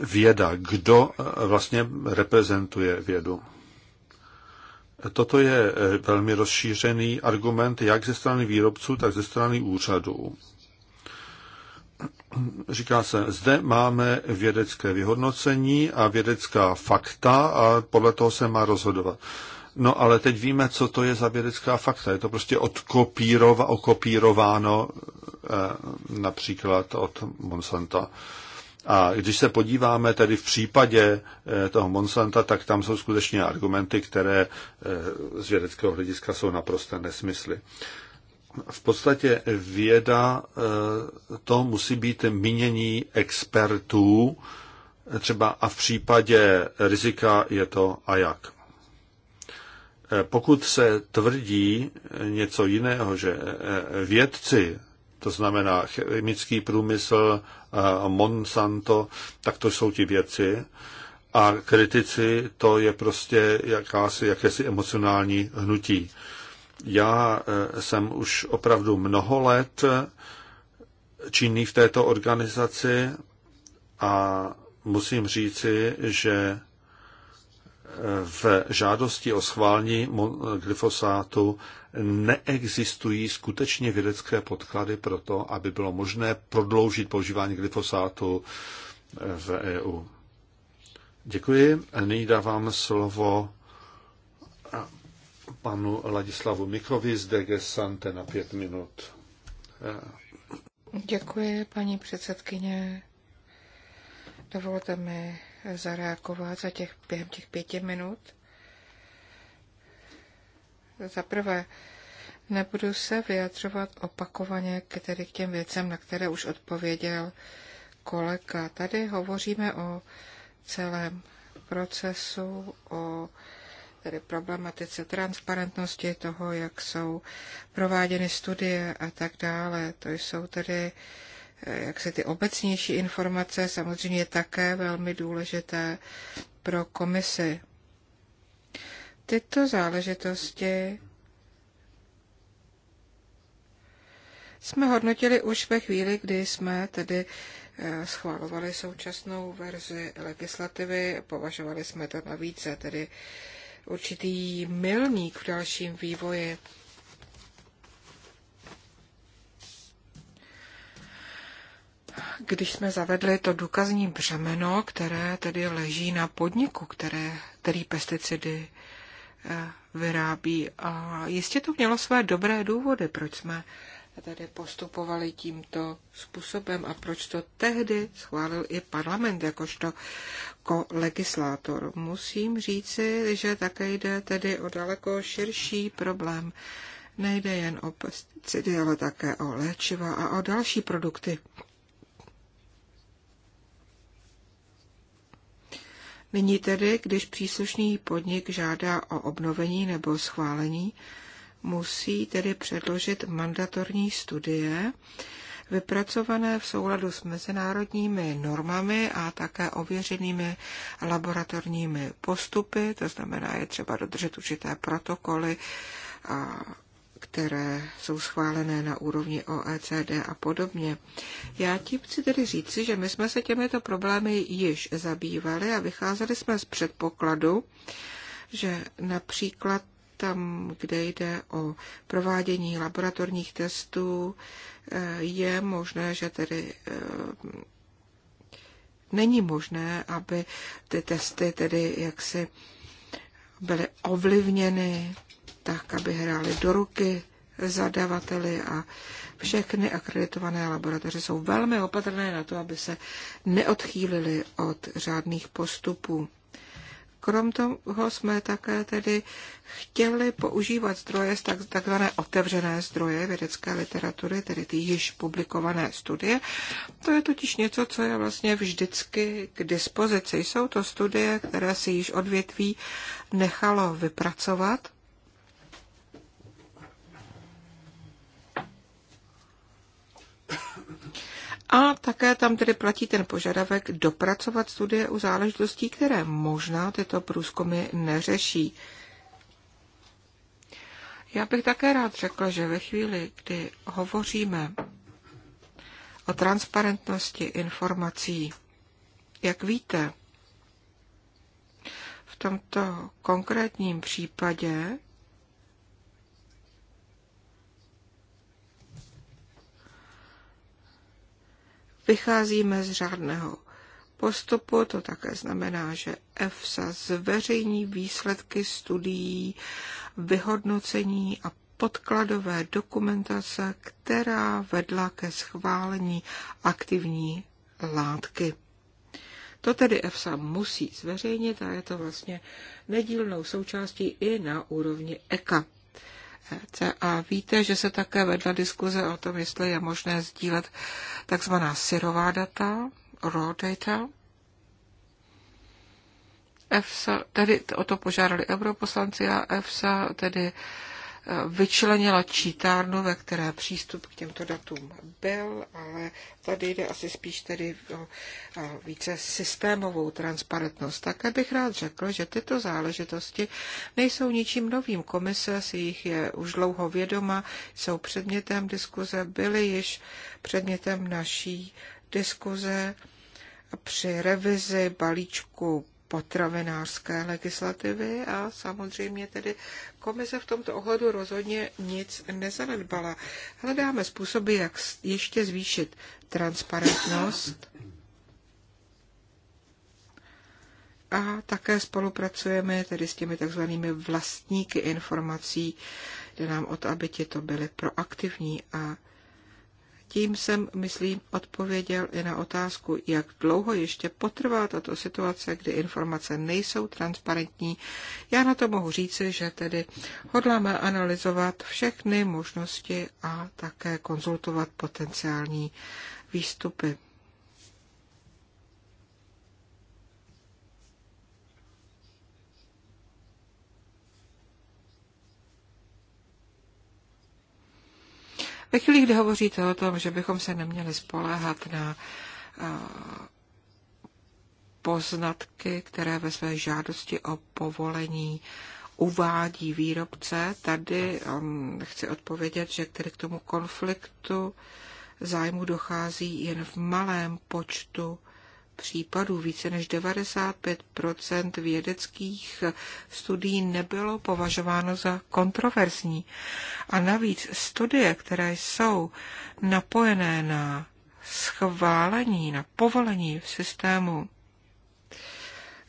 věda. Kdo eh, vlastně reprezentuje vědu? Toto je velmi rozšířený argument jak ze strany výrobců, tak ze strany úřadů říká se, zde máme vědecké vyhodnocení a vědecká fakta a podle toho se má rozhodovat. No ale teď víme, co to je za vědecká fakta. Je to prostě odkopírova, okopírováno eh, například od Monsanta. A když se podíváme tedy v případě eh, toho Monsanta, tak tam jsou skutečně argumenty, které eh, z vědeckého hlediska jsou naprosto nesmysly v podstatě věda eh, to musí být mínění expertů, třeba a v případě rizika je to a jak. Eh, pokud se tvrdí něco jiného, že eh, vědci, to znamená chemický průmysl, Monsanto, tak to jsou ti vědci, a kritici, to je prostě jakási, jakési emocionální hnutí. Já eh, jsem už opravdu mnoho let eh, činný v této organizaci a musím říci, že eh, v žádosti o schválení glyfosátu neexistují skutečně vědecké podklady pro to, aby bylo možné prodloužit používání glyfosátu v EU. Děkuji. Nyní dávám slovo panu Ladislavu Mikovi z DG Sante na pět minut. Děkuji, paní předsedkyně. Dovolte mi zareagovat za těch, během těch pěti minut. Za prvé, nebudu se vyjadřovat opakovaně k, tedy k těm věcem, na které už odpověděl kolega. Tady hovoříme o celém procesu, o tedy problematice transparentnosti toho, jak jsou prováděny studie a tak dále. To jsou tedy eh, jak se ty obecnější informace samozřejmě je také velmi důležité pro komisi. Tyto záležitosti jsme hodnotili už ve chvíli, kdy jsme tedy eh, schvalovali současnou verzi legislativy, považovali jsme to navíc za tedy určitý milník v dalším vývoji. Když jsme zavedli to důkazní břemeno, které tedy leží na podniku, které, který pesticidy eh, vyrábí. A jistě to mělo své dobré důvody, proč jsme tady postupovali tímto způsobem a proč to tehdy schválil i parlament jakožto kolegislátor. Musím říci, že také jde tedy o daleko širší problém. Nejde jen o pesticidy, ale také o léčiva a o další produkty. Nyní tedy, když příslušný podnik žádá o obnovení nebo schválení, musí tedy předložit mandatorní studie, vypracované v souladu s mezinárodními normami a také ověřenými laboratorními postupy, to znamená, je třeba dodržet určité protokoly, a které jsou schválené na úrovni OECD a podobně. Já tím chci tedy říci, že my jsme se těmito problémy již zabývali a vycházeli jsme z předpokladu, že například tam, kde jde o provádění laboratorních testů, eh, je možné, že tedy eh, není možné, aby ty testy tedy jaksi byly ovlivněny tak, aby hrály do ruky zadavateli a všechny akreditované laboratoře jsou velmi opatrné na to, aby se neodchýlili od řádných postupů. Krom toho jsme také tedy chtěli používat zdroje, tak, takzvané otevřené zdroje vědecké literatury, tedy ty již publikované studie. To je totiž něco, co je vlastně vždycky k dispozici. Jsou to studie, které si již odvětví nechalo vypracovat A také tam tedy platí ten požadavek dopracovat studie u záležitostí, které možná tyto průzkumy neřeší. Já bych také rád řekla, že ve chvíli, kdy hovoříme o transparentnosti informací, jak víte, v tomto konkrétním případě Vycházíme z řádného postupu, to také znamená, že EFSA zveřejní výsledky studií, vyhodnocení a podkladové dokumentace, která vedla ke schválení aktivní látky. To tedy EFSA musí zveřejnit a je to vlastně nedílnou součástí i na úrovni EKA. CA. Víte, že se také vedla diskuze o tom, jestli je možné sdílet takzvaná syrová data, raw data. EFSA, tedy o to požádali europoslanci a EFSA, tedy vyčlenila čítárnu, ve které přístup k těmto datům byl, ale tady jde asi spíš tedy o více systémovou transparentnost. Také bych rád řekl, že tyto záležitosti nejsou ničím novým. Komise si jich je už dlouho vědoma, jsou předmětem diskuze, byly již předmětem naší diskuze při revizi balíčku potravinářské legislativy a samozřejmě tedy komise v tomto ohledu rozhodně nic nezanedbala. Hledáme způsoby, jak ještě zvýšit transparentnost a také spolupracujeme tedy s těmi takzvanými vlastníky informací, kde nám o to, aby ti to byly proaktivní a tím jsem, myslím, odpověděl i na otázku, jak dlouho ještě potrvá tato situace, kdy informace nejsou transparentní. Já na to mohu říci, že tedy hodláme analyzovat všechny možnosti a také konzultovat potenciální výstupy. Ve chvíli, kdy hovoříte o tom, že bychom se neměli spoléhat na eh, poznatky, které ve své žádosti o povolení uvádí výrobce, tady chci odpovědět, že tedy k tomu konfliktu zájmu dochází jen v malém počtu případů. Více než 95 vědeckých studií nebylo považováno za kontroverzní. A navíc studie, které jsou napojené na schválení, na povolení v systému,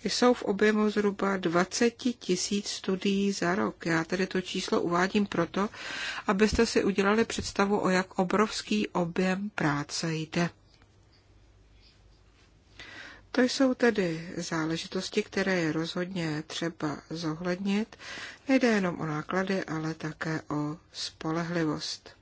jsou v objemu zhruba 20 tisíc studií za rok. Já tedy to číslo uvádím proto, abyste si udělali představu, o jak obrovský objem práce jde. To jsou tedy záležitosti, které je rozhodně třeba zohlednit. Nejde jenom o náklady, ale také o spolehlivost.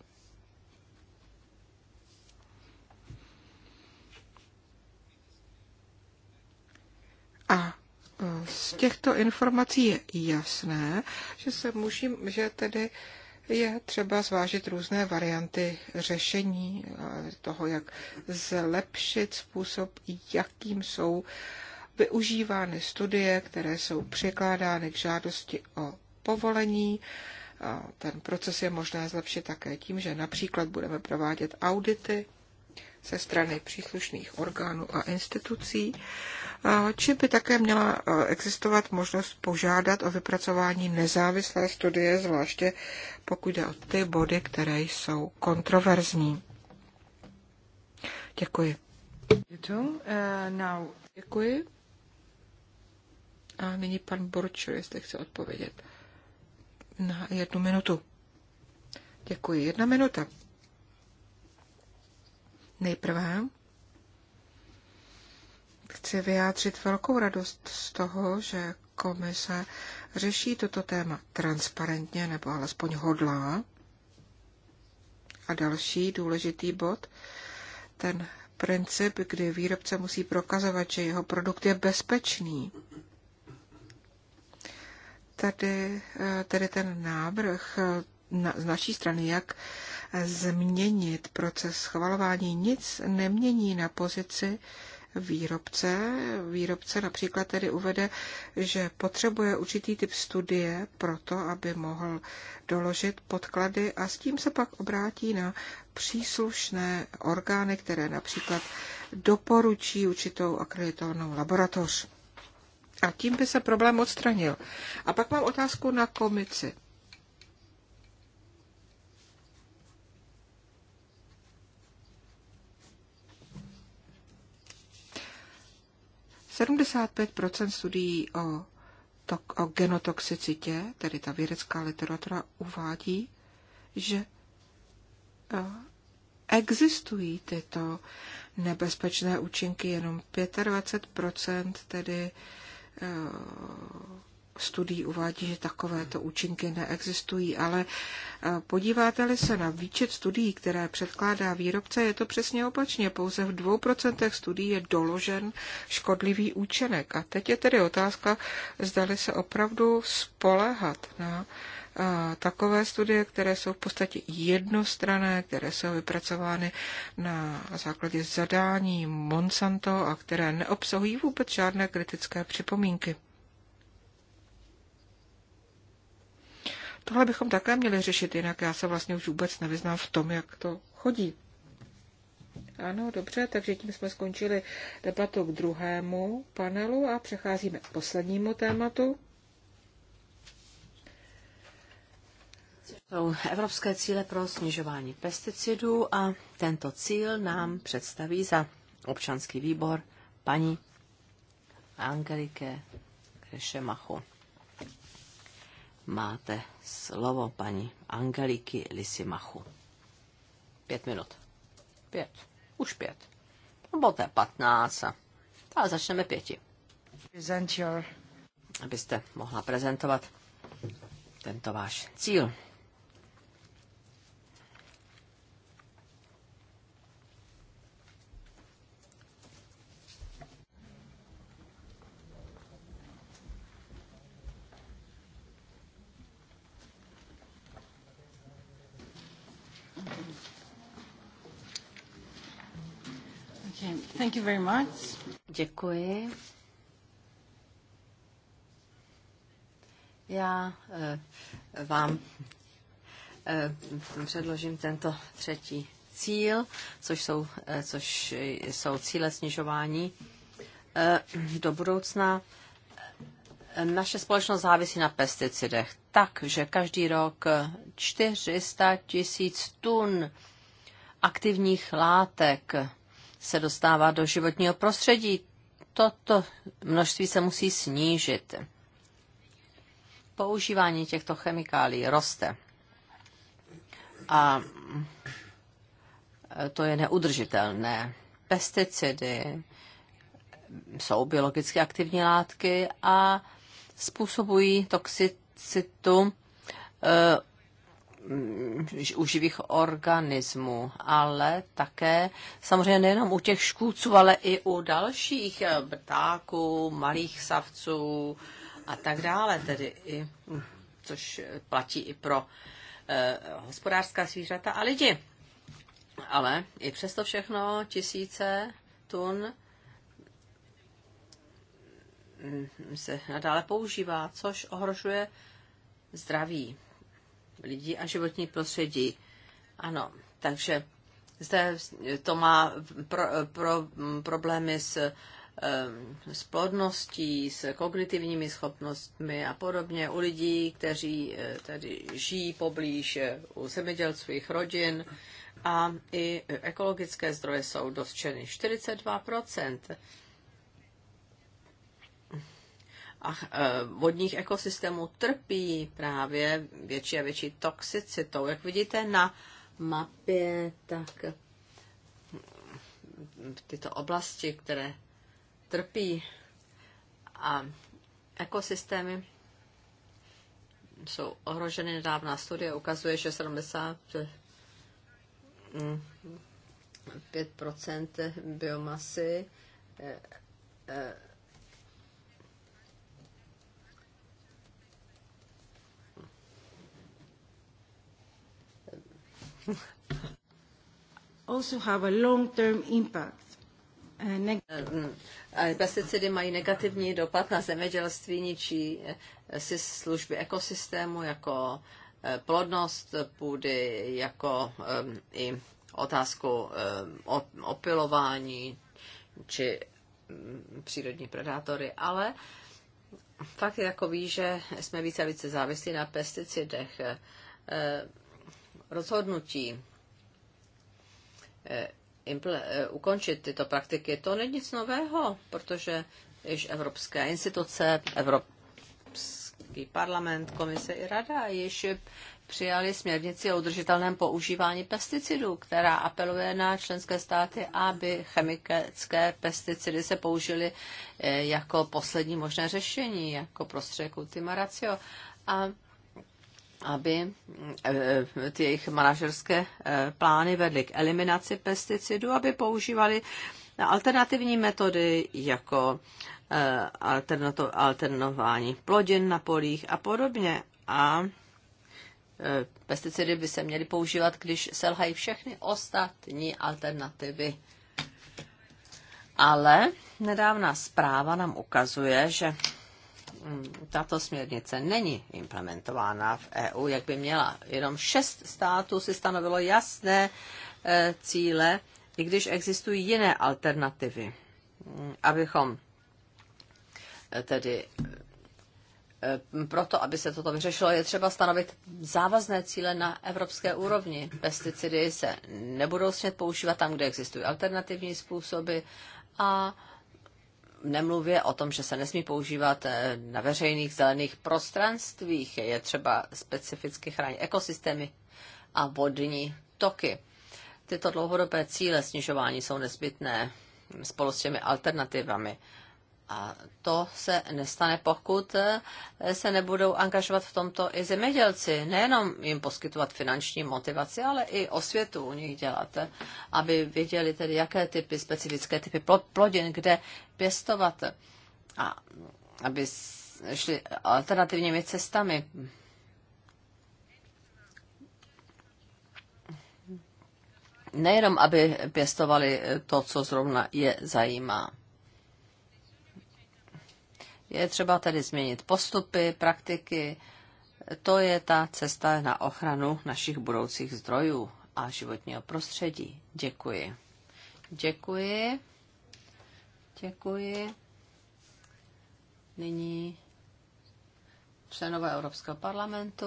A e, z těchto informací je jasné, že se můžím, že tedy je třeba zvážit různé varianty řešení eh, toho, jak zlepšit způsob, jakým jsou využívány studie, které jsou překládány k žádosti o povolení. Ten proces je možné zlepšit také tím, že například budeme provádět audity ze strany příslušných orgánů a institucí či by také měla e, existovat možnost požádat o vypracování nezávislé studie, zvláště pokud jde o ty body, které jsou kontroverzní. Děkuji. Děkuji. A nyní pan Borčo, jestli chce odpovědět. Na jednu minutu. Děkuji. Jedna minuta. Nejprve Chci vyjádřit velkou radost z toho, že komise řeší toto téma transparentně, nebo alespoň hodlá. A další důležitý bod, ten princip, kdy výrobce musí prokazovat, že jeho produkt je bezpečný. Tady, tady ten návrh na, z naší strany, jak změnit proces schvalování, nic nemění na pozici, výrobce. Výrobce například tedy uvede, že potřebuje určitý typ studie pro to, aby mohl doložit podklady a s tím se pak obrátí na příslušné orgány, které například doporučí určitou akreditovanou laboratoř. A tím by se problém odstranil. A pak mám otázku na komici. 75 studií o, tok, o genotoxicitě, tedy ta vědecká literatura, uvádí, že eh, existují tyto nebezpečné účinky, jenom 25 tedy eh, studií uvádí, že takovéto účinky neexistují, ale eh, podíváte-li se na výčet studií, které předkládá výrobce, je to přesně opačně. Pouze v 2% studií je doložen škodlivý účinek. A teď je tedy otázka, zdali se opravdu spolehat na eh, takové studie, které jsou v podstatě jednostrané, které jsou vypracovány na základě zadání Monsanto a které neobsahují vůbec žádné kritické připomínky. Tohle bychom také měli řešit, jinak já se vlastně už vůbec nevyznám v tom, jak to chodí. Ano, dobře, takže tím jsme skončili debatu k druhému panelu a přecházíme k poslednímu tématu. Jsou evropské cíle pro snižování pesticidů a tento cíl nám představí za občanský výbor paní Angelike Krešemachu. Máte slovo paní Angeliky Lisimachu. Pět minut. Pět. Už pět. No, je patnáct. Ale začneme pěti. Present your... Abyste mohla prezentovat tento váš cíl. Thank you very much. Děkuji. Já eh, vám eh, předložím tento třetí cíl, což jsou, eh, což jsou cíle snižování do budoucna. Naše společnost závisí na pesticidech, takže každý rok 400 tisíc tun aktivních látek se dostává do životního prostředí. Toto množství se musí snížit. Používání těchto chemikálií roste. A to je neudržitelné. Pesticidy jsou biologicky aktivní látky a způsobují toxicitu eh, Mm, u živých organismů, ale také samozřejmě nejenom u těch škůdců, ale i u dalších ptáků, eh, malých savců a tak dále, tedy i, mm, což platí i pro eh, hospodářská zvířata a lidi. Ale i přesto všechno tisíce tun mm, se nadále používá, což ohrožuje zdraví lidí a životní prostředí. Ano, takže zde to má pro, pro, problémy s, s plodností, s kognitivními schopnostmi a podobně u lidí, kteří eh, tady žijí poblíž eh, u zemědělcových svých rodin a i ekologické zdroje jsou dostčeny 42 a e, vodních ekosystémů trpí právě větší a větší toxicitou. Jak vidíte na mapě, tak mm, tyto oblasti, které trpí a ekosystémy jsou ohroženy. Nedávná studie ukazuje, že 75 mm, biomasy e, e, also have a long-term impact. Eh, eh, eh, pesticidy mají negativní dopad na zemědělství, ničí služby ekosystému jako plodnost půdy, jako i otázku opilování či mm, přírodní predátory, ale fakt je takový, že jsme více a více závislí na pesticidech rozhodnutí eh, eh, ukončit tyto praktiky, to není nic nového, protože již evropské instituce, Evropský parlament, komise i rada již přijali směrnici o udržitelném používání pesticidů, která apeluje na členské státy, aby chemické pesticidy se použily eh, jako poslední možné řešení, jako prostředek ultima ratio. A aby eh, eh, ty jejich manažerské eh, plány vedly k eliminaci pesticidů, aby používali alternativní metody jako alternování plodin na polích a podobně. A pesticidy by se měly používat, když selhají všechny ostatní alternativy. Ale nedávná zpráva nám ukazuje, že Mm, tato směrnice není implementována v EU, jak by měla. Jenom šest států si stanovilo jasné eh, cíle, i když existují jiné alternativy, mm, abychom eh, tedy eh, proto, aby se toto vyřešilo, je třeba stanovit závazné cíle na evropské úrovni. Pesticidy se nebudou smět používat tam, kde existují alternativní způsoby a nemluvě o tom, že se nesmí používat eh, na veřejných zelených prostranstvích. Je třeba specificky chránit ekosystémy a vodní toky. Tyto dlouhodobé cíle snižování jsou nezbytné spolu s těmi alternativami. A to se nestane, pokud eh, se nebudou angažovat v tomto i zemědělci. Nejenom jim poskytovat finanční motivaci, ale i osvětu u nich dělat, eh, aby věděli tedy, jaké typy, specifické typy plodin, kde pěstovat. A aby šli alternativními cestami. Nejenom, aby pěstovali to, co zrovna je zajímá. Je třeba tedy změnit postupy, praktiky. To je ta cesta na ochranu našich budoucích zdrojů a životního prostředí. Děkuji. Děkuji. Děkuji. Nyní členové Evropského parlamentu,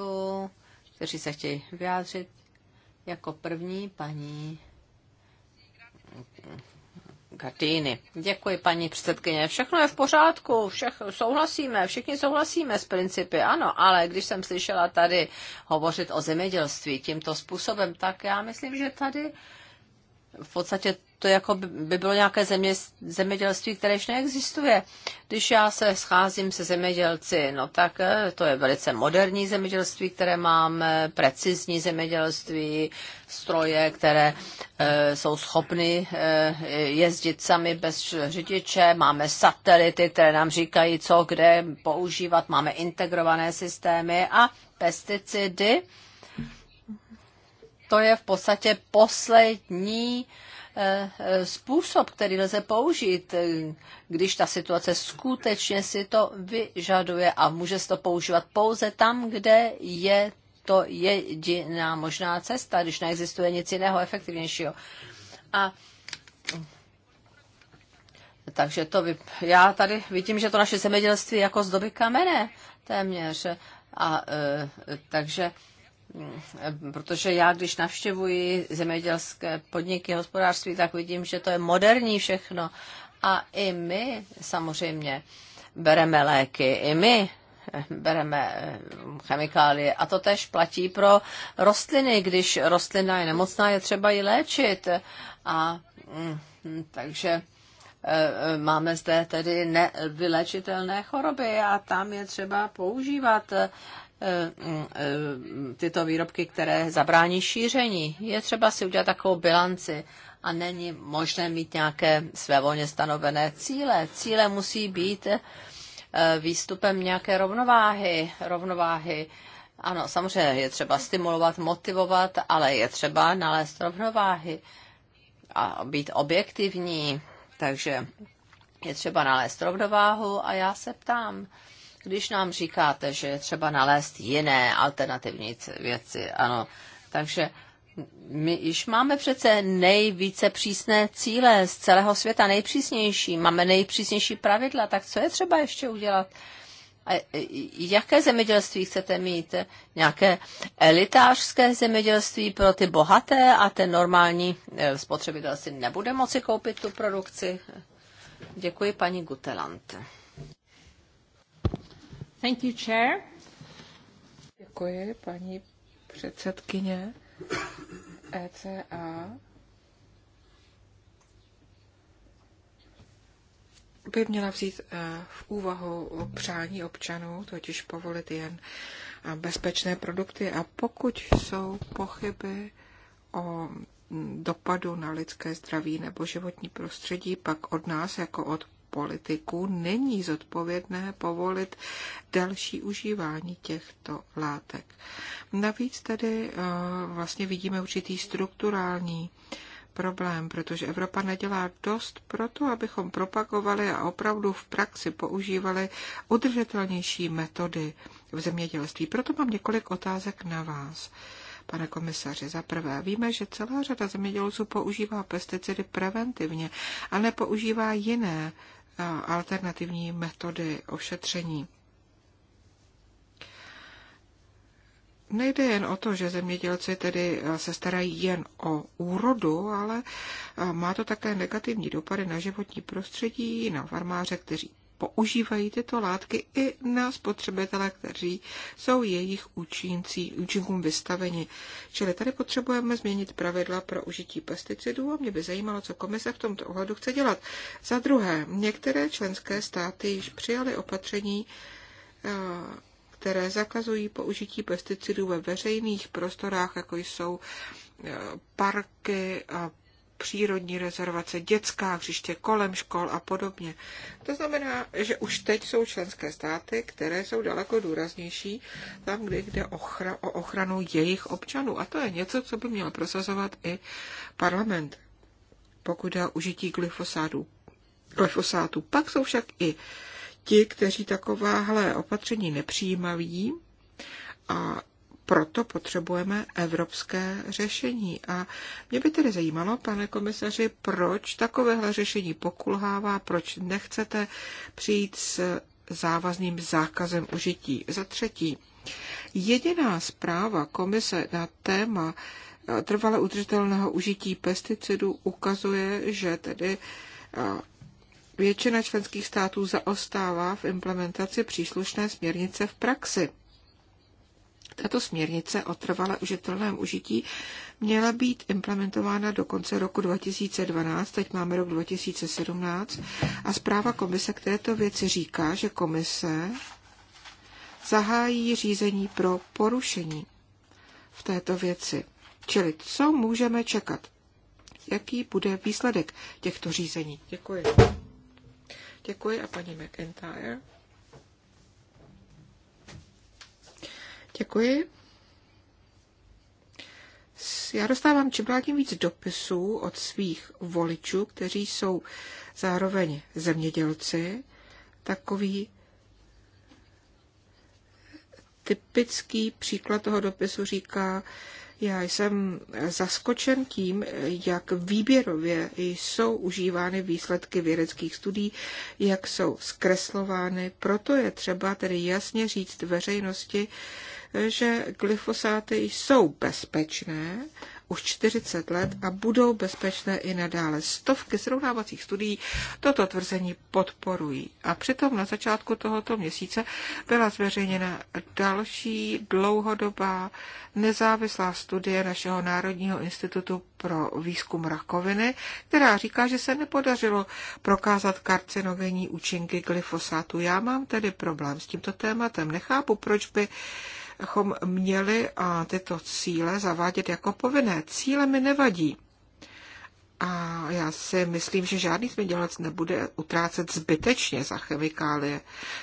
kteří se chtějí vyjádřit. Jako první paní Gardini. Děkuji, paní předsedkyně. Všechno je v pořádku, všech, souhlasíme, všichni souhlasíme s principy, ano, ale když jsem slyšela tady hovořit o zemědělství tímto způsobem, tak já myslím, že tady v podstatě to jako by bylo nějaké země, zemědělství, které ještě neexistuje. Když já se scházím se zemědělci, no tak eh, to je velice moderní zemědělství, které máme, precizní zemědělství, stroje, které e, jsou schopny e, jezdit sami bez řidiče, máme satelity, které nám říkají, co kde používat, máme integrované systémy a pesticidy to je v podstatě poslední Eh, eh, způsob, který lze použít, eh, když ta situace skutečně si to vyžaduje a může se to používat pouze tam, kde je to jediná možná cesta, když neexistuje nic jiného efektivnějšího. A takže to vy... já tady vidím, že to naše zemědělství jako z doby kamene téměř. A, e, takže protože já, když navštěvuji zemědělské podniky, hospodářství, tak vidím, že to je moderní všechno. A i my samozřejmě bereme léky, i my bereme eh, chemikálie. A to tež platí pro rostliny. Když rostlina je nemocná, je třeba ji léčit. A mm, takže eh, eh, máme zde tedy nevylečitelné choroby a tam je třeba používat Eh, mm, eh, tyto výrobky, které zabrání šíření. Je třeba si udělat takovou bilanci a není možné mít nějaké svévolně stanovené cíle. Cíle musí být eh, výstupem nějaké rovnováhy, rovnováhy ano, samozřejmě je třeba stimulovat, motivovat, ale je třeba nalézt rovnováhy a být objektivní. Takže je třeba nalézt rovnováhu a já se ptám, když nám říkáte, že je třeba nalézt jiné alternativní věci. Ano, takže my již máme přece nejvíce přísné cíle z celého světa, nejpřísnější. Máme nejpřísnější pravidla, tak co je třeba ještě udělat? A jaké zemědělství chcete mít? Nějaké elitářské zemědělství pro ty bohaté a ten normální eh, spotřebitel si nebude moci koupit tu produkci? Děkuji paní Gutelante. Děkuji, paní předsedkyně ECA. by měla vzít eh, v úvahu přání občanů, totiž povolit jen eh, bezpečné produkty a pokud jsou pochyby o mm, dopadu na lidské zdraví nebo životní prostředí, pak od nás jako od politiků není zodpovědné povolit další užívání těchto látek. Navíc tady eh, vlastně vidíme určitý strukturální problém, protože Evropa nedělá dost pro to, abychom propagovali a opravdu v praxi používali udržitelnější metody v zemědělství. Proto mám několik otázek na vás. Pane komisaři, za prvé, víme, že celá řada zemědělců používá pesticidy preventivně a nepoužívá jiné alternativní metody ošetření. Nejde jen o to, že zemědělci tedy eh, se starají jen o úrodu, ale eh, má to také negativní dopady na životní prostředí, na farmáře, kteří používají tyto látky i na spotřebitele, kteří jsou jejich účincí, účinkům vystaveni. Čili tady potřebujeme změnit pravidla pro užití pesticidů a mě by zajímalo, co komise v tomto ohledu chce dělat. Za druhé, některé členské státy již přijaly opatření, eh, které zakazují použití pesticidů ve veřejných prostorách, jako jsou eh, parky, přírodní rezervace, dětská hřiště kolem škol a podobně. To znamená, že už teď jsou členské státy, které jsou daleko důraznější tam, kde jde ochra- o ochranu jejich občanů. A to je něco, co by měl prosazovat i parlament, pokud je o užití glyfosátu. glyfosátu. Pak jsou však i ti, kteří takováhle opatření nepřijímaví. a proto potřebujeme evropské řešení. A mě by tedy zajímalo, pane komisaři, proč takovéhle řešení pokulhává, proč nechcete přijít s závazným zákazem užití. Za třetí, jediná zpráva komise na téma eh, trvale udržitelného užití pesticidů ukazuje, že tedy eh, většina členských států zaostává v implementaci příslušné směrnice v praxi. Tato směrnice o trvale užitelném užití měla být implementována do konce roku 2012, teď máme rok 2017 a zpráva komise k této věci říká, že komise zahájí řízení pro porušení v této věci. Čili co můžeme čekat? Jaký bude výsledek těchto řízení? Děkuji. Děkuji a paní McIntyre. Děkuji. Já dostávám čím dál tím víc dopisů od svých voličů, kteří jsou zároveň zemědělci, takový typický příklad toho dopisu říká, já jsem zaskočen tím, jak výběrově jsou užívány výsledky vědeckých studií, jak jsou zkreslovány. Proto je třeba tedy jasně říct veřejnosti, že glyfosáty jsou bezpečné už 40 let a budou bezpečné i nadále. Stovky srovnávacích studií toto tvrzení podporují. A přitom na začátku tohoto měsíce byla zveřejněna další dlouhodobá nezávislá studie našeho Národního institutu pro výzkum rakoviny, která říká, že se nepodařilo prokázat karcinogenní účinky glyfosátu. Já mám tedy problém s tímto tématem. Nechápu, proč by bychom měli a tyto cíle zavádět jako povinné. Cíle mi nevadí. A já si myslím, že žádný zemědělec nebude utrácet zbytečně za chemikálie.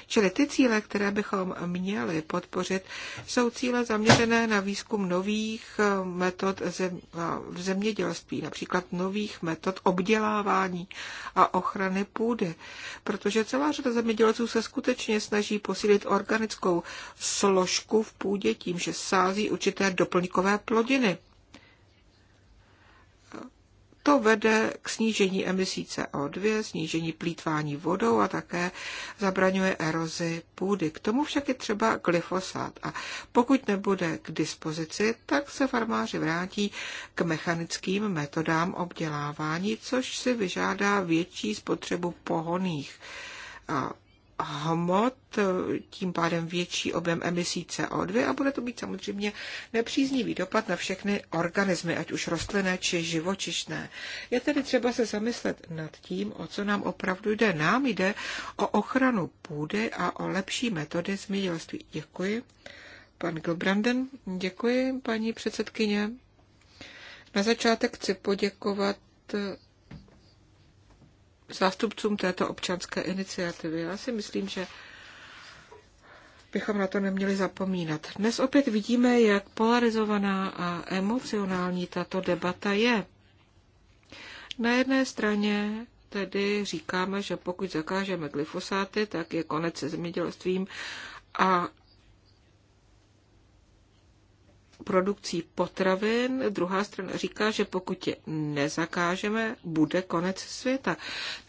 Čili ty cíle, které bychom měli podpořit, jsou cíle zaměřené na výzkum nových eh, metod eh, v zemědělství, například nových metod obdělávání a ochrany půdy. Protože celá řada zemědělců se skutečně snaží posílit organickou složku v půdě tím, že sází určité doplňkové plodiny to vede k snížení emisí CO2, snížení plítvání vodou a také zabraňuje erozi půdy. K tomu však je třeba glyfosát a pokud nebude k dispozici, tak se farmáři vrátí k mechanickým metodám obdělávání, což si vyžádá větší spotřebu pohoných hmot, tím pádem větší objem emisí CO2 a bude to mít samozřejmě nepříznivý dopad na všechny organismy, ať už rostlinné či živočišné. Je tedy třeba se zamyslet nad tím, o co nám opravdu jde. Nám jde o ochranu půdy a o lepší metody zemědělství. Děkuji. Pan Gilbranden, děkuji, paní předsedkyně. Na začátek chci poděkovat zástupcům této občanské iniciativy. Já si myslím, že bychom na to neměli zapomínat. Dnes opět vidíme, jak polarizovaná a emocionální tato debata je. Na jedné straně tedy říkáme, že pokud zakážeme glyfosáty, tak je konec se zemědělstvím a produkcí potravin. Druhá strana říká, že pokud je nezakážeme, bude konec světa.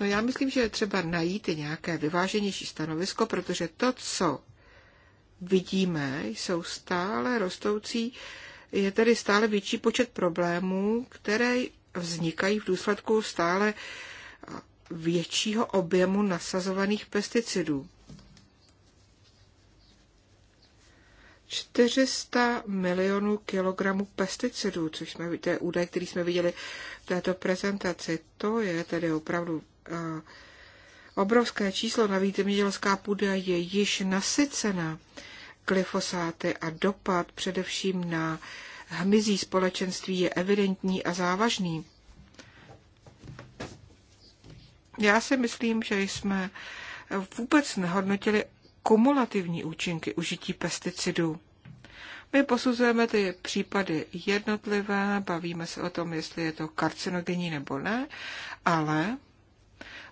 No já myslím, že je třeba najít i nějaké vyváženější stanovisko, protože to, co vidíme, jsou stále rostoucí, je tedy stále větší počet problémů, které vznikají v důsledku stále většího objemu nasazovaných pesticidů. 400 milionů kilogramů pesticidů, což jsme, to je údaj, který jsme viděli v této prezentaci. To je tedy opravdu uh, obrovské číslo. Navíc zemědělská půda je již nasycena glyfosáty a dopad především na hmyzí společenství je evidentní a závažný. Já si myslím, že jsme vůbec nehodnotili kumulativní účinky užití pesticidů. My posuzujeme ty případy jednotlivé, bavíme se o tom, jestli je to karcinogenní nebo ne, ale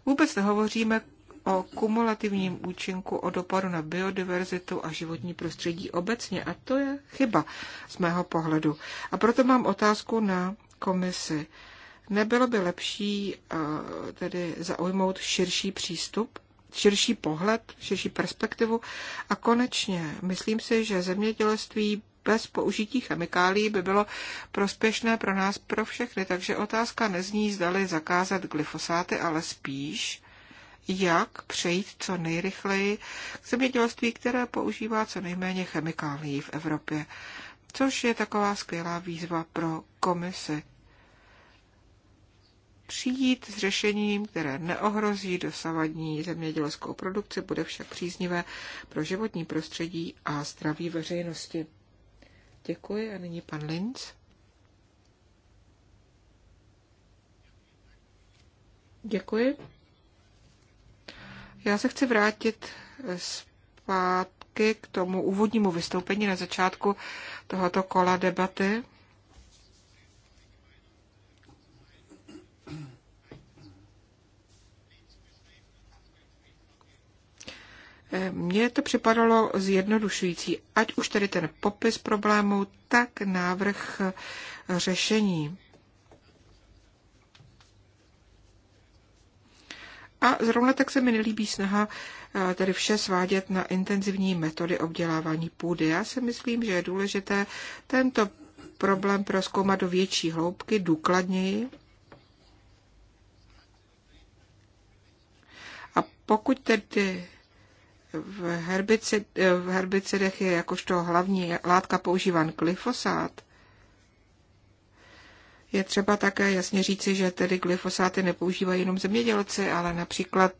vůbec nehovoříme o kumulativním účinku, o dopadu na biodiverzitu a životní prostředí obecně. A to je chyba z mého pohledu. A proto mám otázku na komisi. Nebylo by lepší eh, tedy zaujmout širší přístup? širší pohled, širší perspektivu. A konečně, myslím si, že zemědělství bez použití chemikálií by bylo prospěšné pro nás, pro všechny. Takže otázka nezní, zdali zakázat glyfosáty, ale spíš, jak přejít co nejrychleji k zemědělství, které používá co nejméně chemikálií v Evropě. Což je taková skvělá výzva pro komisi přijít s řešením, které neohrozí dosavadní zemědělskou produkci, bude však příznivé pro životní prostředí a zdraví veřejnosti. Děkuji a nyní pan Linz. Děkuji. Já se chci vrátit zpátky k tomu úvodnímu vystoupení na začátku tohoto kola debaty. Mně to připadalo zjednodušující, ať už tedy ten popis problému, tak návrh řešení. A zrovna tak se mi nelíbí snaha eh, tedy vše svádět na intenzivní metody obdělávání půdy. Já si myslím, že je důležité tento problém proskoumat do větší hloubky, důkladněji. A pokud tedy v, herbicid, v herbicidech je jakožto hlavní látka používán glyfosát, je třeba také jasně říci, že tedy glyfosáty nepoužívají jenom zemědělci, ale například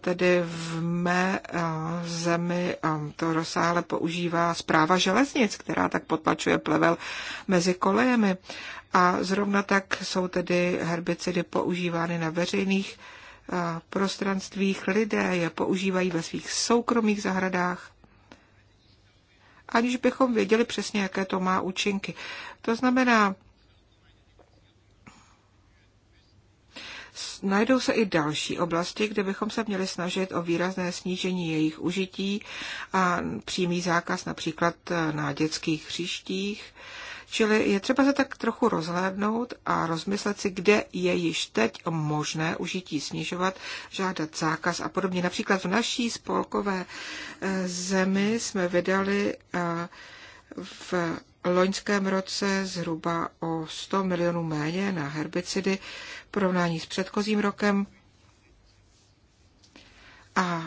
tedy v mé zemi to rozsáhle používá zpráva železnic, která tak potlačuje plevel mezi kolejemi. A zrovna tak jsou tedy herbicidy používány na veřejných prostranstvích lidé je používají ve svých soukromých zahradách, aniž bychom věděli přesně, jaké to má účinky. To znamená, Najdou se i další oblasti, kde bychom se měli snažit o výrazné snížení jejich užití a přímý zákaz například eh, na dětských hřištích Čili je třeba se tak trochu rozhlédnout a rozmyslet si, kde je již teď možné užití snižovat, žádat zákaz a podobně. Například v naší spolkové eh, zemi jsme vydali eh, v loňském roce zhruba o 100 milionů méně na herbicidy v porovnání s předchozím rokem. A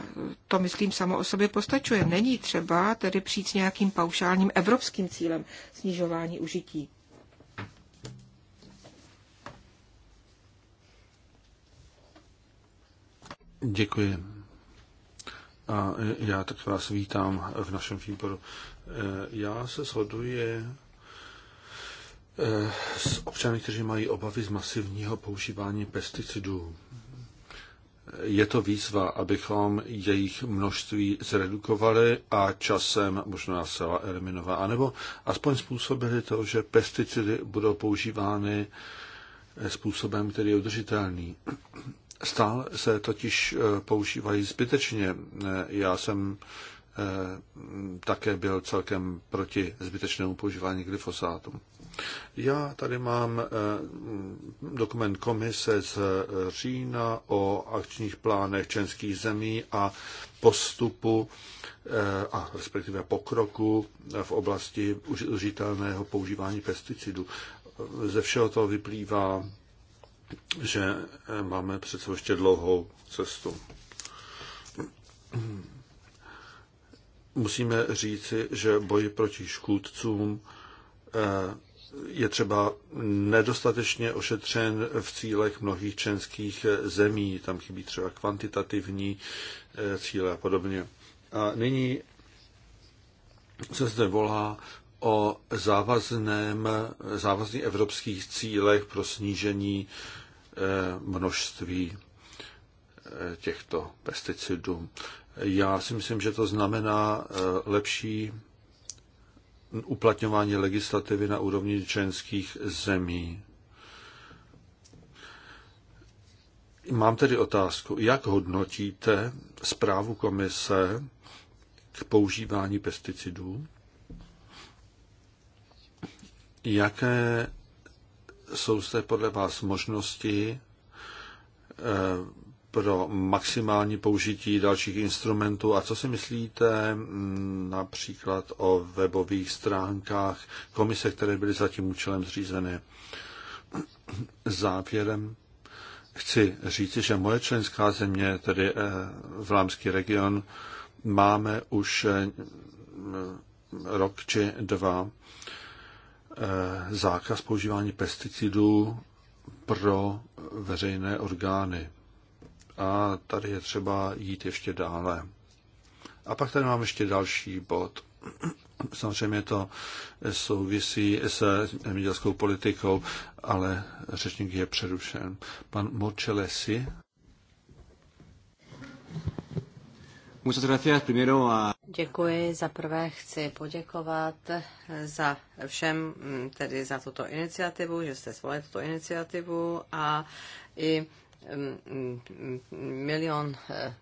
to, myslím, samo o sobě postačuje. Není třeba tedy přijít s nějakým paušálním evropským cílem snižování užití. Děkuji. A já tak vás vítám v našem výboru. Eh, já se shoduji eh, s občany, kteří mají obavy z masivního používání pesticidů je to výzva, abychom jejich množství zredukovali a časem možná zcela eliminovali, anebo aspoň způsobili to, že pesticidy budou používány eh, způsobem, který je udržitelný. Stále se totiž eh, používají zbytečně. Eh, já jsem Eh, také byl celkem proti zbytečnému používání glyfosátu. Já tady mám eh, dokument komise z eh, října o akčních plánech členských zemí a postupu a respektive pokroku v oblasti užitelného používání pesticidů. Ze všeho toho vyplývá, že máme před ještě dlouhou cestu musíme říci, že boj proti škůdcům eh, je třeba nedostatečně ošetřen v cílech mnohých členských eh, zemí. Tam chybí třeba kvantitativní eh, cíle a podobně. A nyní se zde volá o závazném, závazných evropských cílech pro snížení množství těchto pesticidů. Já si myslím, že to znamená eh, lepší uplatňování legislativy na úrovni členských zemí. Mám tedy otázku, jak hodnotíte zprávu komise k používání pesticidů? Jaké jsou zde podle vás možnosti eh, pro maximální použití dalších instrumentů a co si myslíte mm, například o webových stránkách komise, které byly za tím účelem zřízeny. Závěrem chci říci, že moje členská země, tedy eh, Vlámský region, máme už eh, mm, rok či dva eh, zákaz používání pesticidů pro veřejné orgány a tady je třeba jít ještě dále. A pak tady mám ještě další bod. Samozřejmě to souvisí s zemědělskou politikou, ale řečník je přerušen. Pan Morčelesi. Děkuji. Za prvé chci poděkovat za všem, mm, tedy za tuto iniciativu, že jste svolili tuto iniciativu a i milion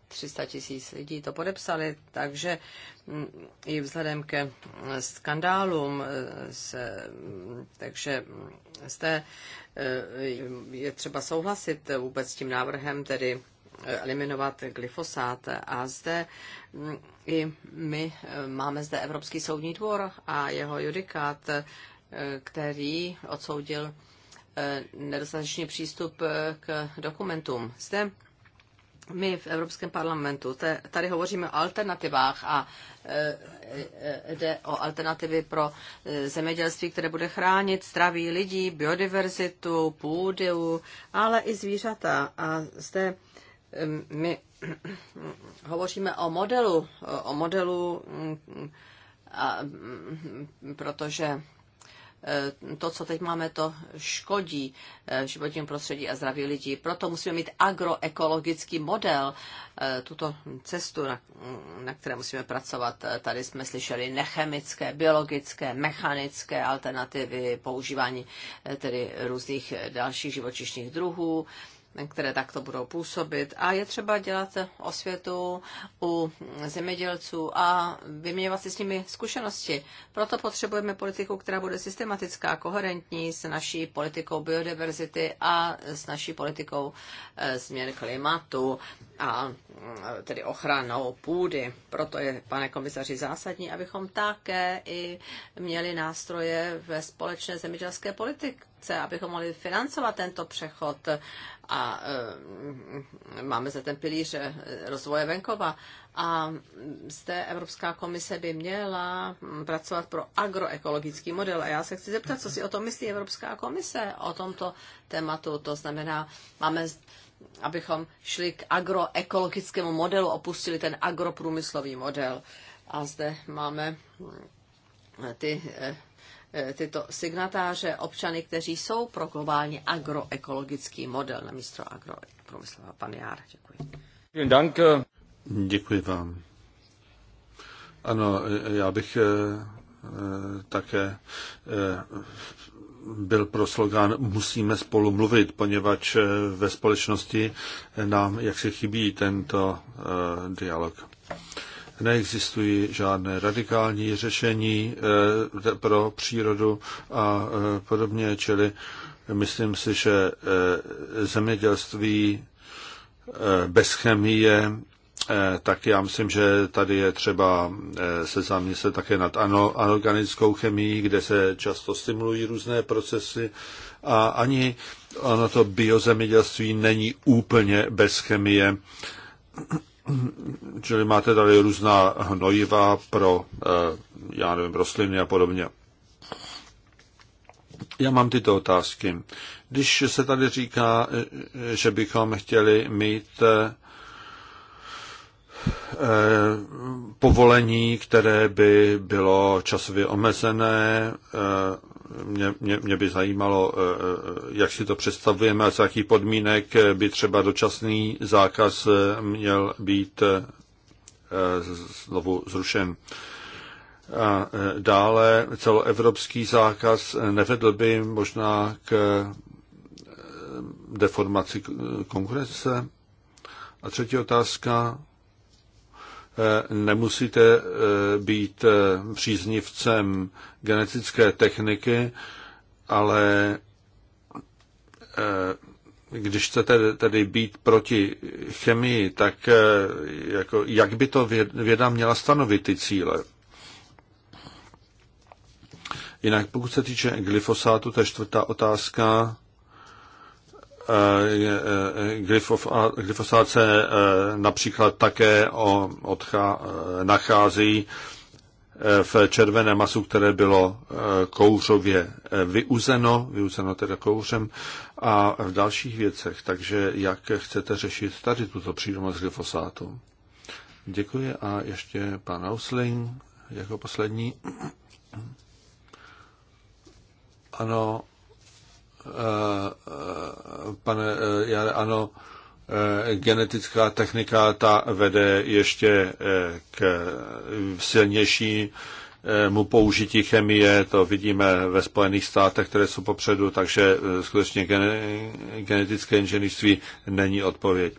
300 eh, tisíc lidí to podepsali, takže mm, i vzhledem ke eh, skandálům, eh, se, mm, takže mm, zde je třeba souhlasit vůbec s tím návrhem, tedy eliminovat glyfosát. A zde i my máme zde Evropský soudní dvor a jeho judikát, který odsoudil Eh, nedostatečný přístup eh, k dokumentům. Zde my v Evropském parlamentu tady hovoříme o alternativách a eh, jde o alternativy pro zemědělství, které bude chránit zdraví lidí, biodiverzitu, půdu, ale i zvířata. A zde hm, my hm, hovoříme o modelu, o modelu, hm, a, protože Eh, to, co teď máme, to škodí eh, životním prostředí a zdraví lidí. Proto musíme mít agroekologický model, eh, tuto cestu, na, na které musíme pracovat. Tady jsme slyšeli nechemické, biologické, mechanické alternativy, používání tedy různých dalších živočišných druhů které takto budou působit. A je třeba dělat osvětu u zemědělců a vyměňovat si s nimi zkušenosti. Proto potřebujeme politiku, která bude systematická, koherentní s naší politikou biodiverzity a s naší politikou eh, změn klimatu a eh, tedy ochranou půdy. Proto je, pane komisaři, zásadní, abychom také i měli nástroje ve společné zemědělské politice, abychom mohli financovat tento přechod a eh, máme zde ten pilíř eh, rozvoje venkova. A zde Evropská komise by měla hm, pracovat pro agroekologický model. A já se chci zeptat, co si o tom myslí Evropská komise o tomto tématu. To znamená, máme abychom šli k agroekologickému modelu, opustili ten agroprůmyslový model. A zde máme hm, ty eh, E, tyto signatáře, občany, kteří jsou pro globálně agroekologický model na místo agroprůmyslového. Pan Jár, děkuji. Děkuji vám. Ano, já bych e, e, také byl pro slogán Musíme spolu mluvit, poněvadž ve společnosti nám jak se chybí tento dialog neexistují žádné radikální řešení eh, pro přírodu a eh, podobně, čili myslím si, že eh, zemědělství bez chemie, tak já myslím, že tady je třeba se zamyslet také nad anorganickou chemií, kde se často stimulují různé procesy a ani ono to biozemědělství není úplně bez chemie Čili máte tady různá hnojiva pro, eh, já nevím, rostliny a podobně. Já mám tyto otázky. Když se tady říká, eh, že bychom chtěli mít eh, povolení, které by bylo časově omezené, mě, mě, mě by zajímalo, eh, eh, jak si to představujeme a z jakých podmínek by třeba dočasný zákaz eh, měl být znovu zrušen. A dále celoevropský zákaz nevedl by možná k deformaci konkurence. A třetí otázka, Eh, nemusíte eh, být eh, příznivcem genetické techniky, ale když chcete tedy být proti chemii, tak jako, jak by to věda měla stanovit ty cíle? Jinak pokud se týče glyfosátu, to je čtvrtá otázka, Eh, eh, glyfosát se eh, například také nachází v červeném masu, které bylo kouřově vyuzeno, vyuzeno teda kouřem, a v dalších věcech. Takže jak chcete řešit tady tuto z glyfosátu? Děkuji a ještě pan Ausling jako poslední. Ano, Eh, eh, pane eh, Jare, ano, genetická technika ta vede ještě k silnějšímu použití chemie, to vidíme ve Spojených státech, které jsou popředu, takže skutečně genetické inženýrství není odpověď.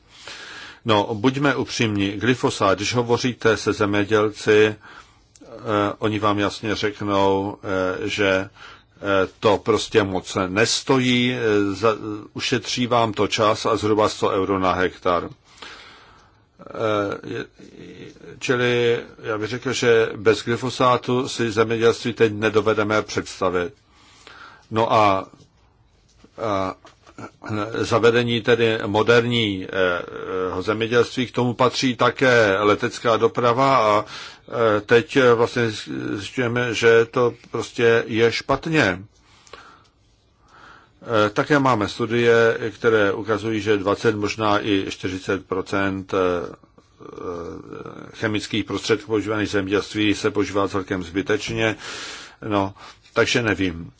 No, buďme upřímní, glyfosát, když hovoříte se zemědělci, oni vám jasně řeknou, že Eh, to prostě moc nestojí, eh, ušetří vám to čas a zhruba 100 euro na hektar. Eh, čili já bych řekl, že bez glyfosátu si zemědělství teď nedovedeme představit. No a, a zavedení tedy moderního zemědělství, k tomu patří také letecká doprava a Eh, teď eh, vlastně zjišťujeme, že to prostě je špatně. Eh, také máme studie, které ukazují, že 20, možná i 40 chemických prostředků používaných v zemědělství se používá celkem zbytečně. No, takže nevím.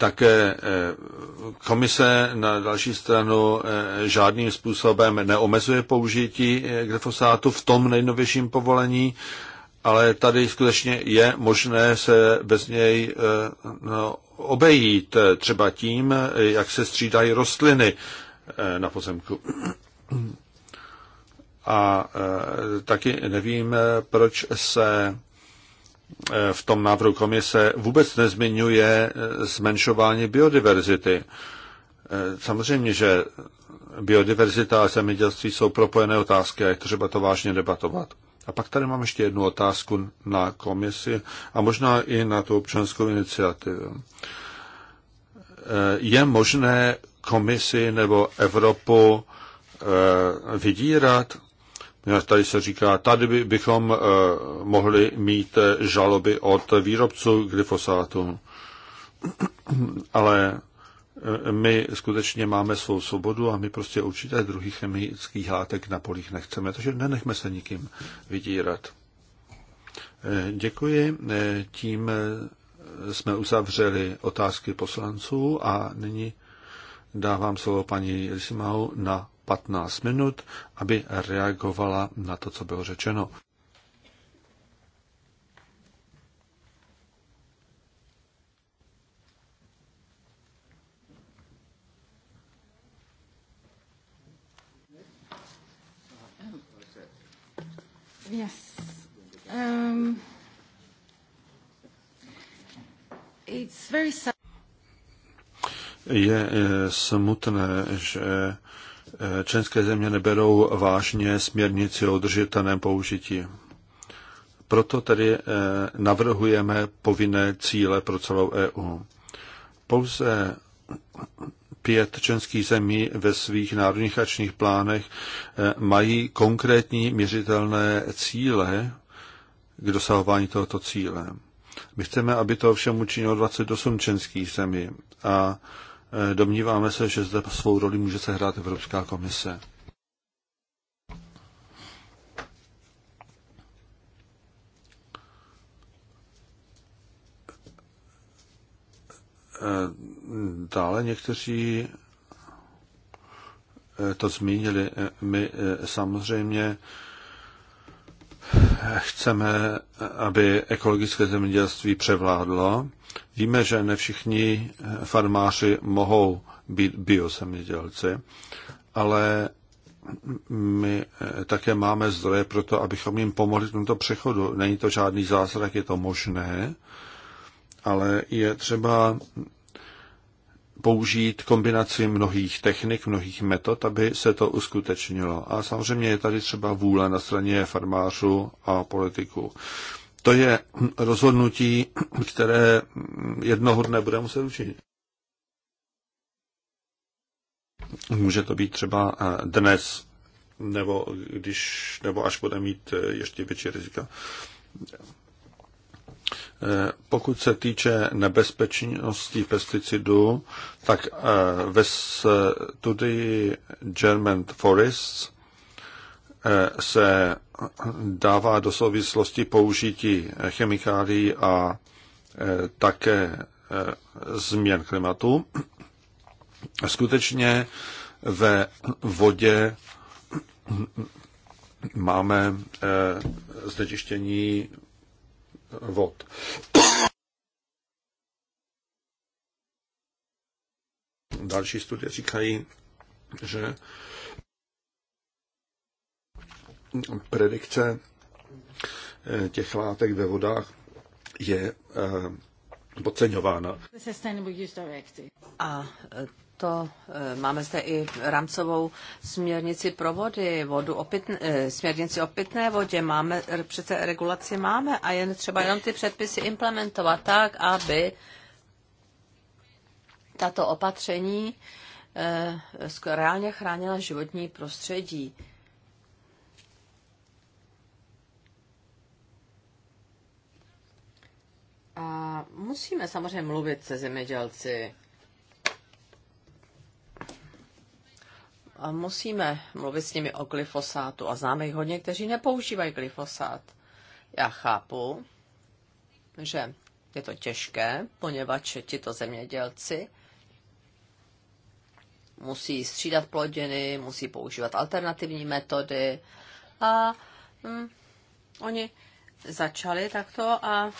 Také eh, komise na další stranu eh, žádným způsobem neomezuje použití eh, glyfosátu v tom nejnovějším povolení, ale tady skutečně je možné se bez něj no, obejít, třeba tím, jak se střídají rostliny na pozemku. A taky nevím, proč se Eh, v tom návrhu komise vůbec nezmiňuje eh, zmenšování biodiverzity. Eh, samozřejmě, že biodiverzita a zemědělství jsou propojené otázky a je třeba to vážně debatovat. A pak tady mám ještě jednu otázku na komisi a možná i na tu občanskou iniciativu. Je možné komisi nebo Evropu vydírat? Tady se říká, tady bychom eh, mohli mít eh, žaloby od výrobců glyfosátu. Ale eh, my skutečně máme svou svobodu a my prostě určité druhých chemických látek na polích nechceme, takže nenechme se nikým vydírat. Děkuji. Tím jsme uzavřeli otázky poslanců a nyní dávám slovo paní Lisimau na 15 minut, aby reagovala na to, co bylo řečeno. Yes. Um, it's very sad. Je eh, smutné, že členské země neberou vážně směrnici o udržitelném použití. Proto tedy eh, navrhujeme povinné cíle pro celou EU. Pouze pět členských zemí ve svých národních ačních plánech eh, mají konkrétní měřitelné cíle k dosahování tohoto cíle. My chceme, aby to všem učinilo 28 členských zemí a Eh, domníváme se, že zde svou roli může sehrát Evropská komise. Eh, dále někteří eh, to zmínili. My samozřejmě chceme, aby ekologické zemědělství převládlo. Víme, že ne všichni farmáři mohou být biozemědělci, ale my také máme zdroje pro to, abychom jim pomohli v tomto přechodu. Není to žádný zázrak, je to možné, ale je třeba použít kombinaci mnohých technik, mnohých metod, aby se to uskutečnilo. A samozřejmě je tady třeba vůle na straně farmářů a politiků. To je rozhodnutí, které jednoho dne bude muset učinit. Může to být třeba eh, dnes, nebo, když, nebo až bude mít eh, ještě větší rizika. Eh, pokud se týče nebezpečnosti pesticidů, tak eh, ve studii German Forests eh, se dává do souvislosti použití chemikálií a také změn klimatu. Skutečně ve vodě máme znečištění vod. Další studie říkají, že predikce eh, těch látek ve vodách je eh, podceňována. A eh, to eh, máme zde i rámcovou směrnici pro vody, vodu o pitn, eh, směrnici o pitné vodě, máme, přece regulaci máme a jen třeba jenom ty předpisy implementovat tak, aby tato opatření eh, reálně chránila životní prostředí. A musíme samozřejmě mluvit se zemědělci A musíme mluvit s nimi o glyfosátu a známe jich hodně, kteří nepoužívají glyfosát. Já chápu, že je to těžké, poněvadž tito zemědělci musí střídat plodiny, musí používat alternativní metody a hm, oni začali takto a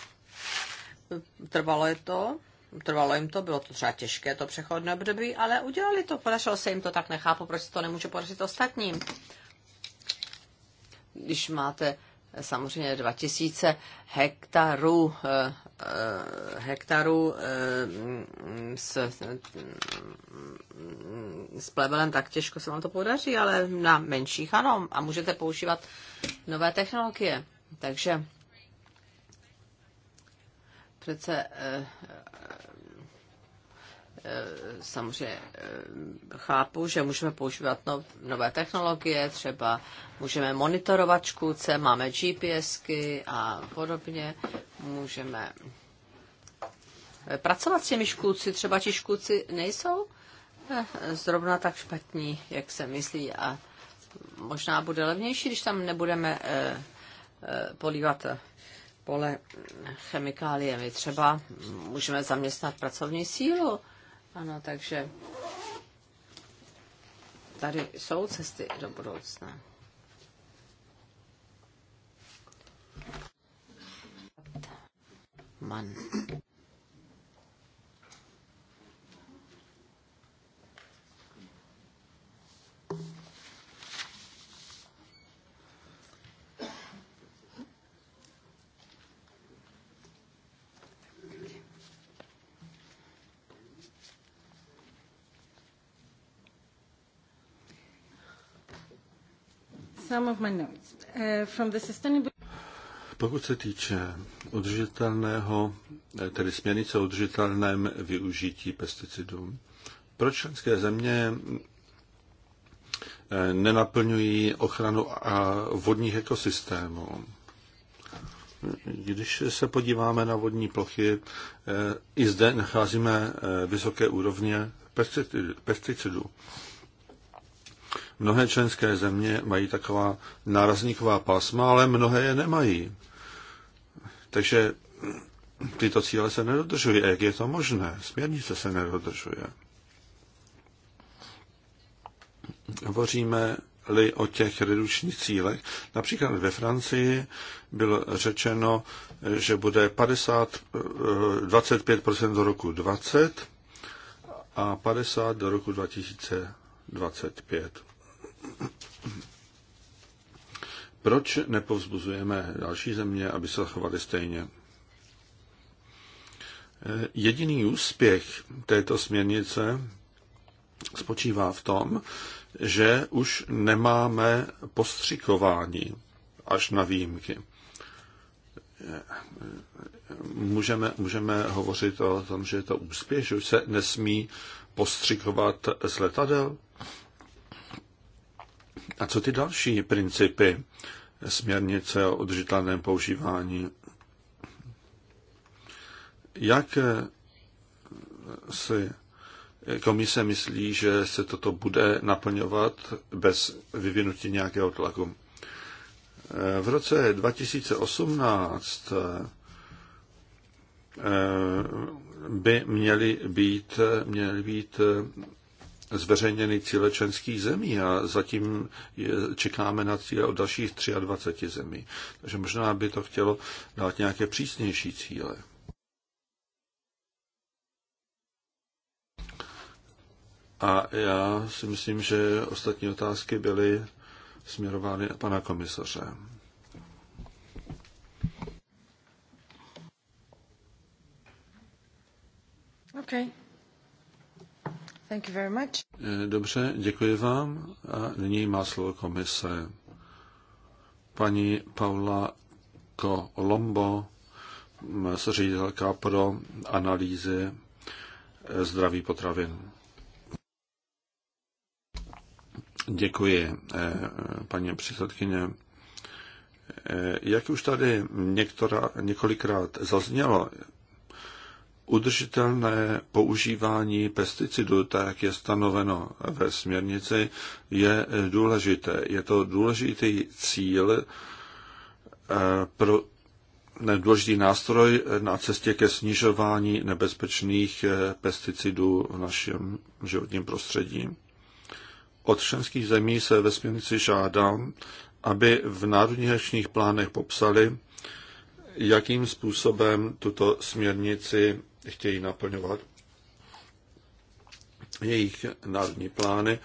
trvalo je to Trvalo jim to, bylo to třeba těžké to přechodné období, ale udělali to, podařilo se jim to, tak nechápu, proč se to nemůže podařit ostatním. Když máte eh, samozřejmě 2000 hektarů, eh, eh, hektarů s, s plevelem, tak těžko se vám to podaří, ale na menších ano. A můžete používat nové technologie. Takže přece Eh, samozřejmě eh, chápu, že můžeme používat nové technologie, třeba můžeme monitorovat škůdce, máme GPSky a podobně, můžeme eh, pracovat s těmi škůdci, třeba ti škůdci nejsou zrovna tak špatní, jak se myslí a možná bude levnější, když tam nebudeme polívat pole chemikáliemi. Třeba můžeme zaměstnat pracovní sílu, ano, takže tady jsou cesty do budoucna. Man. Uh, Pokud se týče udržitelného, eh, tedy směrnice o udržitelném využití pesticidů, proč členské země eh, nenaplňují ochranu a vodních ekosystémů? Když se podíváme na vodní plochy, eh, i zde nacházíme vysoké úrovně pesticidů. Mnohé členské země mají taková nárazníková pásma, ale mnohé je nemají. Takže tyto cíle se nedodržují. A jak je to možné? Směrnice se nedodržuje. Hovoříme-li o těch redučních cílech. Například ve Francii bylo řečeno, že bude 50, 25% do roku 20 a 50 do roku 2025. Proč nepovzbuzujeme další země, aby se zachovaly stejně? Jediný úspěch této směrnice spočívá v tom, že už nemáme postřikování až na výjimky. Můžeme, můžeme hovořit o tom, že je to úspěch, že už se nesmí postřikovat z letadel. A co ty další principy směrnice o udržitelném používání? Jak si komise myslí, že se toto bude naplňovat bez vyvinutí nějakého tlaku? V roce 2018 eh, by měly být, měly být eh, zveřejněny cíle členských zemí a zatím je, čekáme na cíle od dalších 23 zemí. Takže možná by to chtělo dát nějaké přísnější cíle. A já si myslím, že ostatní otázky byly směrovány na pana komisaře. Okay. Thank you very much. Eh, dobře, děkuji vám. A nyní má slovo komise. Paní Paula Kolombo, mm, ředitelka pro analýzy eh, zdraví potravin. Děkuji, eh, paní předsedkyně. Jak už tady některá, několikrát zaznělo, Udržitelné používání pesticidů, tak je stanoveno ve směrnici, je důležité. Je to důležitý cíl eh, pro důležitý nástroj na cestě ke snižování nebezpečných eh, pesticidů v našem životním prostředí. Od členských zemí se ve směrnici žádám, aby v národních plánech popsali, jakým způsobem tuto směrnici chtějí naplňovat jejich národní plány,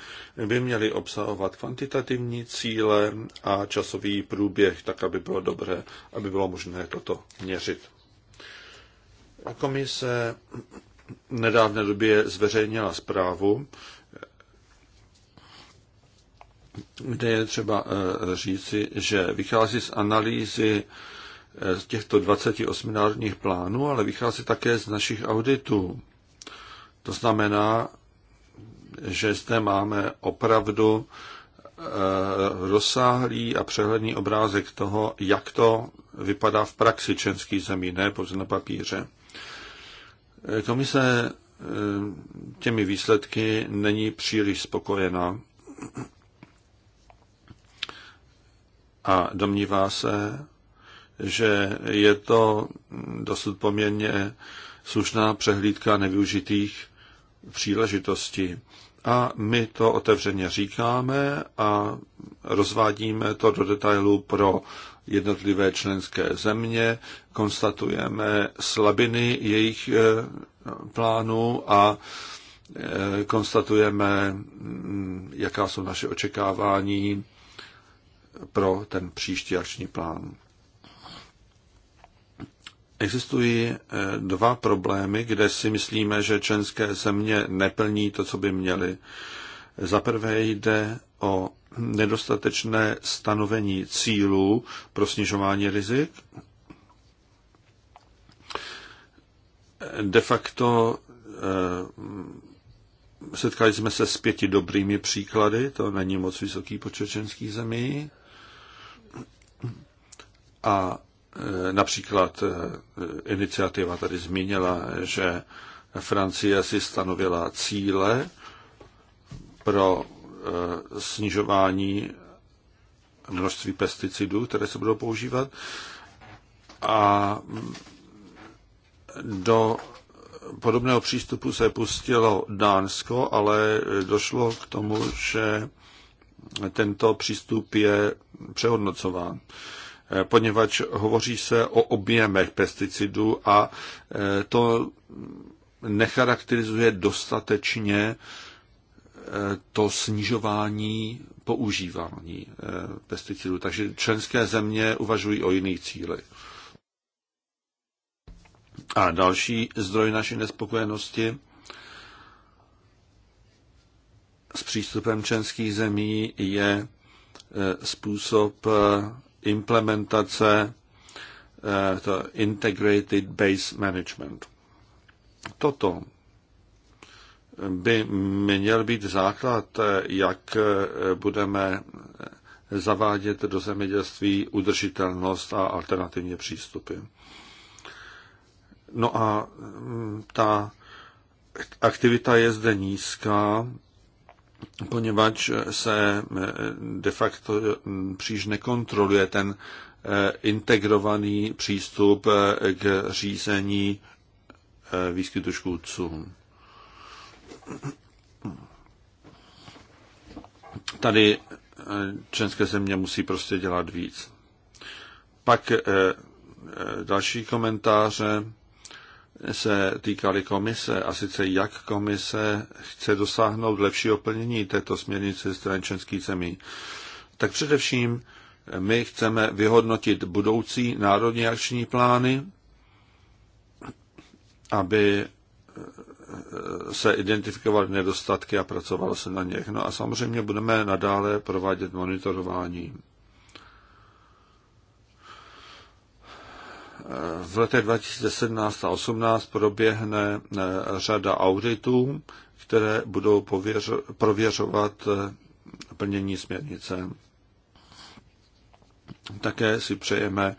by měly obsahovat kvantitativní cíle a časový průběh, tak aby bylo dobré, aby bylo možné toto měřit. Komise v nedávné době zveřejnila zprávu, kde je třeba eh, říci, že vychází z analýzy z těchto 28 národních plánů, ale vychází také z našich auditů. To znamená, že zde máme opravdu eh, rozsáhlý a přehledný obrázek toho, jak to vypadá v praxi členských zemí, ne pouze na papíře. Eh, komise eh, těmi výsledky není příliš spokojená a domnívá se, že je to dosud poměrně slušná přehlídka nevyužitých příležitostí. A my to otevřeně říkáme a rozvádíme to do detailů pro jednotlivé členské země, konstatujeme slabiny jejich eh, plánů a eh, konstatujeme, mm, jaká jsou naše očekávání pro ten příští akční plán. Existují eh, dva problémy, kde si myslíme, že členské země neplní to, co by měly. Za prvé jde o nedostatečné stanovení cílů pro snižování rizik. De facto eh, setkali jsme se s pěti dobrými příklady, to není moc vysoký počet členských zemí. A Eh, například eh, iniciativa tady zmínila, že Francie si stanovila cíle pro eh, snižování množství pesticidů, které se budou používat. A mm, do podobného přístupu se pustilo Dánsko, ale došlo k tomu, že tento přístup je přehodnocován poněvadž hovoří se o objemech pesticidů a e, to necharakterizuje dostatečně e, to snižování používání e, pesticidů. Takže členské země uvažují o jiných cílech. A další zdroj naší nespokojenosti s přístupem členských zemí je způsob implementace eh, to Integrated Base Management. Toto by měl být základ, eh, jak eh, budeme zavádět do zemědělství udržitelnost a alternativní přístupy. No a mm, ta aktivita je zde nízká poněvadž se eh, de facto eh, příliš nekontroluje ten eh, integrovaný přístup k řízení výskytu škůdců. Tady české země musí prostě dělat víc. Pak další komentáře se týkaly komise, a sice jak komise chce dosáhnout lepšího plnění této směrnice stran členských zemí, tak především my chceme vyhodnotit budoucí národní akční plány, aby eh, se identifikovaly nedostatky a pracovalo se na něch. No a samozřejmě budeme nadále provádět monitorování. v letech 2017 a 2018 proběhne eh, řada auditů, které budou pověř, prověřovat eh, plnění směrnice. Také si přejeme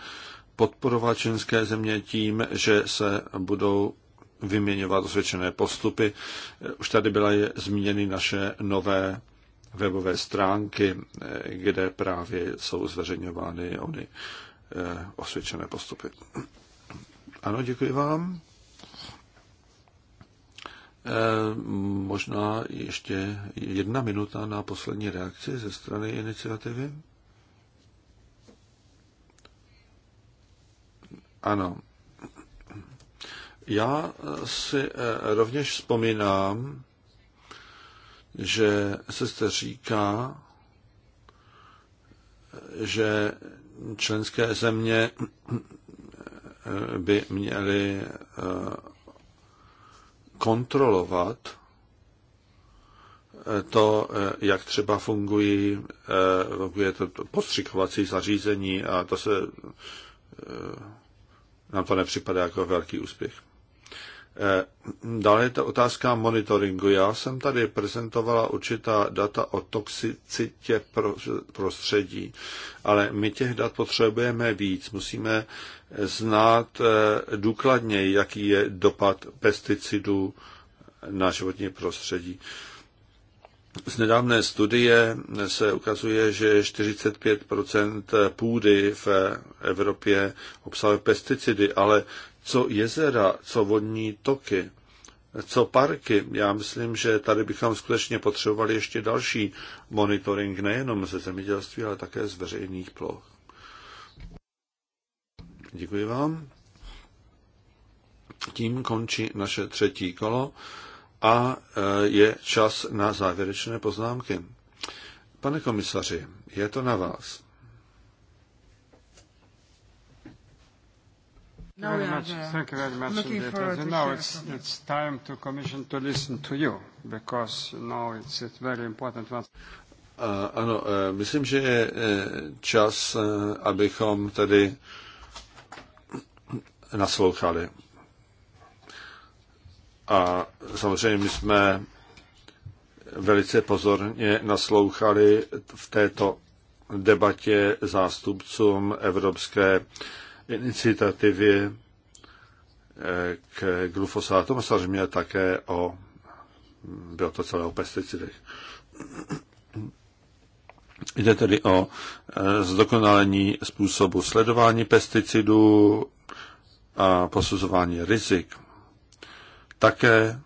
podporovat členské země tím, že se budou vyměňovat osvědčené postupy. Eh, už tady byly zmíněny naše nové webové stránky, kde právě jsou zveřejňovány ony Eh, osvědčené postupy. Ano, děkuji vám. Eh, možná ještě jedna minuta na poslední reakci ze strany iniciativy. Ano. Já si eh, rovněž vzpomínám, že se zde říká, že členské země by měly eh, kontrolovat eh, to, eh, jak třeba fungují, funguje to postřikovací zařízení a to se nám to nepřipadá jako velký úspěch. Eh, dále je to otázka monitoringu. Já jsem tady prezentovala určitá data o toxicitě prostředí, ale my těch dat potřebujeme víc. Musíme znát eh, důkladně, jaký je dopad pesticidů na životní prostředí. Z nedávné studie se ukazuje, že 45 půdy v Evropě obsahuje pesticidy, ale co jezera, co vodní toky, co parky. Já myslím, že tady bychom skutečně potřebovali ještě další monitoring, nejenom ze zemědělství, ale také z veřejných ploch. Děkuji vám. Tím končí naše třetí kolo a e, je čas na závěrečné poznámky. Pane komisaři, je to na vás. No, very much. Uh, Thank you very much indeed. And, you know, it's, time to commission to listen to you because you know it's, it's very important. One. Ano, e, myslím, že je e, čas, e, abychom tedy naslouchali. A samozřejmě my jsme velice pozorně naslouchali v této debatě zástupcům Evropské iniciativě eh, k glufosátu a samozřejmě také o bylo to celé o pesticidech. Jde tedy o eh, zdokonalení způsobu sledování pesticidů a posuzování rizik. Také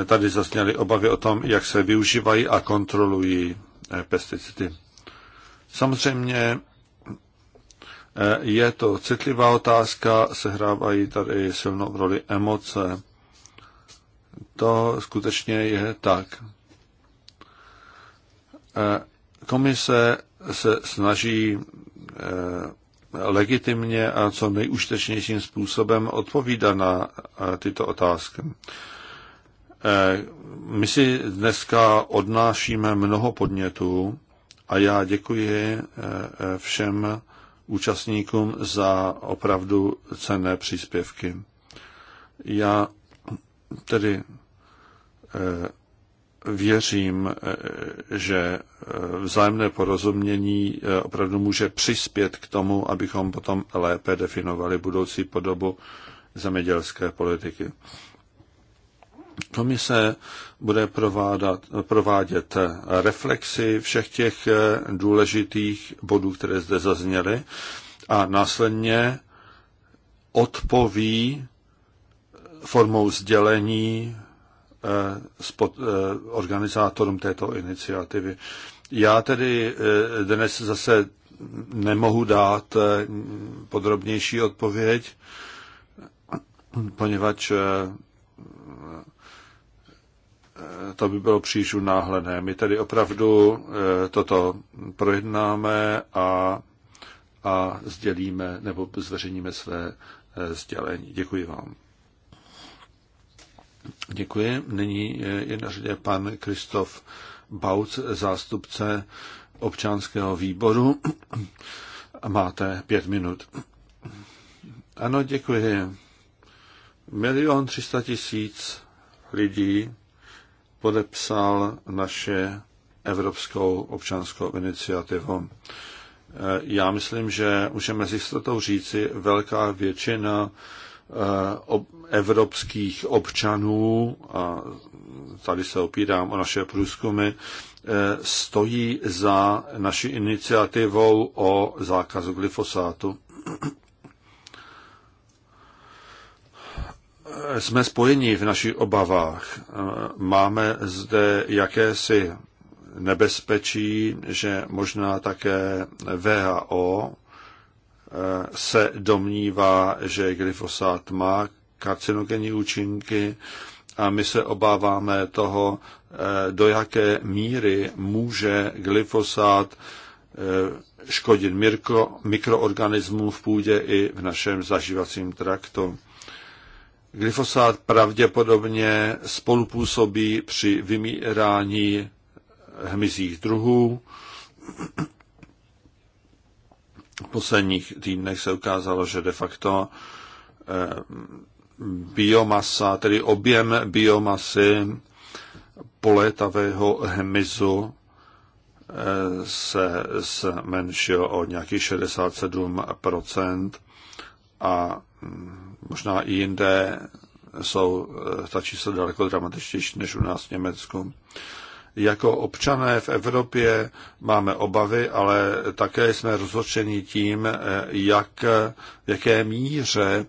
eh, tady zazněly obavy o tom, jak se využívají a kontrolují pesticidy. Samozřejmě je to citlivá otázka, sehrávají tady silnou roli emoce. To skutečně je tak. Eh, komise se snaží eh, legitimně a co nejúštečnějším způsobem odpovídat na eh, tyto otázky. My si dneska odnášíme mnoho podnětů a já děkuji všem účastníkům za opravdu cenné příspěvky. Já tedy eh, věřím, eh, že eh, vzájemné porozumění opravdu může přispět k tomu, abychom potom lépe definovali budoucí podobu zemědělské politiky. Komise bude provádat, provádět reflexy všech těch eh, důležitých bodů, které zde zazněly a následně odpoví formou sdělení eh, spod, eh, organizátorům této iniciativy. Já tedy dnes zase nemohu dát podrobnější odpověď, poněvadž Eh, to by bylo příliš unáhlené. My tedy opravdu eh, toto projednáme a, a sdělíme nebo zveřejníme své eh, sdělení. Děkuji vám. Děkuji. Nyní je na řadě pan Kristof Bauc, zástupce občanského výboru. Máte pět minut. Ano, děkuji. Milion třista tisíc lidí podepsal naše Evropskou občanskou iniciativu. Eh, já myslím, že můžeme s jistotou říci, velká většina eh, evropských občanů, a tady se opírám o naše průzkumy, eh, stojí za naší iniciativou o zákazu glyfosátu. jsme spojeni v našich obavách. Máme zde jakési nebezpečí, že možná také VHO eh, se domnívá, že glyfosát má karcinogenní účinky a my se obáváme toho, eh, do jaké míry může glyfosát eh, škodit mikroorganismům v půdě i v našem zažívacím traktu. Glyfosát pravděpodobně spolupůsobí při vymírání hmyzích druhů. V posledních týdnech se ukázalo, že de facto eh, biomasa, tedy objem biomasy polétavého hmyzu eh, se zmenšil o nějakých 67% a mm, možná i jinde jsou eh, ta čísla daleko dramatičtější než u nás v Německu. Jako občané v Evropě máme obavy, ale také jsme rozhodčeni tím, eh, jak, v jaké míře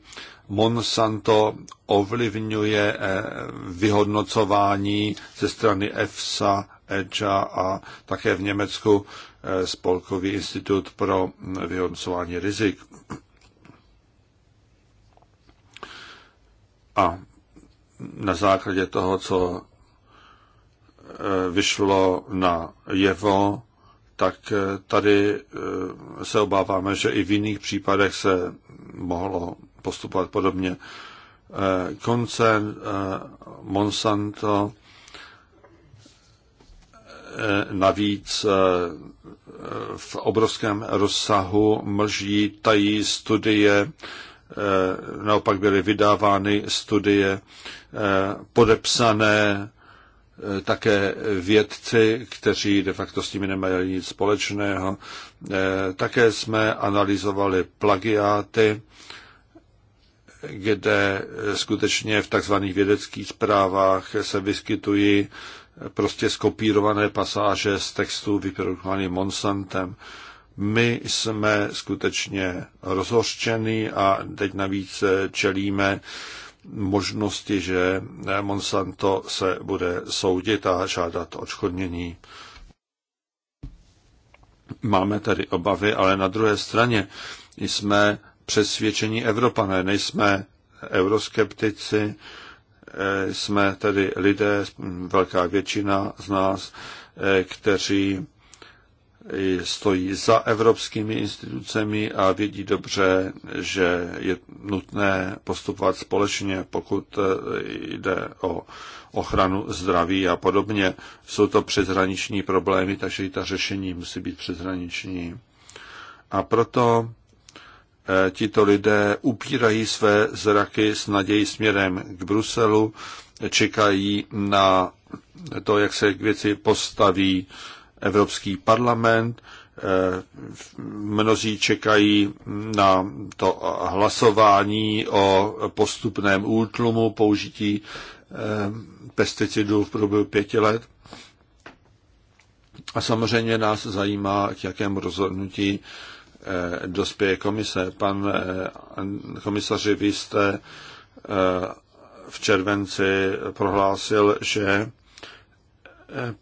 Monsanto ovlivňuje eh, vyhodnocování ze strany EFSA, EJA a také v Německu Spolkový institut pro mm, vyhodnocování rizik. A na základě toho, co e, vyšlo na jevo, tak e, tady e, se obáváme, že i v jiných případech se mohlo postupovat podobně. Koncern Monsanto navíc v obrovském rozsahu mlží, tají studie, Eh, naopak byly vydávány studie eh, podepsané eh, také vědci, kteří de facto s nimi nemají nic společného. Také jsme analyzovali plagiáty, kde skutečně v takzvaných vědeckých zprávách se vyskytují prostě skopírované pasáže z textu vyprodukovaný Monsantem. My jsme skutečně rozhořčeni a teď navíc čelíme možnosti, že Monsanto se bude soudit a žádat odškodnění. Máme tady obavy, ale na druhé straně jsme přesvědčení Evropané, nejsme euroskeptici, eh, jsme tedy lidé, velká většina z nás, eh, kteří stojí za evropskými institucemi a vědí dobře, že je nutné postupovat společně, pokud e, jde o ochranu zdraví a podobně. Jsou to přeshraniční problémy, takže i ta řešení musí být přeshraniční. A proto e, tito lidé upírají své zraky s nadějí směrem k Bruselu, čekají na to, jak se k věci postaví Evropský parlament. Eh, mnozí čekají na to hlasování o postupném útlumu použití eh, pesticidů v průběhu pěti let. A samozřejmě nás zajímá, k jakému rozhodnutí eh, dospěje komise. Pan komisaři, vy jste v červenci prohlásil, že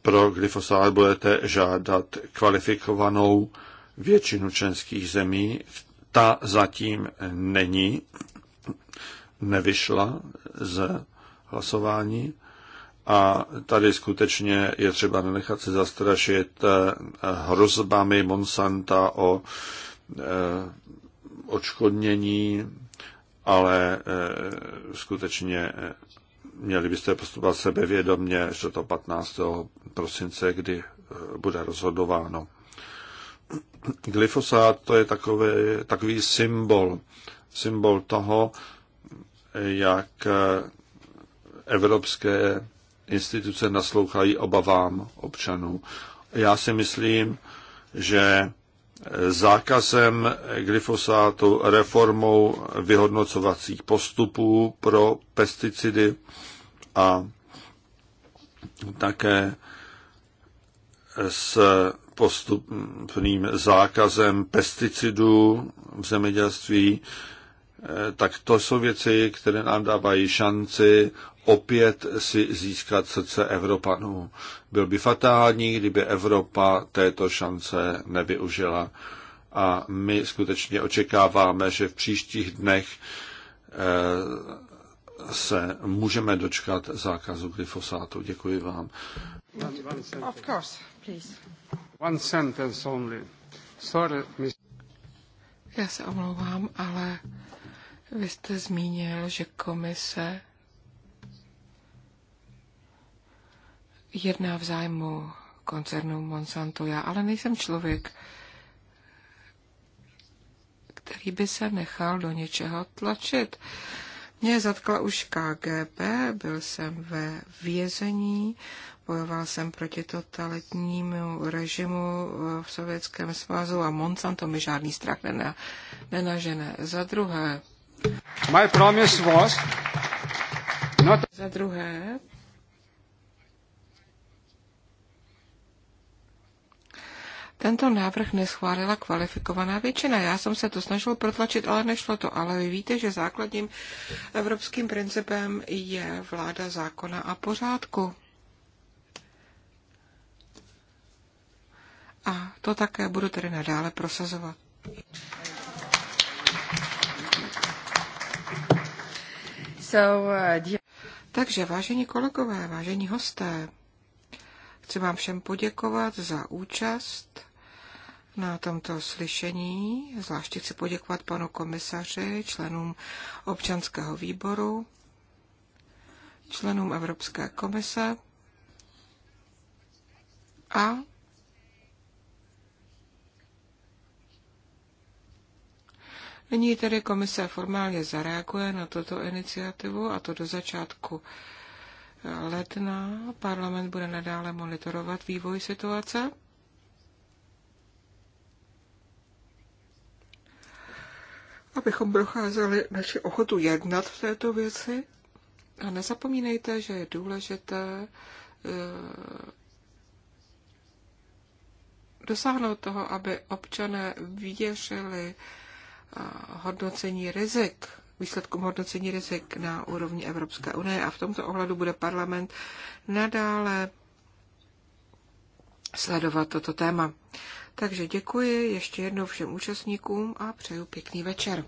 pro glyfosát budete žádat kvalifikovanou většinu členských zemí. Ta zatím není, nevyšla z hlasování. A tady skutečně je třeba nenechat se zastrašit eh, hrozbami Monsanta o eh, odškodnění, ale eh, skutečně měli byste postupovat sebevědomně, že to 15. prosince, kdy eh, bude rozhodováno. Glyfosát to je takový, takový symbol, symbol toho, jak eh, evropské instituce naslouchají obavám občanů. Já si myslím, že zákazem glyfosátu, reformou vyhodnocovacích postupů pro pesticidy a také s postupným zákazem pesticidů v zemědělství, eh, tak to jsou věci, které nám dávají šanci opět si získat srdce Evropanů. Byl by fatální, kdyby Evropa této šance nevyužila. A my skutečně očekáváme, že v příštích dnech eh, se můžeme dočkat zákazu glyfosátu. Děkuji vám. Of course, please. One sentence only. Sorry, Já se omlouvám, ale vy jste zmínil, že komise jedná v zájmu koncernu Monsanto. Já ale nejsem člověk, který by se nechal do něčeho tlačit. Mě zatkla už KGB, byl jsem ve vězení, bojoval jsem proti totalitnímu režimu v Sovětském svazu a Monsanto mi žádný strach nena, nenažené. Za druhé... My promise was not... Za druhé, Tento návrh neschválila kvalifikovaná většina. Já jsem se to snažil protlačit, ale nešlo to. Ale vy víte, že základním evropským principem je vláda zákona a pořádku. A to také budu tedy nadále prosazovat. So, uh, Takže, vážení kolegové, vážení hosté, chci vám všem poděkovat za účast na tomto slyšení. Zvláště chci poděkovat panu komisaři, členům občanského výboru, členům Evropské komise a Nyní tedy komise formálně zareaguje na tuto iniciativu a to do začátku eh, ledna. Parlament bude nadále monitorovat vývoj situace. abychom procházeli naši ochotu jednat v této věci. A nezapomínejte, že je důležité eh, dosáhnout toho, aby občané věřili eh, hodnocení rizik, výsledkům hodnocení rizik na úrovni Evropské unie. A v tomto ohledu bude parlament nadále sledovat toto téma. Takže děkuji ještě jednou všem účastníkům a přeju pěkný večer.